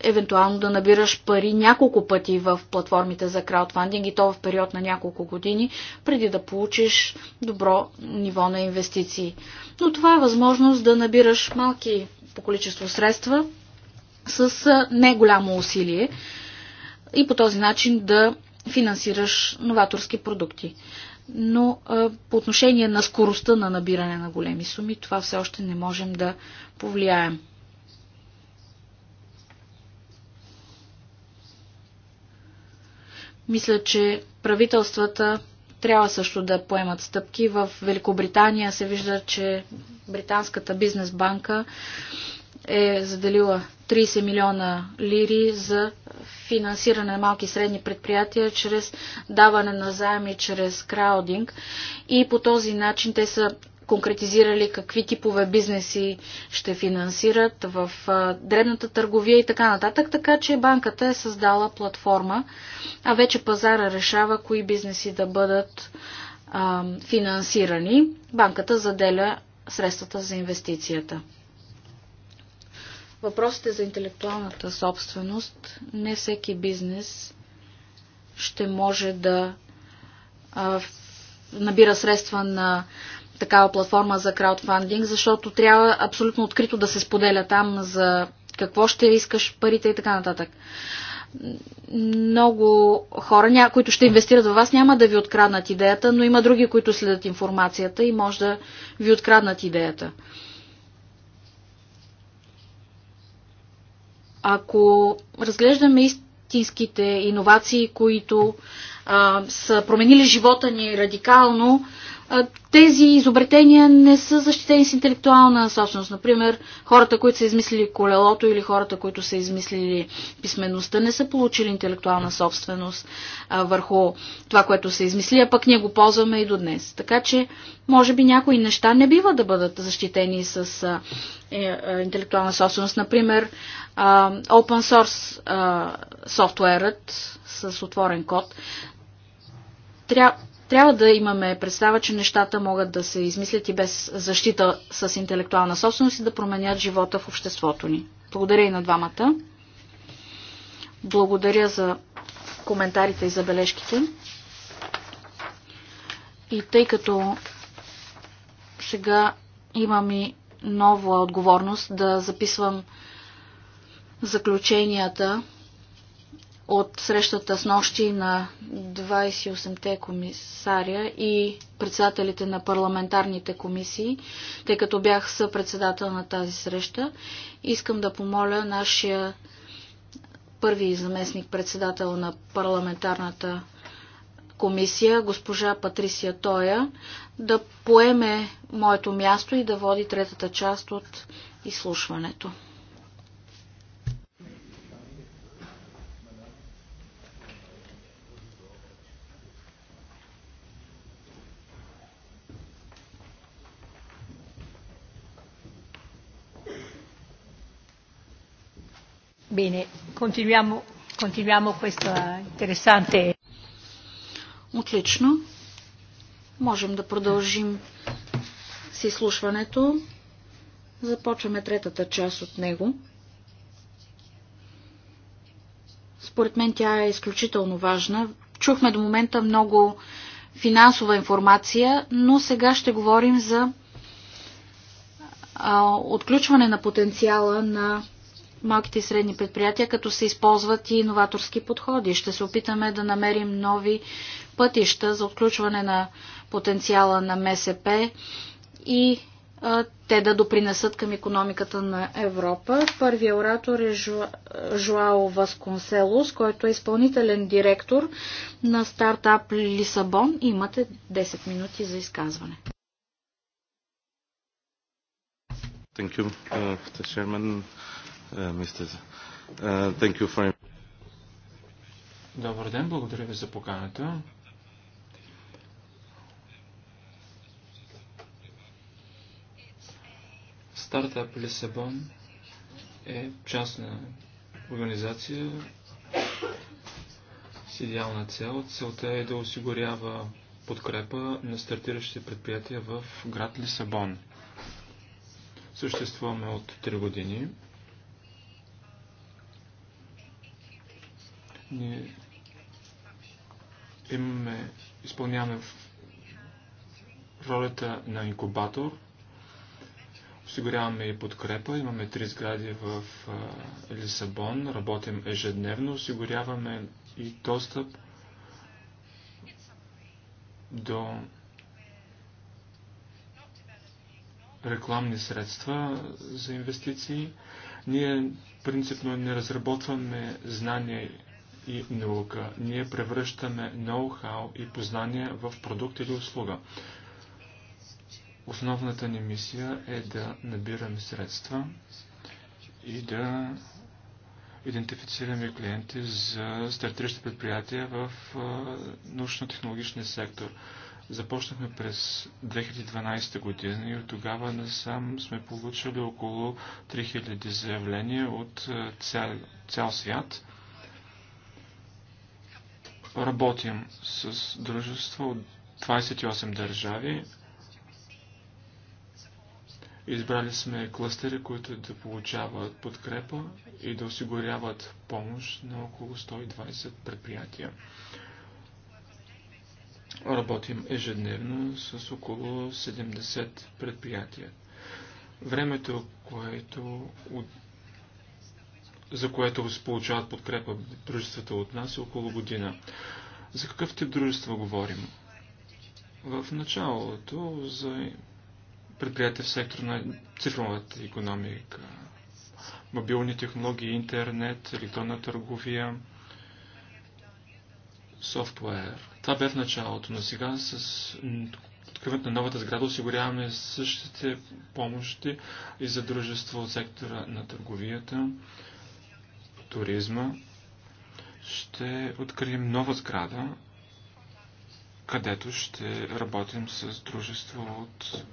евентуално да набираш пари няколко пъти в платформите за краудфандинг и то в период на няколко години, преди да получиш добро ниво на инвестиции. Но това е възможност да набираш малки по количество средства с не голямо усилие и по този начин да финансираш новаторски продукти но а, по отношение на скоростта на набиране на големи суми, това все още не можем да повлияем. Мисля, че правителствата трябва също да поемат стъпки. В Великобритания се вижда, че Британската бизнес банка е заделила 30 милиона лири за финансиране на малки и средни предприятия чрез даване на заеми чрез краудинг и по този начин те са конкретизирали какви типове бизнеси ще финансират в дребната търговия и така нататък, така че банката е създала платформа, а вече пазара решава кои бизнеси да бъдат а, финансирани. Банката заделя средствата за инвестицията въпросите за интелектуалната собственост, не всеки бизнес ще може да а, набира средства на такава платформа за краудфандинг, защото трябва абсолютно открито да се споделя там за какво ще искаш парите и така нататък. Много хора, които ще инвестират в вас, няма да ви откраднат идеята, но има други, които следят информацията и може да ви откраднат идеята. Ако разглеждаме истинските иновации, които а, са променили живота ни радикално, тези изобретения не са защитени с интелектуална собственост. Например, хората, които са измислили колелото или хората, които са измислили писмеността, не са получили интелектуална собственост а, върху това, което са измислили, а пък ние го ползваме и до днес. Така че, може би някои неща не бива да бъдат защитени с а, е, е, интелектуална собственост. Например, а, open source а, софтуерът с отворен код трябва трябва да имаме представа, че нещата могат да се измислят и без защита с интелектуална собственост и да променят живота в обществото ни. Благодаря и на двамата. Благодаря за коментарите и забележките. И тъй като сега имам и нова отговорност да записвам заключенията от срещата с нощи на 28-те комисаря и председателите на парламентарните комисии, тъй като бях съпредседател на тази среща. Искам да помоля нашия първи заместник председател на парламентарната комисия, госпожа Патрисия Тоя, да поеме моето място и да води третата част от изслушването. Bene, continuiamo, continuiamo questa interessante... Отлично. Можем да продължим с изслушването. Започваме третата част от него. Според мен тя е изключително важна. Чухме до момента много финансова информация, но сега ще говорим за а, отключване на потенциала на малките и средни предприятия, като се използват и новаторски подходи. Ще се опитаме да намерим нови пътища за отключване на потенциала на МСП и а, те да допринесат към економиката на Европа. Първият оратор е Жу... Жуао Васконселос, който е изпълнителен директор на стартап Лисабон. Имате 10 минути за изказване. Thank you, uh, Uh, uh, thank you for... Добър ден, благодаря ви за поканата. Стартап Лисабон е частна организация с идеална цел. Целта е да осигурява подкрепа на стартиращите предприятия в град Лисабон. Съществуваме от 3 години. Ние имаме, изпълняваме ролята на инкубатор. Осигуряваме и подкрепа. Имаме три сгради в Лисабон. Работим ежедневно. Осигуряваме и достъп до рекламни средства за инвестиции. Ние принципно не разработваме знания и наука. Ние превръщаме ноу-хау и познания в продукт или услуга. Основната ни мисия е да набираме средства и да идентифицираме клиенти за стартиращи предприятия в научно-технологичния сектор. Започнахме през 2012 година и от тогава насам сме получили около 3000 заявления от цял, цял свят. Работим с дружество от 28 държави. Избрали сме кластери, които да получават подкрепа и да осигуряват помощ на около 120 предприятия. Работим ежедневно с около 70 предприятия. Времето, което за което се получават подкрепа дружествата от нас е около година. За какъв тип дружества говорим? В началото за предприятия в сектор на цифровата економика, мобилни технологии, интернет, електронна търговия, софтуер. Това бе в началото, но сега с откриването на новата сграда осигуряваме същите помощи и за дружество от сектора на търговията, туризма ще открием нова сграда, където ще работим с дружество от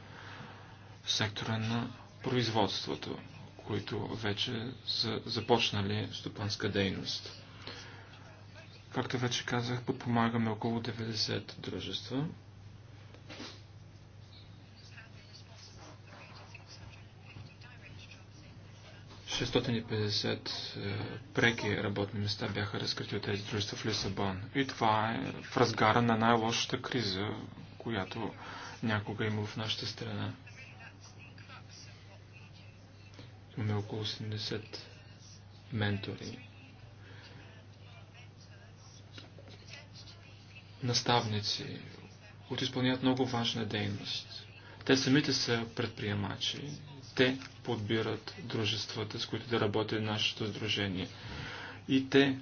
сектора на производството, които вече са започнали стопанска дейност. Както вече казах, подпомагаме около 90 дружества. 650 е, преки работни места бяха разкрити от тези дружества в Лисабон. И това е в разгара на най-лошата криза, която някога е има в нашата страна. Имаме около 80 ментори, наставници, които изпълняват много важна дейност. Те самите са предприемачи те подбират дружествата, с които да работи нашето сдружение. И те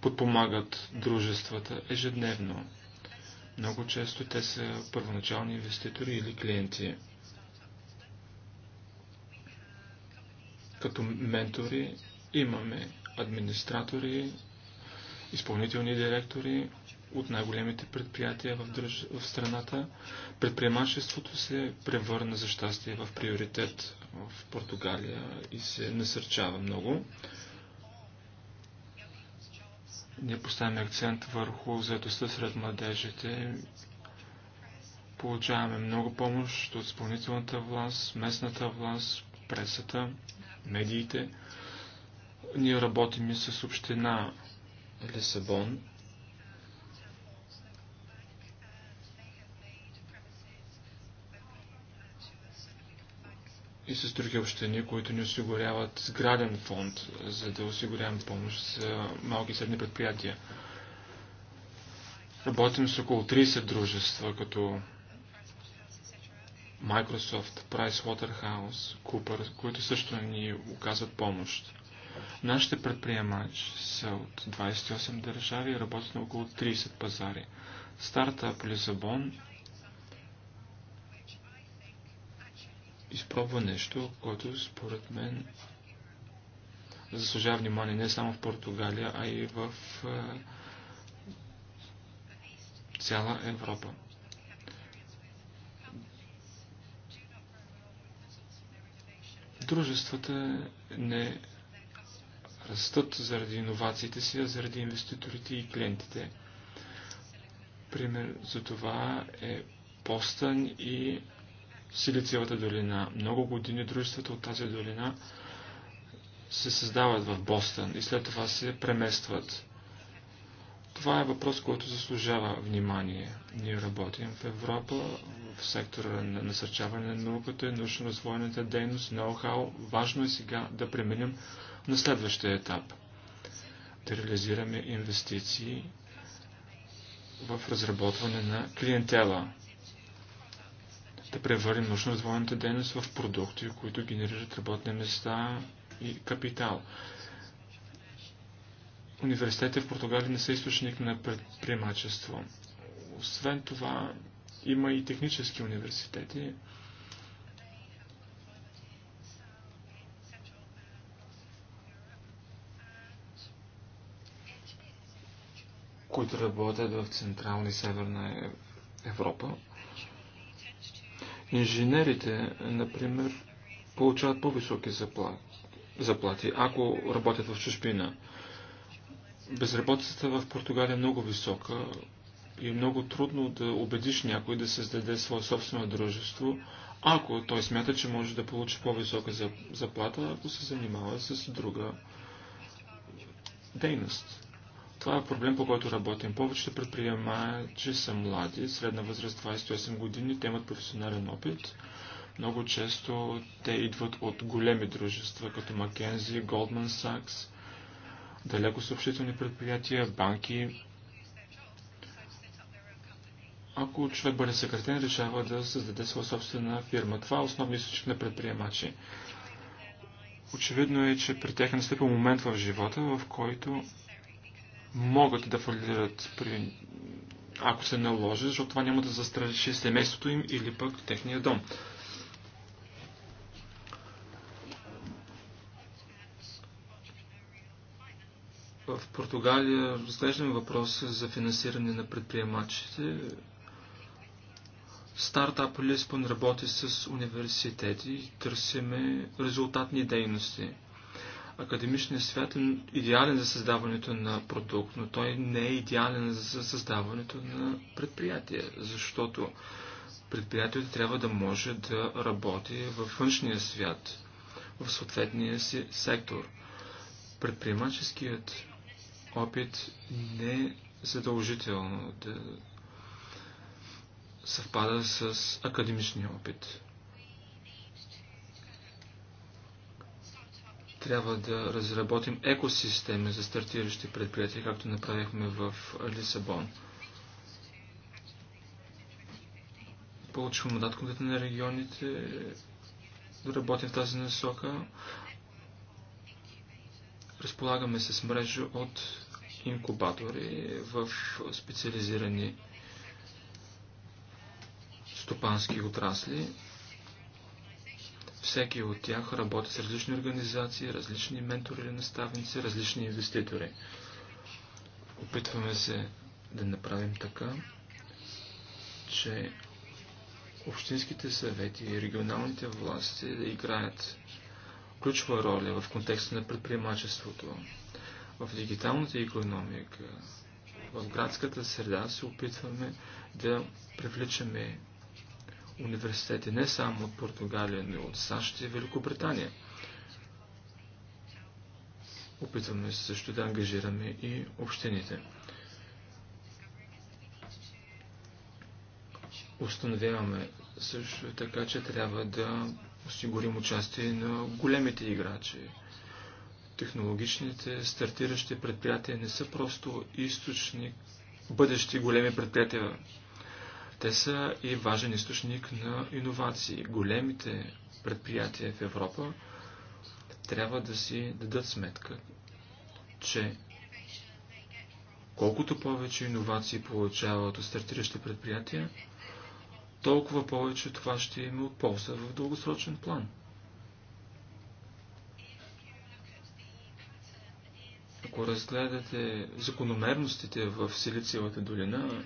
подпомагат дружествата ежедневно. Много често те са първоначални инвеститори или клиенти. Като ментори имаме администратори, изпълнителни директори, от най-големите предприятия в, държ... в страната. Предприемачеството се превърна за щастие в приоритет в Португалия и се насърчава много. Ние поставяме акцент върху заедостта сред младежите. Получаваме много помощ от изпълнителната власт, местната власт, пресата, медиите. Ние работим и с община Лисабон, и с други общини, които ни осигуряват сграден фонд, за да осигурявам помощ за малки и средни предприятия. Работим с около 30 дружества, като Microsoft, Pricewaterhouse, Cooper, които също ни оказват помощ. Нашите предприемачи са от 28 държави и работят на около 30 пазари. Стартъп Лизабон изпробва нещо, което според мен заслужава внимание не само в Португалия, а и в е, цяла Европа. Дружествата не растат заради иновациите си, а заради инвеститорите и клиентите. Пример за това е Постън и Силициевата долина. Много години дружествата от тази долина се създават в Бостън и след това се преместват. Това е въпрос, който заслужава внимание. Ние работим в Европа в сектора на насърчаване на науката и научно-развойната дейност, ноу-хау. Важно е сега да преминем на следващия етап. Да реализираме инвестиции в разработване на клиентела да превърнем научно-развойната дейност в продукти, които генерират работни места и капитал. Университетите в Португалия не са източник на предприемачество. Освен това, има и технически университети, които работят в Централна и Северна Европа. Инженерите, например, получават по-високи заплати, ако работят в чужбина. Безработицата в Португалия е много висока и е много трудно да убедиш някой да създаде свое собствено дружество, ако той смята, че може да получи по-висока заплата, ако се занимава с друга дейност. Това е проблем, по който работим. Повечето предприемачи са млади, средна възраст 28 години, те имат професионален опит. Много често те идват от големи дружества, като Маккензи, Голдман Сакс, далеко съобщителни предприятия, банки. Ако човек бъде съкратен, решава да създаде своя собствена фирма. Това е основният източник на предприемачи. Очевидно е, че при тях е момент в живота, в който могат да фалират при ако се наложи, защото това няма да застраши семейството им или пък техния дом. В Португалия разглеждаме въпрос за финансиране на предприемачите. Стартап Лиспан работи с университети и търсиме резултатни дейности – Академичният свят е идеален за създаването на продукт, но той не е идеален за създаването на предприятие, защото предприятието трябва да може да работи във външния свят, в съответния си сектор. Предприемаческият опит не е задължително да съвпада с академичния опит. Трябва да разработим екосистеми за стартиращи предприятия, както направихме в Лисабон. Получихме мандат комитета на регионите, да работим в тази насока. Разполагаме с мрежа от инкубатори в специализирани стопански отрасли. Всеки от тях работи с различни организации, различни ментори или наставници, различни инвеститори. Опитваме се да направим така, че общинските съвети и регионалните власти да играят ключова роля в контекста на предприемачеството. В дигиталната економика, в градската среда се опитваме да привличаме университети не само от Португалия, но и от САЩ и Великобритания. Опитваме се също да ангажираме и общините. Установяваме също така, че трябва да осигурим участие на големите играчи. Технологичните стартиращи предприятия не са просто източник бъдещи големи предприятия те са и важен източник на иновации. Големите предприятия в Европа трябва да си дадат сметка, че колкото повече иновации получават от стартиращи предприятия, толкова повече това ще има от полза в дългосрочен план. Ако разгледате закономерностите в Силициевата долина,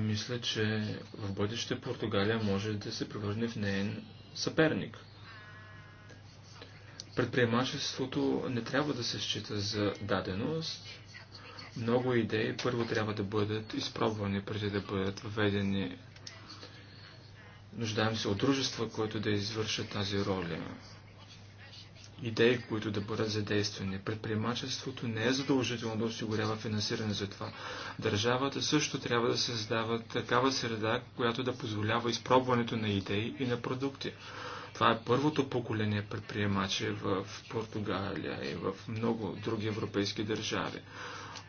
Мисля, че в бъдеще Португалия може да се превърне в нейен съперник. Предприемачеството не трябва да се счита за даденост. Много идеи първо трябва да бъдат изпробвани, преди да бъдат введени. Нуждаем се от дружества, които да извършат тази роля идеи, които да бъдат задействани. Предприемачеството не е задължително да осигурява финансиране за това. Държавата също трябва да създава такава среда, която да позволява изпробването на идеи и на продукти. Това е първото поколение предприемачи в Португалия и в много други европейски държави.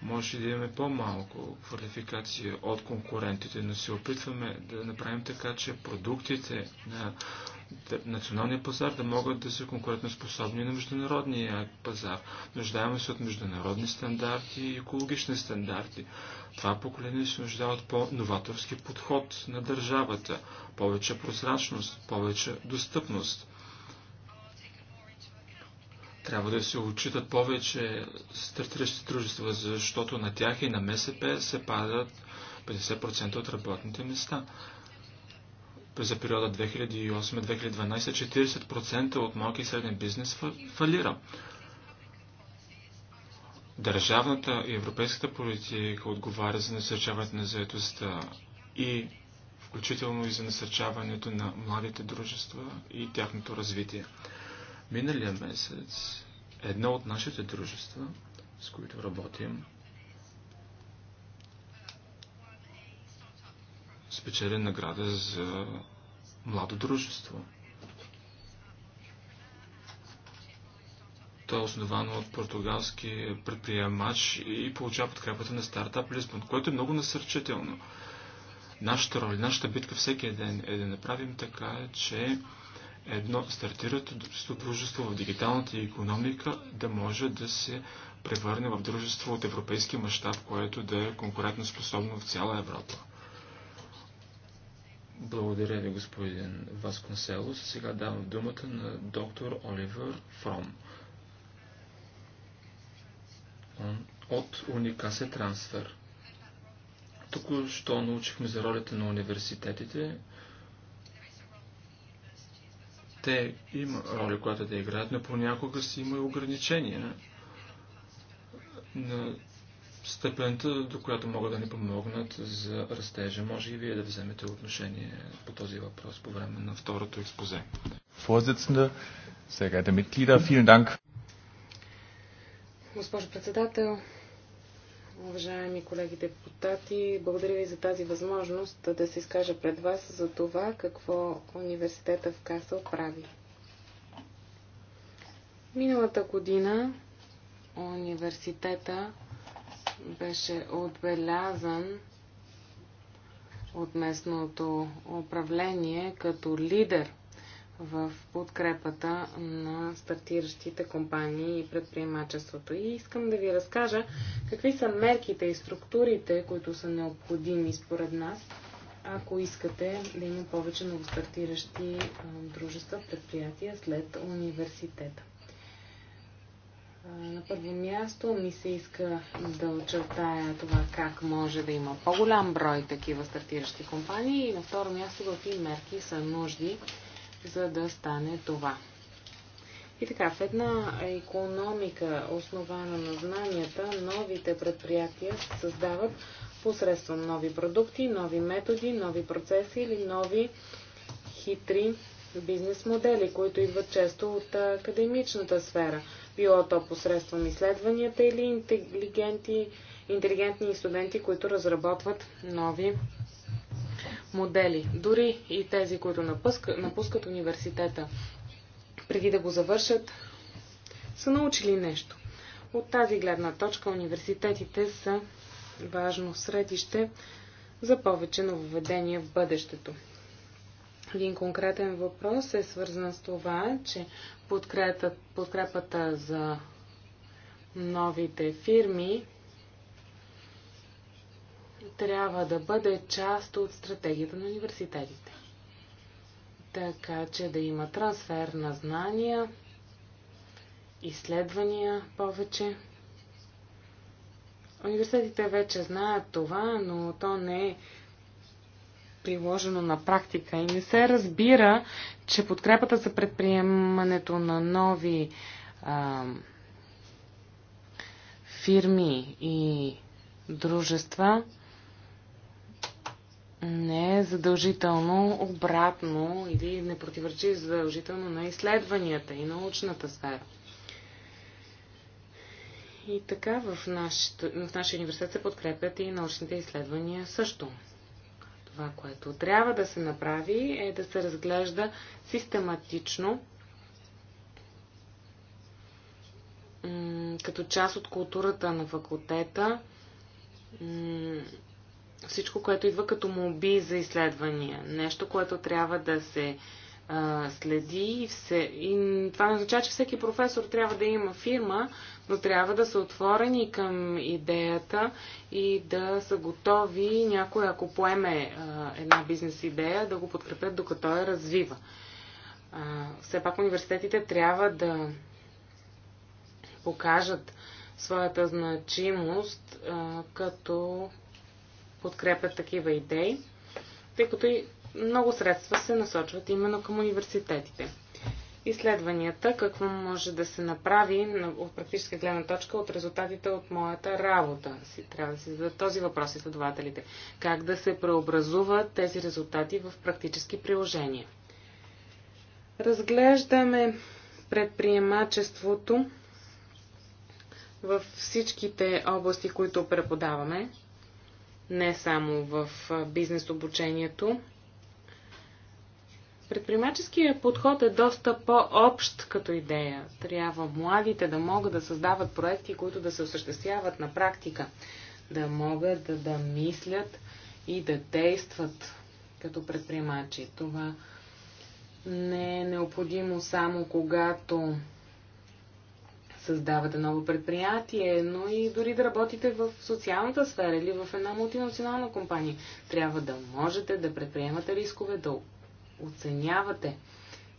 Може да имаме по-малко квалификации от конкурентите, но се опитваме да направим така, че продуктите на националния пазар да могат да са способни на международния пазар. Нуждаем се от международни стандарти и екологични стандарти. Това поколение се нуждае от по-новаторски подход на държавата, повече прозрачност, повече достъпност. Трябва да се отчитат повече стартиращи дружества, защото на тях и на МСП се падат 50% от работните места за периода 2008-2012 40% от малки и среден бизнес фалира. Държавната и европейската политика отговаря за насърчаването на заетостта и включително и за насърчаването на младите дружества и тяхното развитие. Миналия месец едно от нашите дружества, с които работим, спечели награда за младо дружество. Той е основано от португалски предприемач и получава подкрепата на стартап Лисбон, което е много насърчително. Нашата роля, нашата битка всеки ден е да направим така, че едно стартирато дружество в дигиталната економика да може да се превърне в дружество от европейски мащаб, което да е конкурентно способно в цяла Европа. Благодаря ви, господин Васконселос. Сега давам думата на доктор Оливер Фром от Уникасе Трансфер. Току-що научихме за ролята на университетите. Те има роля, която да играят, но понякога си има и ограничения на степента, до която могат да ни помогнат за растежа. Може и вие да вземете отношение по този въпрос по време на второто експозе. Vorsitzende, sehr geehrte Mitglieder, vielen данк. Госпожо председател, уважаеми колеги депутати, благодаря ви за тази възможност да се изкажа пред вас за това какво университета в Касъл прави. Миналата година университета беше отбелязан от местното управление като лидер в подкрепата на стартиращите компании и предприемачеството. И искам да ви разкажа какви са мерките и структурите, които са необходими според нас, ако искате да има повече новостартиращи дружества, предприятия след университета. На първо място ми се иска да очертая това как може да има по-голям брой такива стартиращи компании и на второ място какви мерки са нужди, за да стане това. И така, в една економика, основана на знанията, новите предприятия се създават посредством нови продукти, нови методи, нови процеси или нови хитри бизнес модели, които идват често от академичната сфера – било то посредством изследванията или интелигенти, интелигентни студенти, които разработват нови модели. Дори и тези, които напускат, напускат университета преди да го завършат, са научили нещо. От тази гледна точка университетите са важно средище за повече нововведения в бъдещето. Един конкретен въпрос е свързан с това, че подкрепата, за новите фирми трябва да бъде част от стратегията на университетите. Така че да има трансфер на знания, изследвания повече. Университетите вече знаят това, но то не е приложено на практика и не се разбира, че подкрепата за предприемането на нови а, фирми и дружества не е задължително обратно или не противоречи задължително на изследванията и научната сфера. И така в, нашите, в нашия университет се подкрепят и научните изследвания също. Това, което трябва да се направи, е да се разглежда систематично като част от културата на факултета всичко, което идва като моби за изследвания. Нещо, което трябва да се а, следи. Все, и това не означава, че всеки професор трябва да има фирма, но трябва да са отворени към идеята и да са готови някой, ако поеме а, една бизнес идея, да го подкрепят докато я развива. А, все пак университетите трябва да покажат своята значимост, а, като подкрепят такива идеи, тъй като и много средства се насочват именно към университетите. Изследванията, какво може да се направи от практическа гледна точка от резултатите от моята работа. Си, трябва да си зададат този въпрос изследователите. Как да се преобразуват тези резултати в практически приложения? Разглеждаме предприемачеството във всичките области, които преподаваме, не само в бизнес обучението, Предприемаческият подход е доста по-общ като идея. Трябва младите да могат да създават проекти, които да се осъществяват на практика, да могат да, да мислят и да действат като предприемачи. Това не е необходимо само когато създавате ново предприятие, но и дори да работите в социалната сфера или в една мултинационална компания. Трябва да можете да предприемате рискове, да оценявате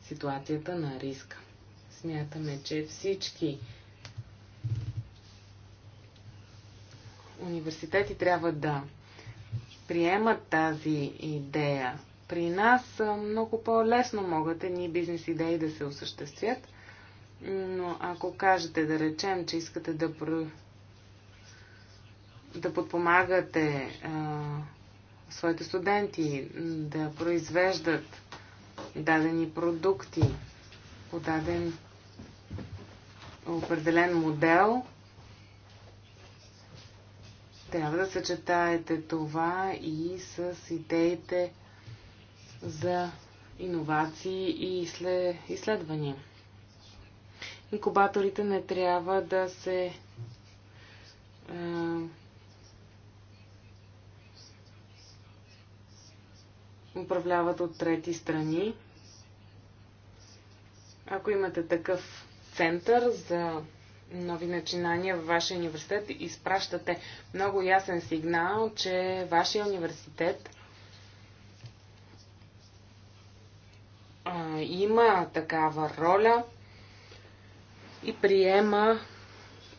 ситуацията на риска. Смятаме, че всички университети трябва да приемат тази идея. При нас много по-лесно могат едни бизнес идеи да се осъществят, но ако кажете, да речем, че искате да, про... да подпомагате а, своите студенти да произвеждат дадени продукти, по даден определен модел. Трябва да съчетаете това и с идеите за иновации и изследвания. Инкубаторите не трябва да се управляват от трети страни. Ако имате такъв център за нови начинания във вашия университет, изпращате много ясен сигнал, че вашия университет а, има такава роля и приема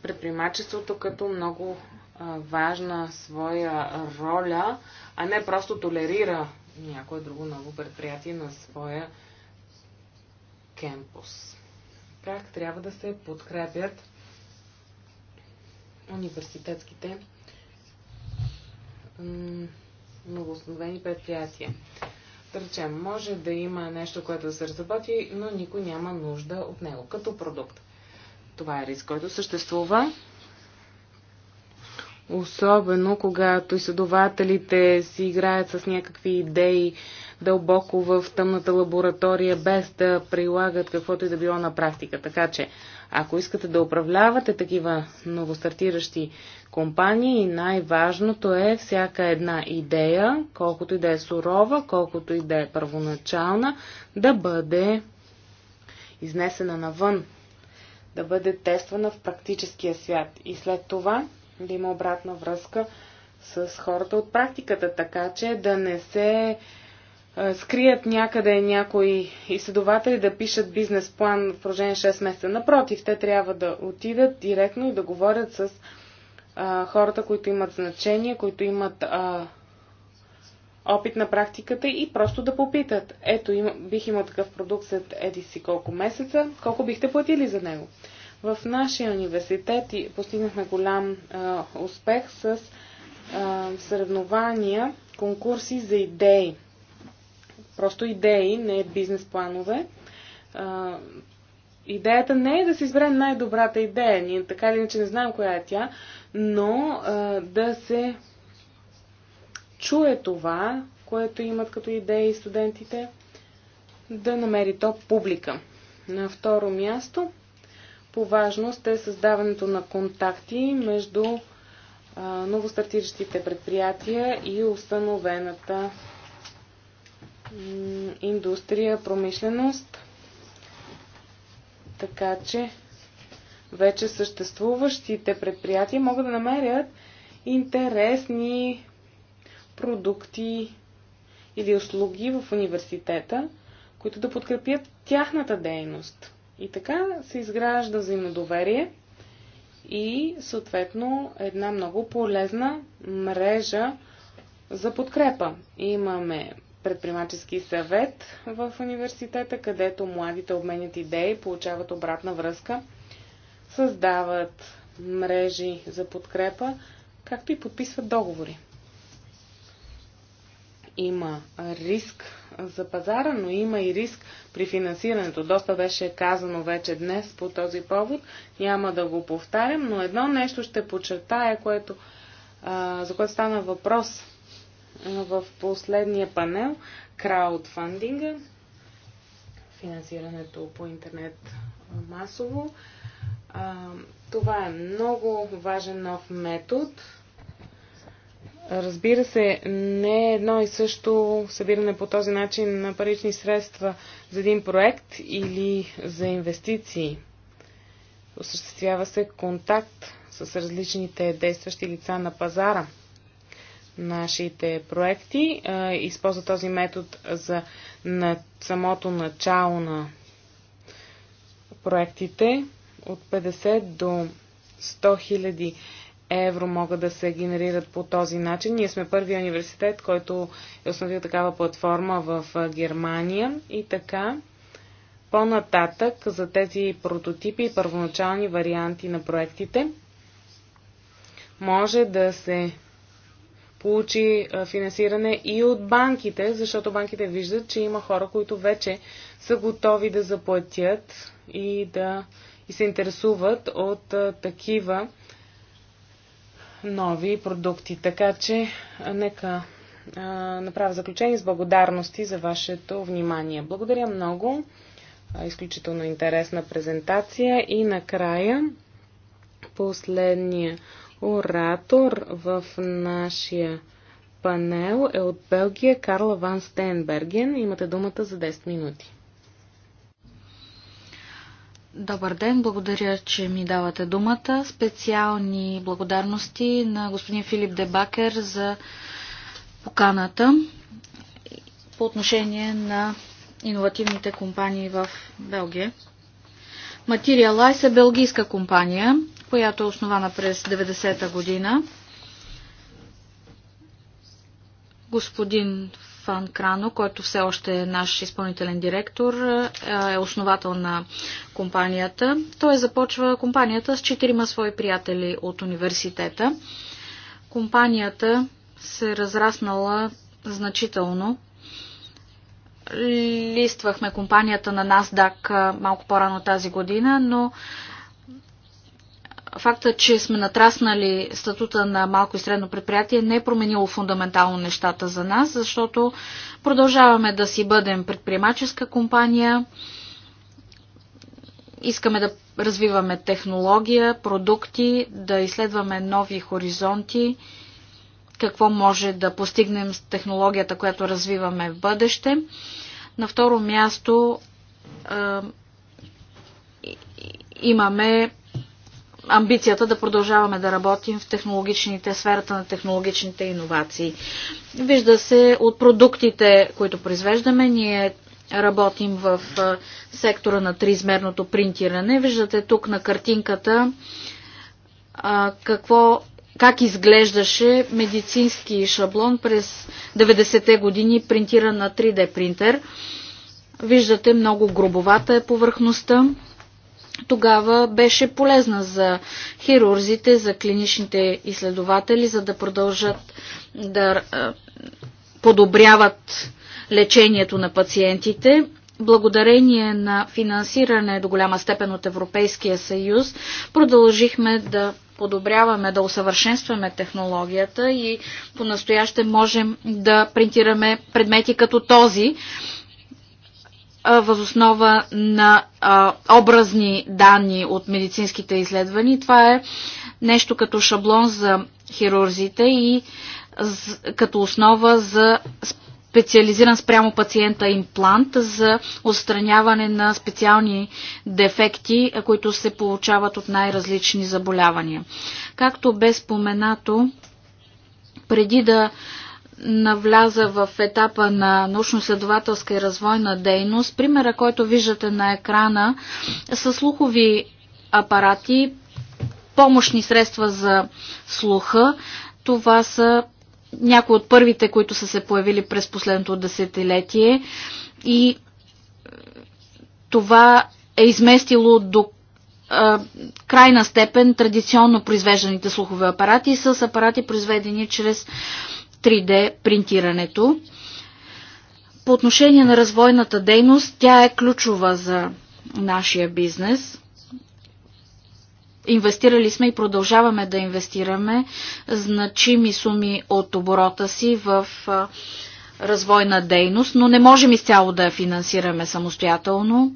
предприемачеството като много важна своя роля, а не просто толерира някое друго ново предприятие на своя кемпус. Как трябва да се подкрепят университетските многоосновени предприятия. Да речем, може да има нещо, което да се разработи, но никой няма нужда от него като продукт. Това е риск, който съществува Особено когато изследователите си играят с някакви идеи дълбоко в тъмната лаборатория, без да прилагат каквото и да било на практика. Така че, ако искате да управлявате такива новостартиращи компании, най-важното е всяка една идея, колкото и да е сурова, колкото и да е първоначална, да бъде изнесена навън, да бъде тествана в практическия свят. И след това да има обратна връзка с хората от практиката, така че да не се скрият някъде някои изследователи да пишат бизнес план в продължение 6 месеца. Напротив, те трябва да отидат директно и да говорят с а, хората, които имат значение, които имат а, опит на практиката и просто да попитат. Ето, им, бих имал такъв продукт след еди си колко месеца, колко бихте платили за него? В нашия университет постигнахме голям а, успех с а, съревнования, конкурси за идеи. Просто идеи, не бизнес планове. А, идеята не е да се изберем най-добрата идея, ние така или иначе не знаем коя е тя, но а, да се чуе това, което имат като идеи студентите, да намери то публика. На второ място по важност е създаването на контакти между новостартиращите предприятия и установената индустрия, промишленост. Така че вече съществуващите предприятия могат да намерят интересни продукти или услуги в университета, които да подкрепят тяхната дейност. И така се изгражда взаимодоверие и съответно една много полезна мрежа за подкрепа. Имаме предприемачески съвет в университета, където младите обменят идеи, получават обратна връзка, създават мрежи за подкрепа, както и подписват договори. Има риск за пазара, но има и риск при финансирането. Доста беше казано вече днес по този повод. Няма да го повтарям, но едно нещо ще почертая, което, а, за което стана въпрос в последния панел краудфандинга, финансирането по интернет масово. А, това е много важен нов метод Разбира се, не е едно и също събиране по този начин на парични средства за един проект или за инвестиции. Осъществява се контакт с различните действащи лица на пазара. Нашите проекти използва използват този метод за на самото начало на проектите от 50 до 100 хиляди 000 евро могат да се генерират по този начин. Ние сме първия университет, който е основил такава платформа в Германия и така. По-нататък за тези прототипи и първоначални варианти на проектите може да се получи финансиране и от банките, защото банките виждат, че има хора, които вече са готови да заплатят и да и се интересуват от такива нови продукти. Така че, нека а, направя заключение с благодарности за вашето внимание. Благодаря много. Изключително интересна презентация. И накрая, последния оратор в нашия панел е от Белгия Карла Ван Стенберген. Имате думата за 10 минути. Добър ден, благодаря, че ми давате думата. Специални благодарности на господин Филип Дебакер за поканата по отношение на иновативните компании в Белгия. Material Life е белгийска компания, която е основана през 90-та година. Господин Стефан Крано, който все още е наш изпълнителен директор, е, е основател на компанията. Той започва компанията с четирима свои приятели от университета. Компанията се е разраснала значително. Листвахме компанията на NASDAQ малко по-рано тази година, но факта, че сме натраснали статута на малко и средно предприятие, не е променило фундаментално нещата за нас, защото продължаваме да си бъдем предприемаческа компания, искаме да развиваме технология, продукти, да изследваме нови хоризонти, какво може да постигнем с технологията, която развиваме в бъдеще. На второ място имаме амбицията да продължаваме да работим в технологичните, сферата на технологичните иновации. Вижда се от продуктите, които произвеждаме, ние работим в сектора на триизмерното принтиране. Виждате тук на картинката а, какво, как изглеждаше медицински шаблон през 90-те години, принтиран на 3D принтер. Виждате много грубовата е повърхността тогава беше полезна за хирурзите, за клиничните изследователи, за да продължат да подобряват лечението на пациентите. Благодарение на финансиране до голяма степен от Европейския съюз, продължихме да подобряваме, да усъвършенстваме технологията и по-настояще можем да принтираме предмети като този, възоснова на образни данни от медицинските изследвания. Това е нещо като шаблон за хирурзите и като основа за специализиран спрямо пациента имплант за отстраняване на специални дефекти, които се получават от най-различни заболявания. Както бе споменато, преди да навляза в етапа на научно-следователска и развойна дейност. Примера, който виждате на екрана, са слухови апарати, помощни средства за слуха. Това са някои от първите, които са се появили през последното десетилетие и е, това е изместило до е, крайна степен традиционно произвежданите слухови апарати с апарати произведени чрез 3D принтирането. По отношение на развойната дейност, тя е ключова за нашия бизнес. Инвестирали сме и продължаваме да инвестираме значими суми от оборота си в развойна дейност, но не можем изцяло да я финансираме самостоятелно.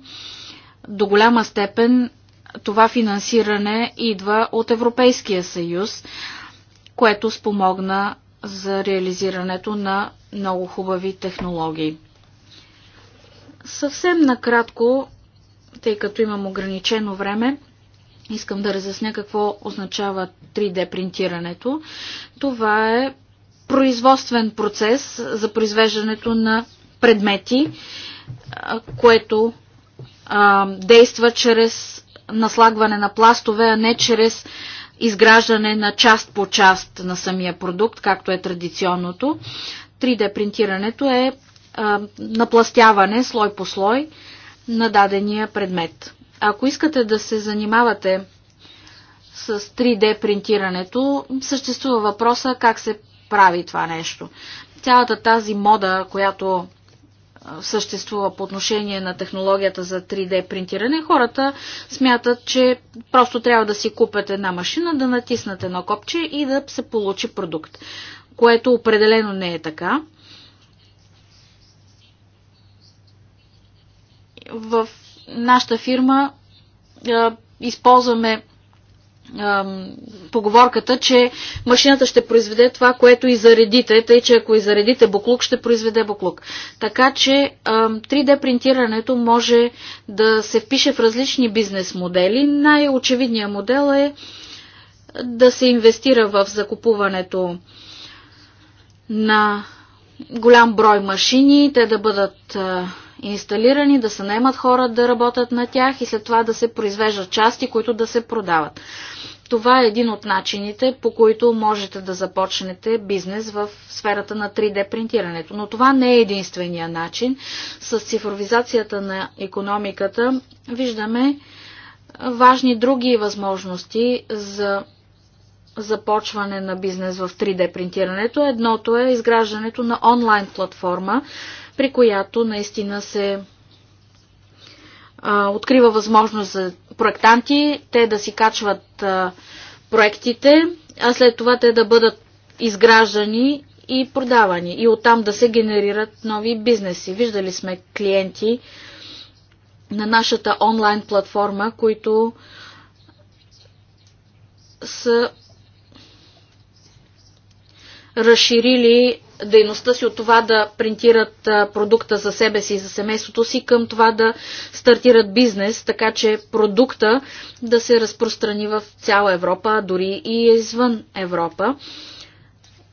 До голяма степен това финансиране идва от Европейския съюз, което спомогна за реализирането на много хубави технологии. Съвсем накратко, тъй като имам ограничено време, искам да разясня какво означава 3D принтирането. Това е производствен процес за произвеждането на предмети, което а, действа чрез наслагване на пластове, а не чрез изграждане на част по част на самия продукт, както е традиционното. 3D принтирането е а, напластяване слой по слой на дадения предмет. Ако искате да се занимавате с 3D принтирането, съществува въпроса как се прави това нещо. Цялата тази мода, която съществува по отношение на технологията за 3D принтиране, хората смятат, че просто трябва да си купят една машина, да натиснат едно копче и да се получи продукт, което определено не е така. В нашата фирма използваме поговорката, че машината ще произведе това, което и заредите, тъй че ако и заредите буклук, ще произведе буклук. Така че 3D принтирането може да се впише в различни бизнес модели. Най-очевидният модел е да се инвестира в закупуването на голям брой машини, те да бъдат инсталирани, да се наемат хора да работят на тях и след това да се произвеждат части, които да се продават. Това е един от начините, по които можете да започнете бизнес в сферата на 3D принтирането. Но това не е единствения начин. С цифровизацията на економиката виждаме важни други възможности за започване на бизнес в 3D принтирането. Едното е изграждането на онлайн платформа, при която наистина се а, открива възможност за проектанти, те да си качват а, проектите, а след това те да бъдат изграждани и продавани и оттам да се генерират нови бизнеси. Виждали сме клиенти на нашата онлайн платформа, които са разширили дейността си от това да принтират продукта за себе си и за семейството си към това да стартират бизнес, така че продукта да се разпространи в цяла Европа, дори и извън Европа.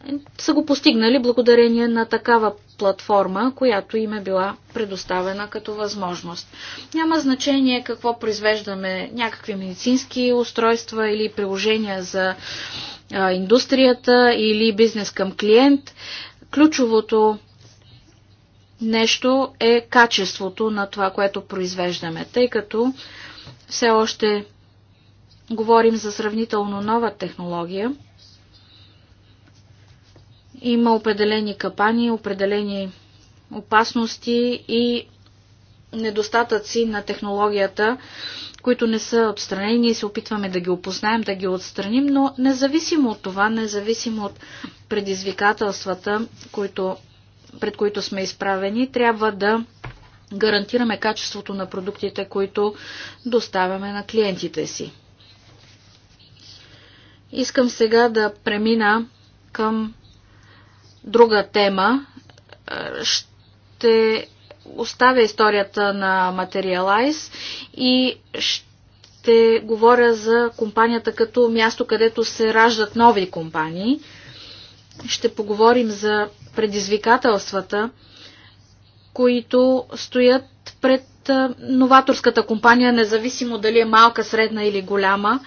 Е, са го постигнали благодарение на такава платформа, която им е била предоставена като възможност. Няма значение какво произвеждаме, някакви медицински устройства или приложения за индустрията или бизнес към клиент. Ключовото нещо е качеството на това, което произвеждаме, тъй като все още говорим за сравнително нова технология. Има определени капани, определени опасности и недостатъци на технологията които не са отстранени. Ние се опитваме да ги опознаем, да ги отстраним, но независимо от това, независимо от предизвикателствата, които, пред които сме изправени, трябва да гарантираме качеството на продуктите, които доставяме на клиентите си. Искам сега да премина към друга тема. Ще оставя историята на Materialize и ще говоря за компанията като място, където се раждат нови компании. Ще поговорим за предизвикателствата, които стоят пред новаторската компания, независимо дали е малка, средна или голяма.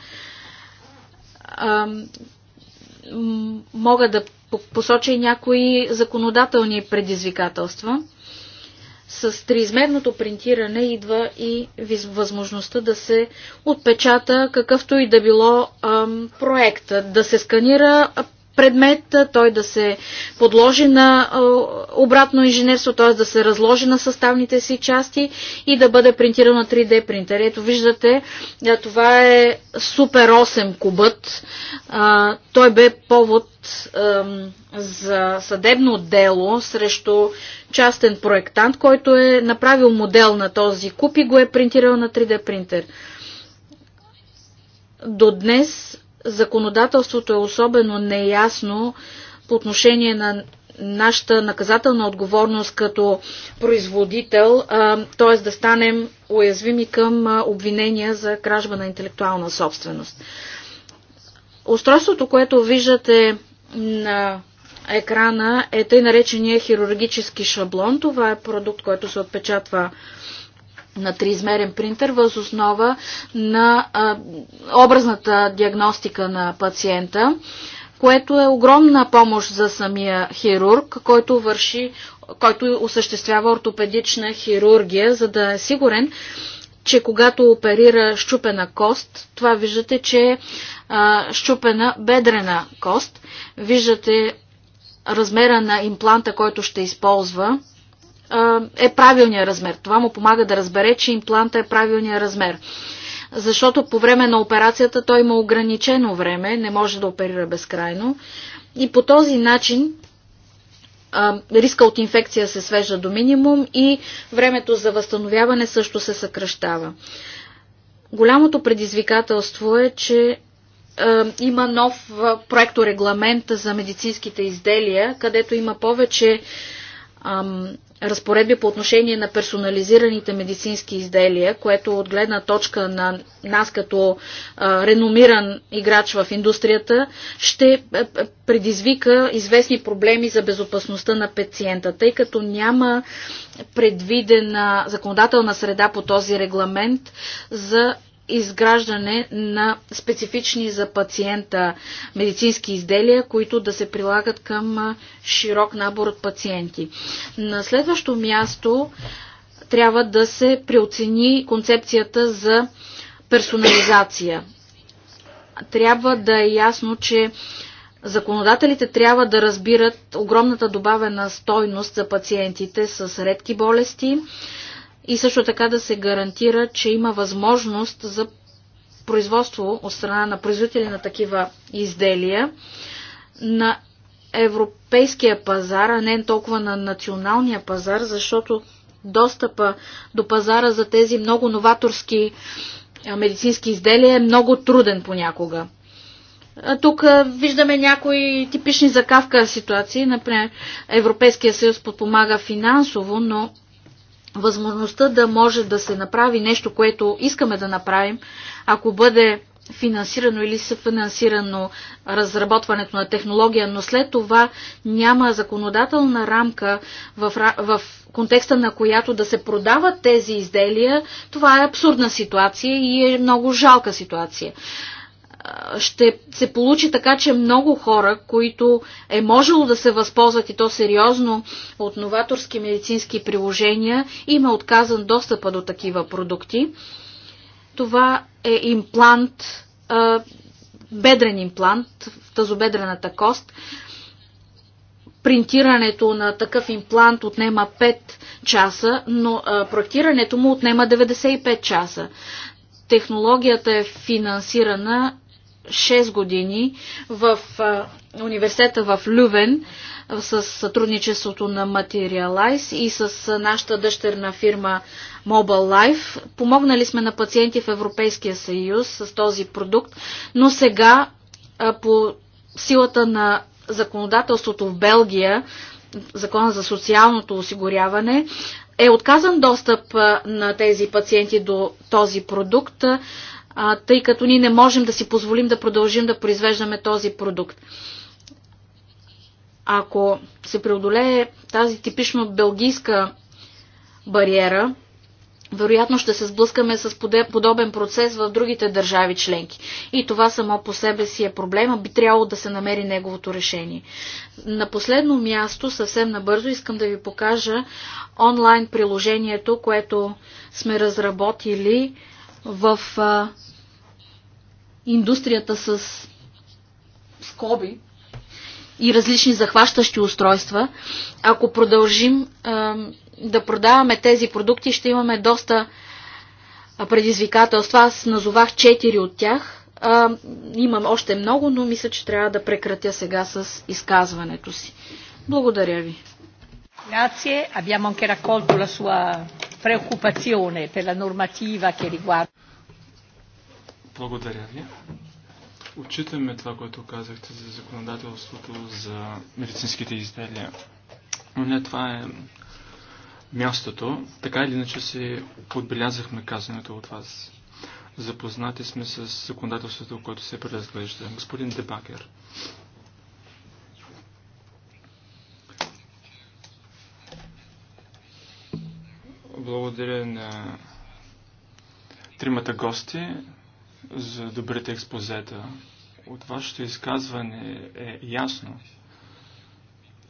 Мога да посоча и някои законодателни предизвикателства – с триизмерното принтиране идва и възможността да се отпечата какъвто и да било ам, проект, да се сканира предмет, той да се подложи на обратно инженерство, т.е. да се разложи на съставните си части и да бъде принтиран на 3D принтер. Ето виждате, това е Супер 8 кубът. Той бе повод за съдебно дело срещу частен проектант, който е направил модел на този куп и го е принтирал на 3D принтер. До днес законодателството е особено неясно по отношение на нашата наказателна отговорност като производител, т.е. да станем уязвими към обвинения за кражба на интелектуална собственост. Устройството, което виждате на екрана е тъй наречения хирургически шаблон. Това е продукт, който се отпечатва на триизмерен принтер въз основа на а, образната диагностика на пациента, което е огромна помощ за самия хирург, който върши, който осъществява ортопедична хирургия, за да е сигурен, че когато оперира щупена кост, това виждате, че е а, щупена бедрена кост. Виждате размера на импланта, който ще използва е правилния размер. Това му помага да разбере, че импланта е правилния размер. Защото по време на операцията той има ограничено време, не може да оперира безкрайно. И по този начин риска от инфекция се свежда до минимум и времето за възстановяване също се съкръщава. Голямото предизвикателство е, че има нов проекторегламент за медицинските изделия, където има повече разпоредби по отношение на персонализираните медицински изделия, което от гледна точка на нас като реномиран играч в индустрията ще е, е, предизвика известни проблеми за безопасността на пациента, тъй като няма предвидена законодателна среда по този регламент за изграждане на специфични за пациента медицински изделия, които да се прилагат към широк набор от пациенти. На следващо място трябва да се преоцени концепцията за персонализация. Трябва да е ясно, че Законодателите трябва да разбират огромната добавена стойност за пациентите с редки болести, и също така да се гарантира, че има възможност за производство от страна на производители на такива изделия на европейския пазар, а не толкова на националния пазар, защото достъпа до пазара за тези много новаторски медицински изделия е много труден понякога. Тук виждаме някои типични закавка ситуации. Например, Европейския съюз подпомага финансово, но възможността да може да се направи нещо, което искаме да направим, ако бъде финансирано или се финансирано разработването на технология, но след това няма законодателна рамка в, в контекста на която да се продават тези изделия, това е абсурдна ситуация и е много жалка ситуация ще се получи така, че много хора, които е можело да се възползват и то сериозно от новаторски медицински приложения, има е отказан достъпа до такива продукти. Това е имплант, бедрен имплант в тазобедрената кост. Принтирането на такъв имплант отнема 5 часа, но проектирането му отнема 95 часа технологията е финансирана 6 години в университета в Лювен с сътрудничеството на Materialize и с нашата дъщерна фирма Mobile Life. Помогнали сме на пациенти в Европейския съюз с този продукт, но сега по силата на законодателството в Белгия, закона за социалното осигуряване, е отказан достъп на тези пациенти до този продукт а, тъй като ние не можем да си позволим да продължим да произвеждаме този продукт. Ако се преодолее тази типично белгийска бариера, вероятно ще се сблъскаме с подобен процес в другите държави членки. И това само по себе си е проблема, би трябвало да се намери неговото решение. На последно място, съвсем набързо, искам да ви покажа онлайн приложението, което сме разработили в индустрията с скоби и различни захващащи устройства, ако продължим а, да продаваме тези продукти, ще имаме доста предизвикателства. Аз назовах 4 от тях. А, имам още много, но мисля, че трябва да прекратя сега с изказването си. Благодаря ви. Grazie, abbiamo anche raccolto la sua preoccupazione per la normativa che riguarda. Благодаря ви. Отчитаме това, което казахте за законодателството за медицинските изделия. Но не това е мястото. Така или иначе се отбелязахме казаното от вас. Запознати сме с законодателството, което се преразглежда. Господин Дебакер. Благодаря на тримата гости за добрите експозета. От вашето изказване е ясно,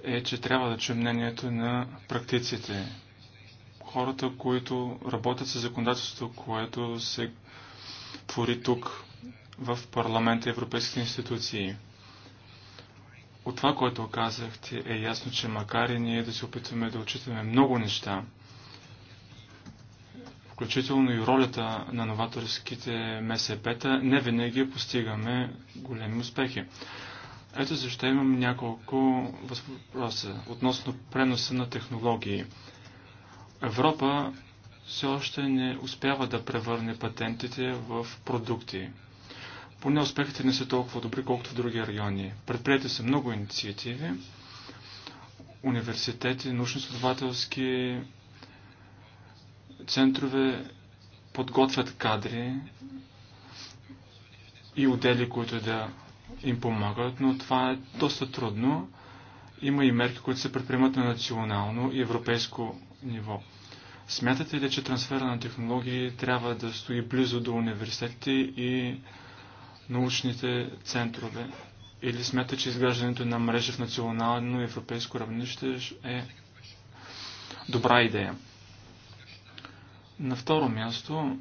е, че трябва да чуем мнението на практиците. Хората, които работят с законодателството, което се твори тук, в парламента и европейските институции. От това, което казахте, е ясно, че макар и ние да се опитваме да отчитаме много неща, включително и ролята на новаторските МСП-та, не винаги постигаме големи успехи. Ето защо имам няколко въпроса относно преноса на технологии. Европа все още не успява да превърне патентите в продукти. Поне успехите не са толкова добри, колкото в други райони. Предприятия са много инициативи, университети, научно-следователски центрове подготвят кадри и отдели, които да им помагат, но това е доста трудно. Има и мерки, които се предприемат на национално и европейско ниво. Смятате ли, че трансфера на технологии трябва да стои близо до университетите и научните центрове? Или смятате, че изграждането на мрежа в национално и европейско равнище е добра идея? На второ място,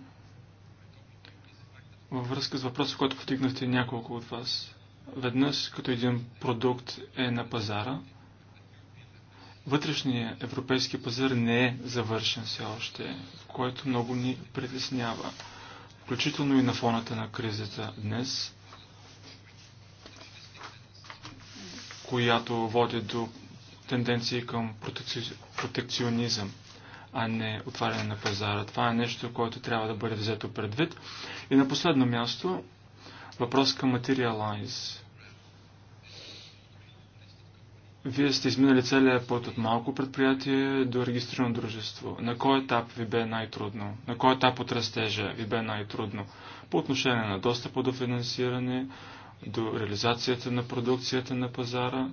във връзка с въпроса, който потигнахте няколко от вас, веднъж като един продукт е на пазара, вътрешният европейски пазар не е завършен все още, което много ни притеснява, включително и на фоната на кризата днес, която води до тенденции към протекци... протекционизъм а не отваряне на пазара. Това е нещо, което трябва да бъде взето предвид. И на последно място, въпрос към Materialize. Вие сте изминали целият път от малко предприятие до регистрирано дружество. На кой етап ви бе най-трудно? На кой етап от растежа ви бе най-трудно? По отношение на достъпа до финансиране, до реализацията на продукцията на пазара,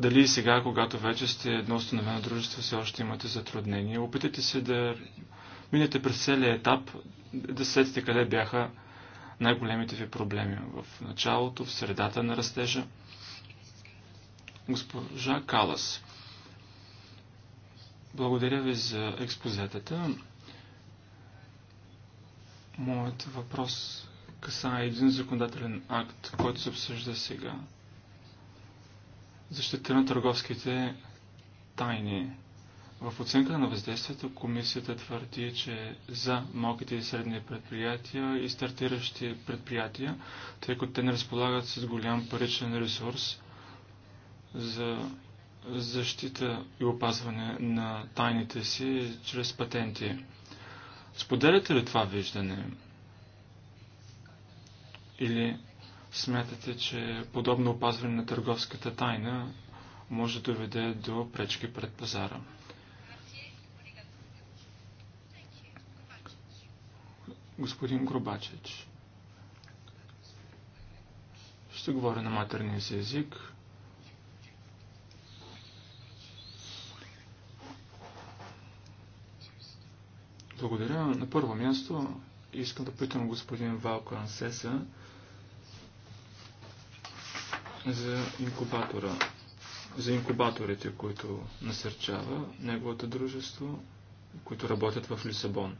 Дали сега, когато вече сте едно установено дружество, все още имате затруднения? Опитайте се да минете през целият етап, да следите къде бяха най-големите ви проблеми. В началото, в средата на растежа. Госпожа Калас, благодаря ви за експозетата. Моят въпрос касае един законодателен акт, който се обсъжда сега защита на търговските тайни. В оценка на въздействието комисията твърди, че за малките и средни предприятия и стартиращи предприятия, тъй като те не разполагат с голям паричен ресурс за защита и опазване на тайните си чрез патенти. Споделяте ли това виждане? Или Смятате, че подобно опазване на търговската тайна може да доведе до пречки пред пазара. Господин Гробачич, ще говоря на матерния си език. Благодаря. На първо място искам да питам господин Валко Ансеса, за инкубатора, за инкубаторите, които насърчава неговото дружество, които работят в Лисабон.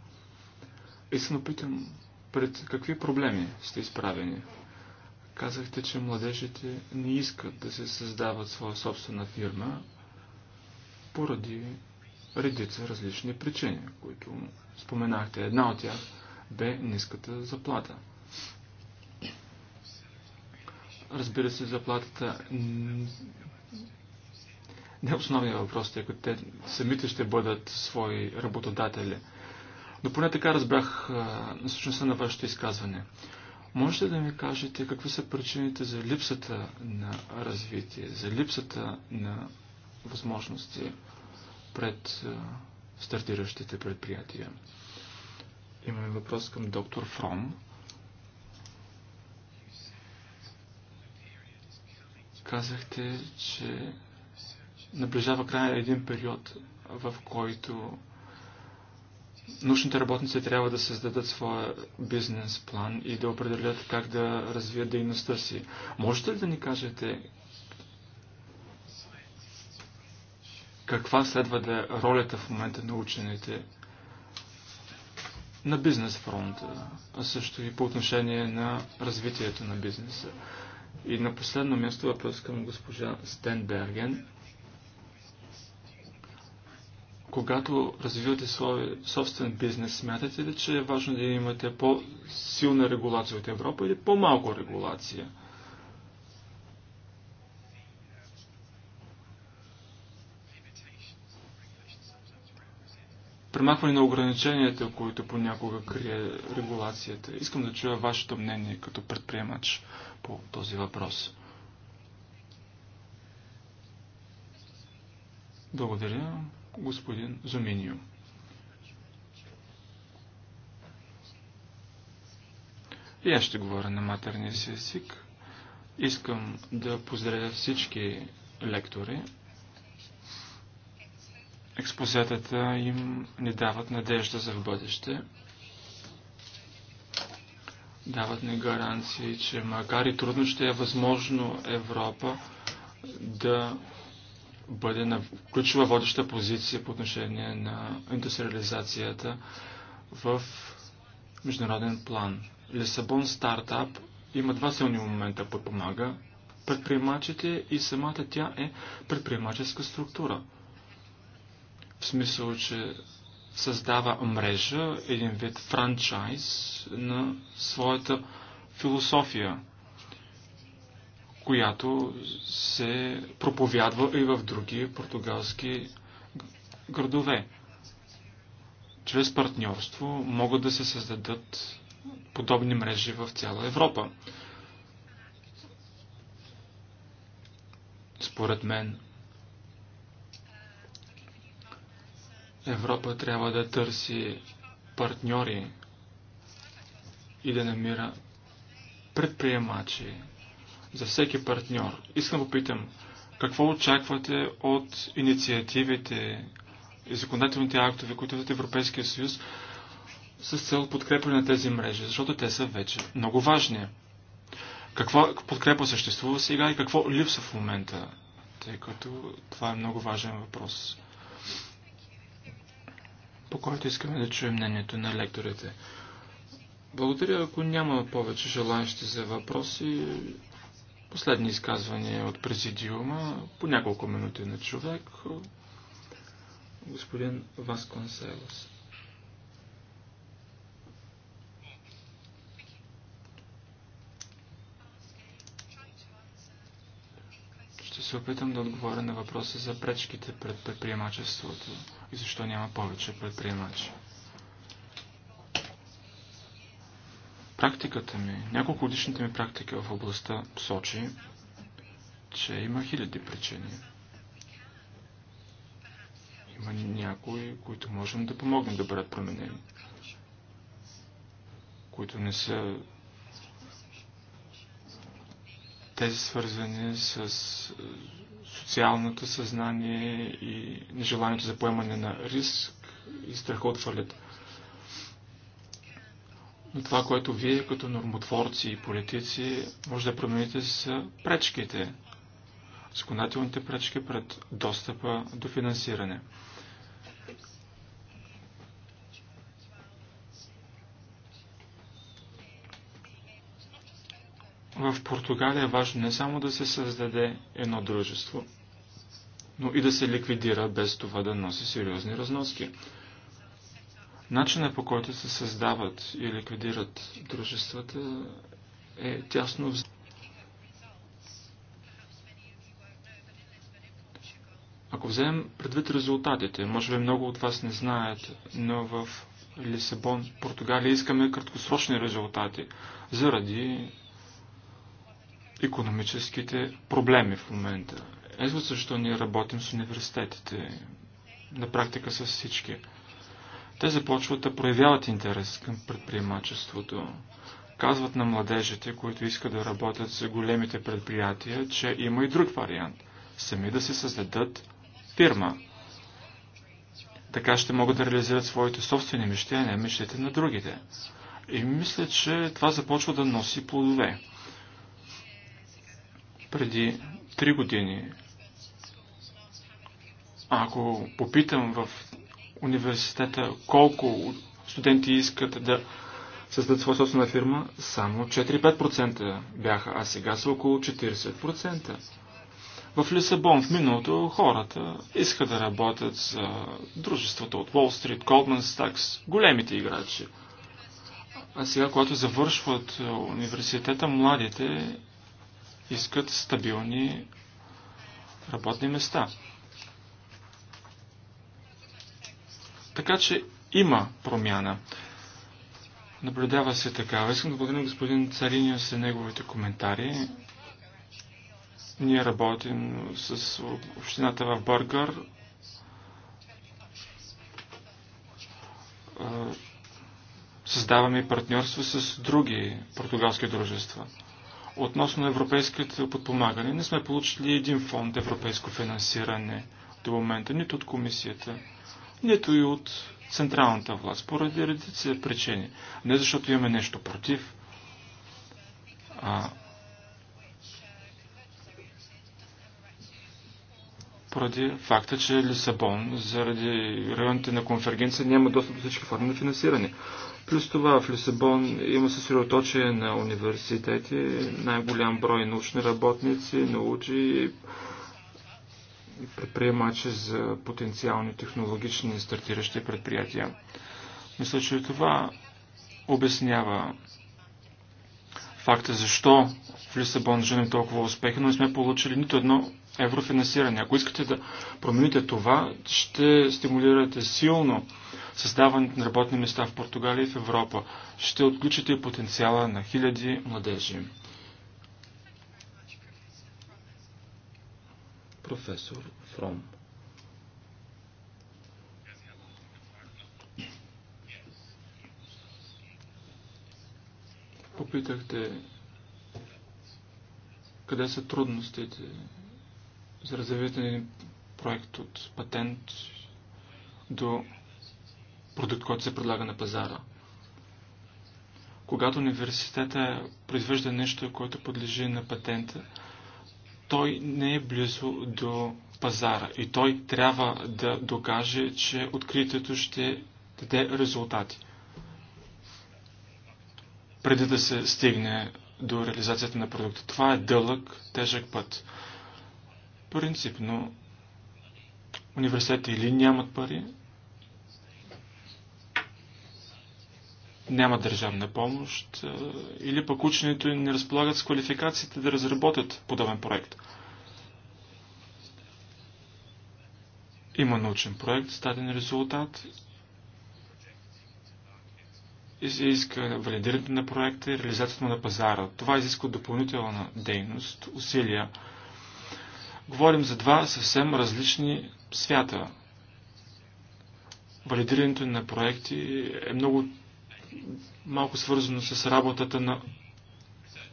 И се питам, пред какви проблеми сте изправени? Казахте, че младежите не искат да се създават своя собствена фирма поради редица различни причини, които споменахте. Една от тях бе ниската заплата – Разбира се, заплатата не е основният въпрос, тъй като те самите ще бъдат свои работодатели. Но поне така разбрах насъщността на вашето изказване. Можете да ми кажете какви са причините за липсата на развитие, за липсата на възможности пред стартиращите предприятия? Имаме въпрос към доктор Фром. Казахте, че наближава края на един период, в който научните работници трябва да създадат своя бизнес план и да определят как да развият дейността си. Можете ли да ни кажете каква следва да е ролята в момента на учените на бизнес фронта, а също и по отношение на развитието на бизнеса? И на последно място въпрос към госпожа Стенберген. Когато развивате своя собствен бизнес, смятате ли, че е важно да имате по-силна регулация от Европа или по-малко регулация? премахване на ограниченията, които понякога крие регулацията. Искам да чуя вашето мнение като предприемач по този въпрос. Благодаря, господин Зоминио. И аз ще говоря на матерния си език. Искам да поздравя всички лектори, експозетата им не дават надежда за в бъдеще. Дават ни гаранции, че макар и трудно ще е възможно Европа да бъде на ключова водеща позиция по отношение на индустриализацията в международен план. Лисабон стартап има два силни момента подпомага предприемачите и самата тя е предприемаческа структура – в смисъл, че създава мрежа, един вид франчайз на своята философия, която се проповядва и в други португалски градове. Чрез партньорство могат да се създадат подобни мрежи в цяла Европа. Според мен, Европа трябва да търси партньори и да намира предприемачи за всеки партньор. Искам да попитам, какво очаквате от инициативите и законодателните актове, които идват Европейския съюз, с цел подкрепа на тези мрежи, защото те са вече много важни. Каква подкрепа съществува сега и какво липсва в момента, тъй като това е много важен въпрос по който искаме да чуем мнението на лекторите. Благодаря, ако няма повече желаящи за въпроси. Последни изказвания от президиума, по няколко минути на човек. Господин Васконселос. Ще се опитам да отговоря на въпроса за пречките пред предприемачеството и защо няма повече предприемачи. Практиката ми, няколко годишната ми практика в областта сочи, че има хиляди причини. Има някои, които можем да помогнем да бъдат променени, които не са тези свързани с социалното съзнание и нежеланието за поемане на риск и страха от фалит. Но това, което вие като нормотворци и политици може да промените с пречките, законодателните пречки пред достъпа до финансиране. В Португалия е важно не само да се създаде едно дружество, но и да се ликвидира без това да носи сериозни разноски. Начинът по който се създават и ликвидират дружествата е тясно в... Ако вземем предвид резултатите, може би много от вас не знаят, но в Лисабон, Португалия искаме краткосрочни резултати заради економическите проблеми в момента. Ето защо ние работим с университетите, на практика с всички. Те започват да проявяват интерес към предприемачеството. Казват на младежите, които искат да работят за големите предприятия, че има и друг вариант. Сами да се създадат фирма. Така ще могат да реализират своите собствени мечти, а не мечтите на другите. И мисля, че това започва да носи плодове. Преди три години ако попитам в университета колко студенти искат да създадат своя собствена фирма, само 4-5% бяха, а сега са около 40%. В Лисабон в миналото хората иска да работят за дружествата от Wall Street, Goldman Sachs, големите играчи. А сега, когато завършват университета, младите искат стабилни работни места. Така че има промяна. Наблюдава се такава. Искам да благодаря господин Цариния за неговите коментари. Ние работим с общината в Бъргър. Създаваме партньорство с други португалски дружества. Относно европейското подпомагане, не сме получили един фонд европейско финансиране до момента, нито от комисията нито и от централната власт, поради редица причини. Не защото имаме нещо против, а поради факта, че Лисабон заради районите на конфергенция няма достъп до всички форми на финансиране. Плюс това в Лисабон има съсредоточие на университети, най-голям брой научни работници, научи, и предприемачи за потенциални технологични стартиращи предприятия. Мисля, че това обяснява факта защо в Лисабон женим толкова успехи, но не сме получили нито едно еврофинансиране. Ако искате да промените това, ще стимулирате силно създаването на работни места в Португалия и в Европа. Ще отключите потенциала на хиляди младежи. професор Фром. Попитахте къде са трудностите за развитие на един проект от патент до продукт, който се предлага на пазара. Когато университета произвежда нещо, което подлежи на патента, той не е близо до пазара и той трябва да докаже, че откритието ще даде резултати. Преди да се стигне до реализацията на продукта. Това е дълъг, тежък път. Принципно, университетите или нямат пари, няма държавна помощ или пък ученето не разполагат с квалификациите да разработят подобен проект. Има научен проект, стаден резултат и се иска валидирането на проекта и реализацията му на пазара. Това изисква допълнителна дейност, усилия. Говорим за два съвсем различни свята. Валидирането на проекти е много малко свързано с работата на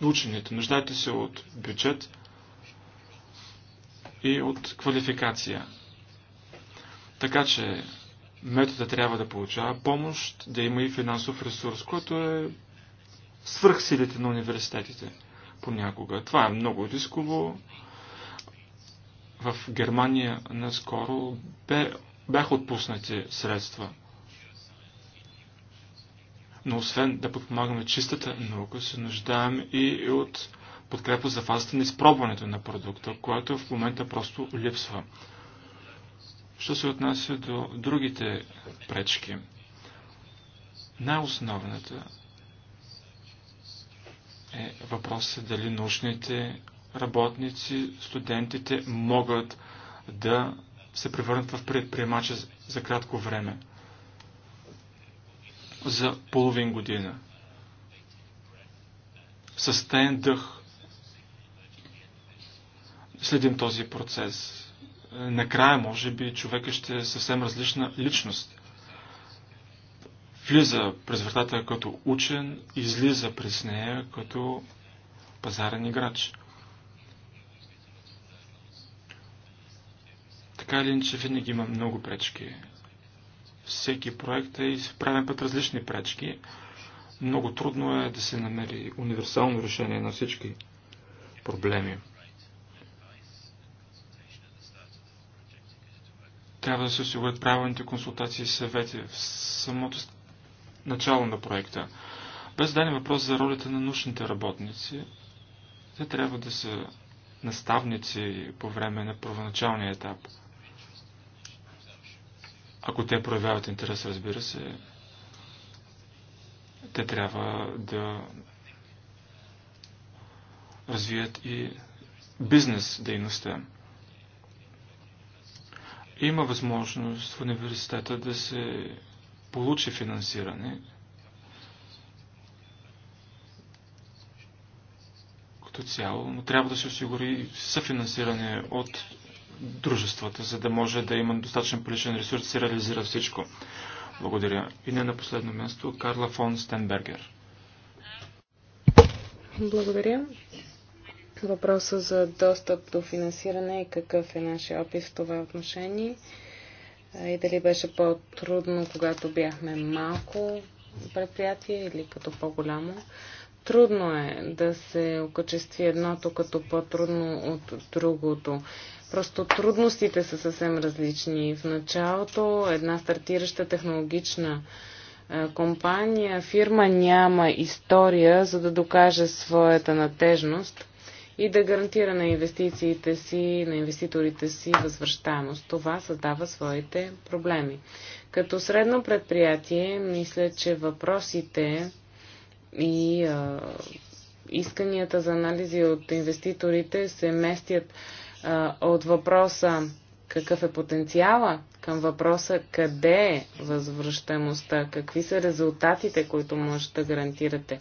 учените. Нуждаете се от бюджет и от квалификация. Така че метода трябва да получава помощ, да има и финансов ресурс, който е свръхсилите на университетите понякога. Това е много рисково. В Германия наскоро бе, бяха отпуснати средства – но освен да подпомагаме чистата наука, се нуждаем и от подкрепа за фазата на изпробването на продукта, която в момента просто липсва. Що се отнася до другите пречки? Най-основната е въпросът дали научните работници, студентите могат да се превърнат в предприемача за кратко време за половин година. Със тен дъх следим този процес. Накрая, може би, човека ще е съвсем различна личност. Влиза през вратата като учен, излиза през нея като пазарен играч. Така или иначе, винаги има много пречки всеки проект е изправен пред различни пречки. Много трудно е да се намери универсално решение на всички проблеми. Трябва да се осигурят правилните консултации и съвети в самото начало на проекта. Без даден въпрос за ролята на научните работници, те трябва да са наставници по време на първоначалния етап – ако те проявяват интерес, разбира се, те трябва да развият и бизнес дейността. Има възможност в университета да се получи финансиране, като цяло, но трябва да се осигури съфинансиране от дружествата, за да може да има достатъчен поличен ресурс и се реализира всичко. Благодаря. И не на последно място, Карла фон Стенбергер. Благодаря. Въпроса за достъп до финансиране и какъв е нашия опис в това отношение. И дали беше по-трудно, когато бяхме малко предприятие или като по-голямо. Трудно е да се окачестви едното като по-трудно от другото. Просто трудностите са съвсем различни. В началото една стартираща технологична е, компания, фирма няма история, за да докаже своята натежност и да гарантира на инвестициите си, на инвеститорите си възвръщаемост. Това създава своите проблеми. Като средно предприятие, мисля, че въпросите и а, е, исканията за анализи от инвеститорите се местят а, от въпроса какъв е потенциала към въпроса къде е възвръщаемостта, какви са резултатите, които можете да гарантирате.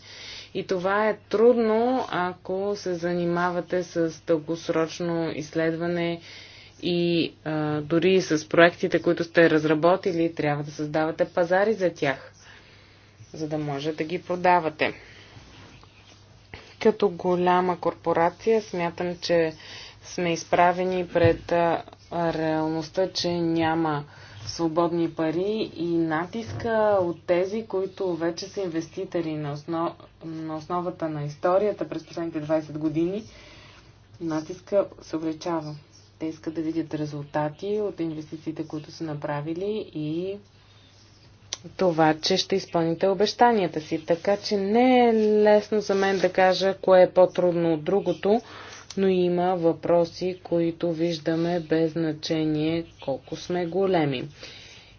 И това е трудно, ако се занимавате с дългосрочно изследване и а, дори с проектите, които сте разработили, трябва да създавате пазари за тях, за да може да ги продавате. Като голяма корпорация смятам, че сме изправени пред реалността, че няма свободни пари и натиска от тези, които вече са инвеститори на, основ... на основата на историята през последните 20 години, натиска се увеличава. Те искат да видят резултати от инвестициите, които са направили и това, че ще изпълните обещанията си. Така че не е лесно за мен да кажа кое е по-трудно от другото, но има въпроси, които виждаме без значение колко сме големи.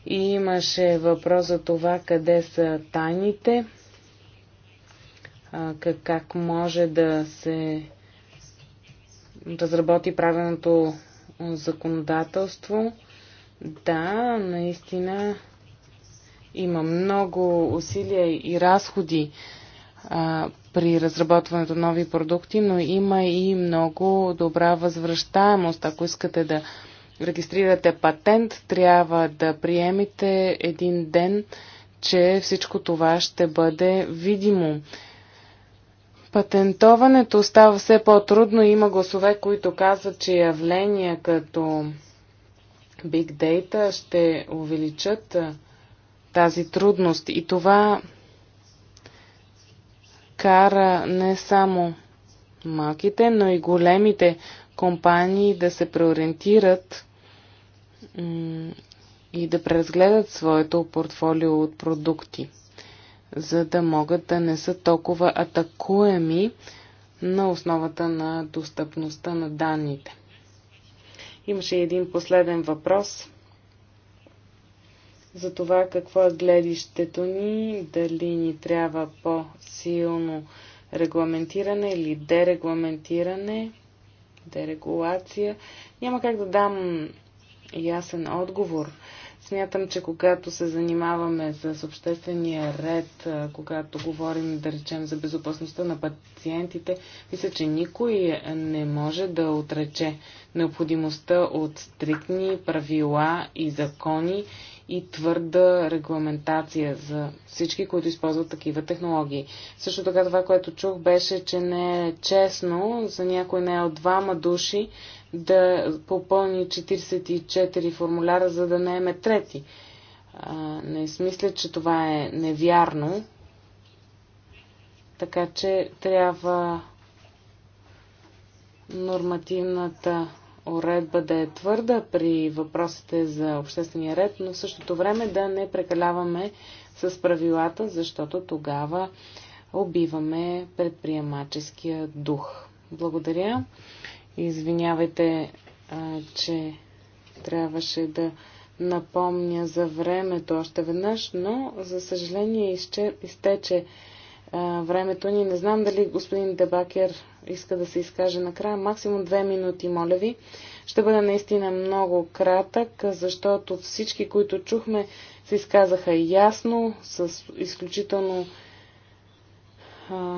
И имаше въпрос за това къде са тайните, как може да се разработи правилното законодателство. Да, наистина има много усилия и разходи а, при разработването на нови продукти, но има и много добра възвръщаемост. Ако искате да регистрирате патент, трябва да приемите един ден, че всичко това ще бъде видимо. Патентоването става все по-трудно. Има гласове, които казват, че явления като Big Data ще увеличат тази трудност. И това кара не само малките, но и големите компании да се преориентират и да преразгледат своето портфолио от продукти, за да могат да не са толкова атакуеми на основата на достъпността на данните. Имаше един последен въпрос за това какво е гледището ни, дали ни трябва по-силно регламентиране или дерегламентиране, дерегулация. Няма как да дам ясен отговор. Смятам, че когато се занимаваме с обществения ред, когато говорим, да речем, за безопасността на пациентите, мисля, че никой не може да отрече необходимостта от стриктни правила и закони и твърда регламентация за всички, които използват такива технологии. Също така това, което чух, беше, че не е честно за някой не е от двама души да попълни 44 формуляра, за да наеме трети. А, не смисля, че това е невярно. Така че трябва нормативната уредба да е твърда при въпросите за обществения ред, но в същото време да не прекаляваме с правилата, защото тогава убиваме предприемаческия дух. Благодаря. Извинявайте, че трябваше да напомня за времето още веднъж, но за съжаление изтече времето ни. Не знам дали господин Дебакер иска да се изкаже накрая. Максимум две минути, моля ви. Ще бъда наистина много кратък, защото всички, които чухме, се изказаха ясно, с изключително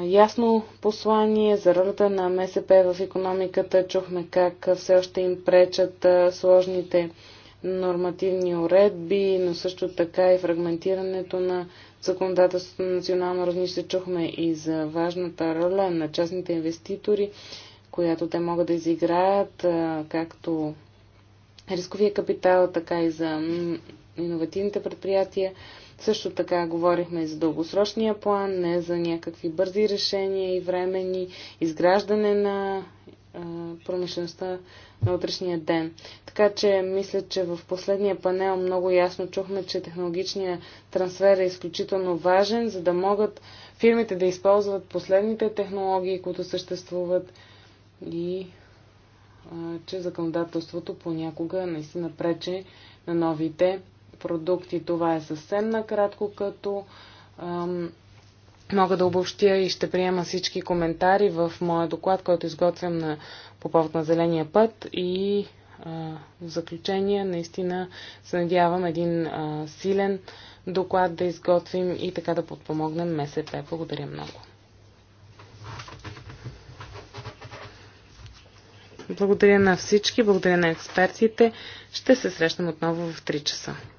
ясно послание за ролята на МСП в економиката. Чухме как все още им пречат сложните нормативни уредби, но също така и фрагментирането на законодателството на национално равнище. Чухме и за важната роля на частните инвеститори, която те могат да изиграят, както рисковия капитал, така и за иновативните предприятия. Също така говорихме и за дългосрочния план, не за някакви бързи решения и времени, изграждане на промишлеността на утрешния ден. Така че мисля, че в последния панел много ясно чухме, че технологичният трансфер е изключително важен, за да могат фирмите да използват последните технологии, които съществуват и а, че законодателството понякога наистина пречи на новите продукти. Това е съвсем накратко като ам, Мога да обобщя и ще приема всички коментари в моя доклад, който изготвям на, по повод на зеления път и в заключение наистина се надявам един а, силен доклад да изготвим и така да подпомогнем МСП. Благодаря много. Благодаря на всички, благодаря на експертите. Ще се срещнем отново в 3 часа.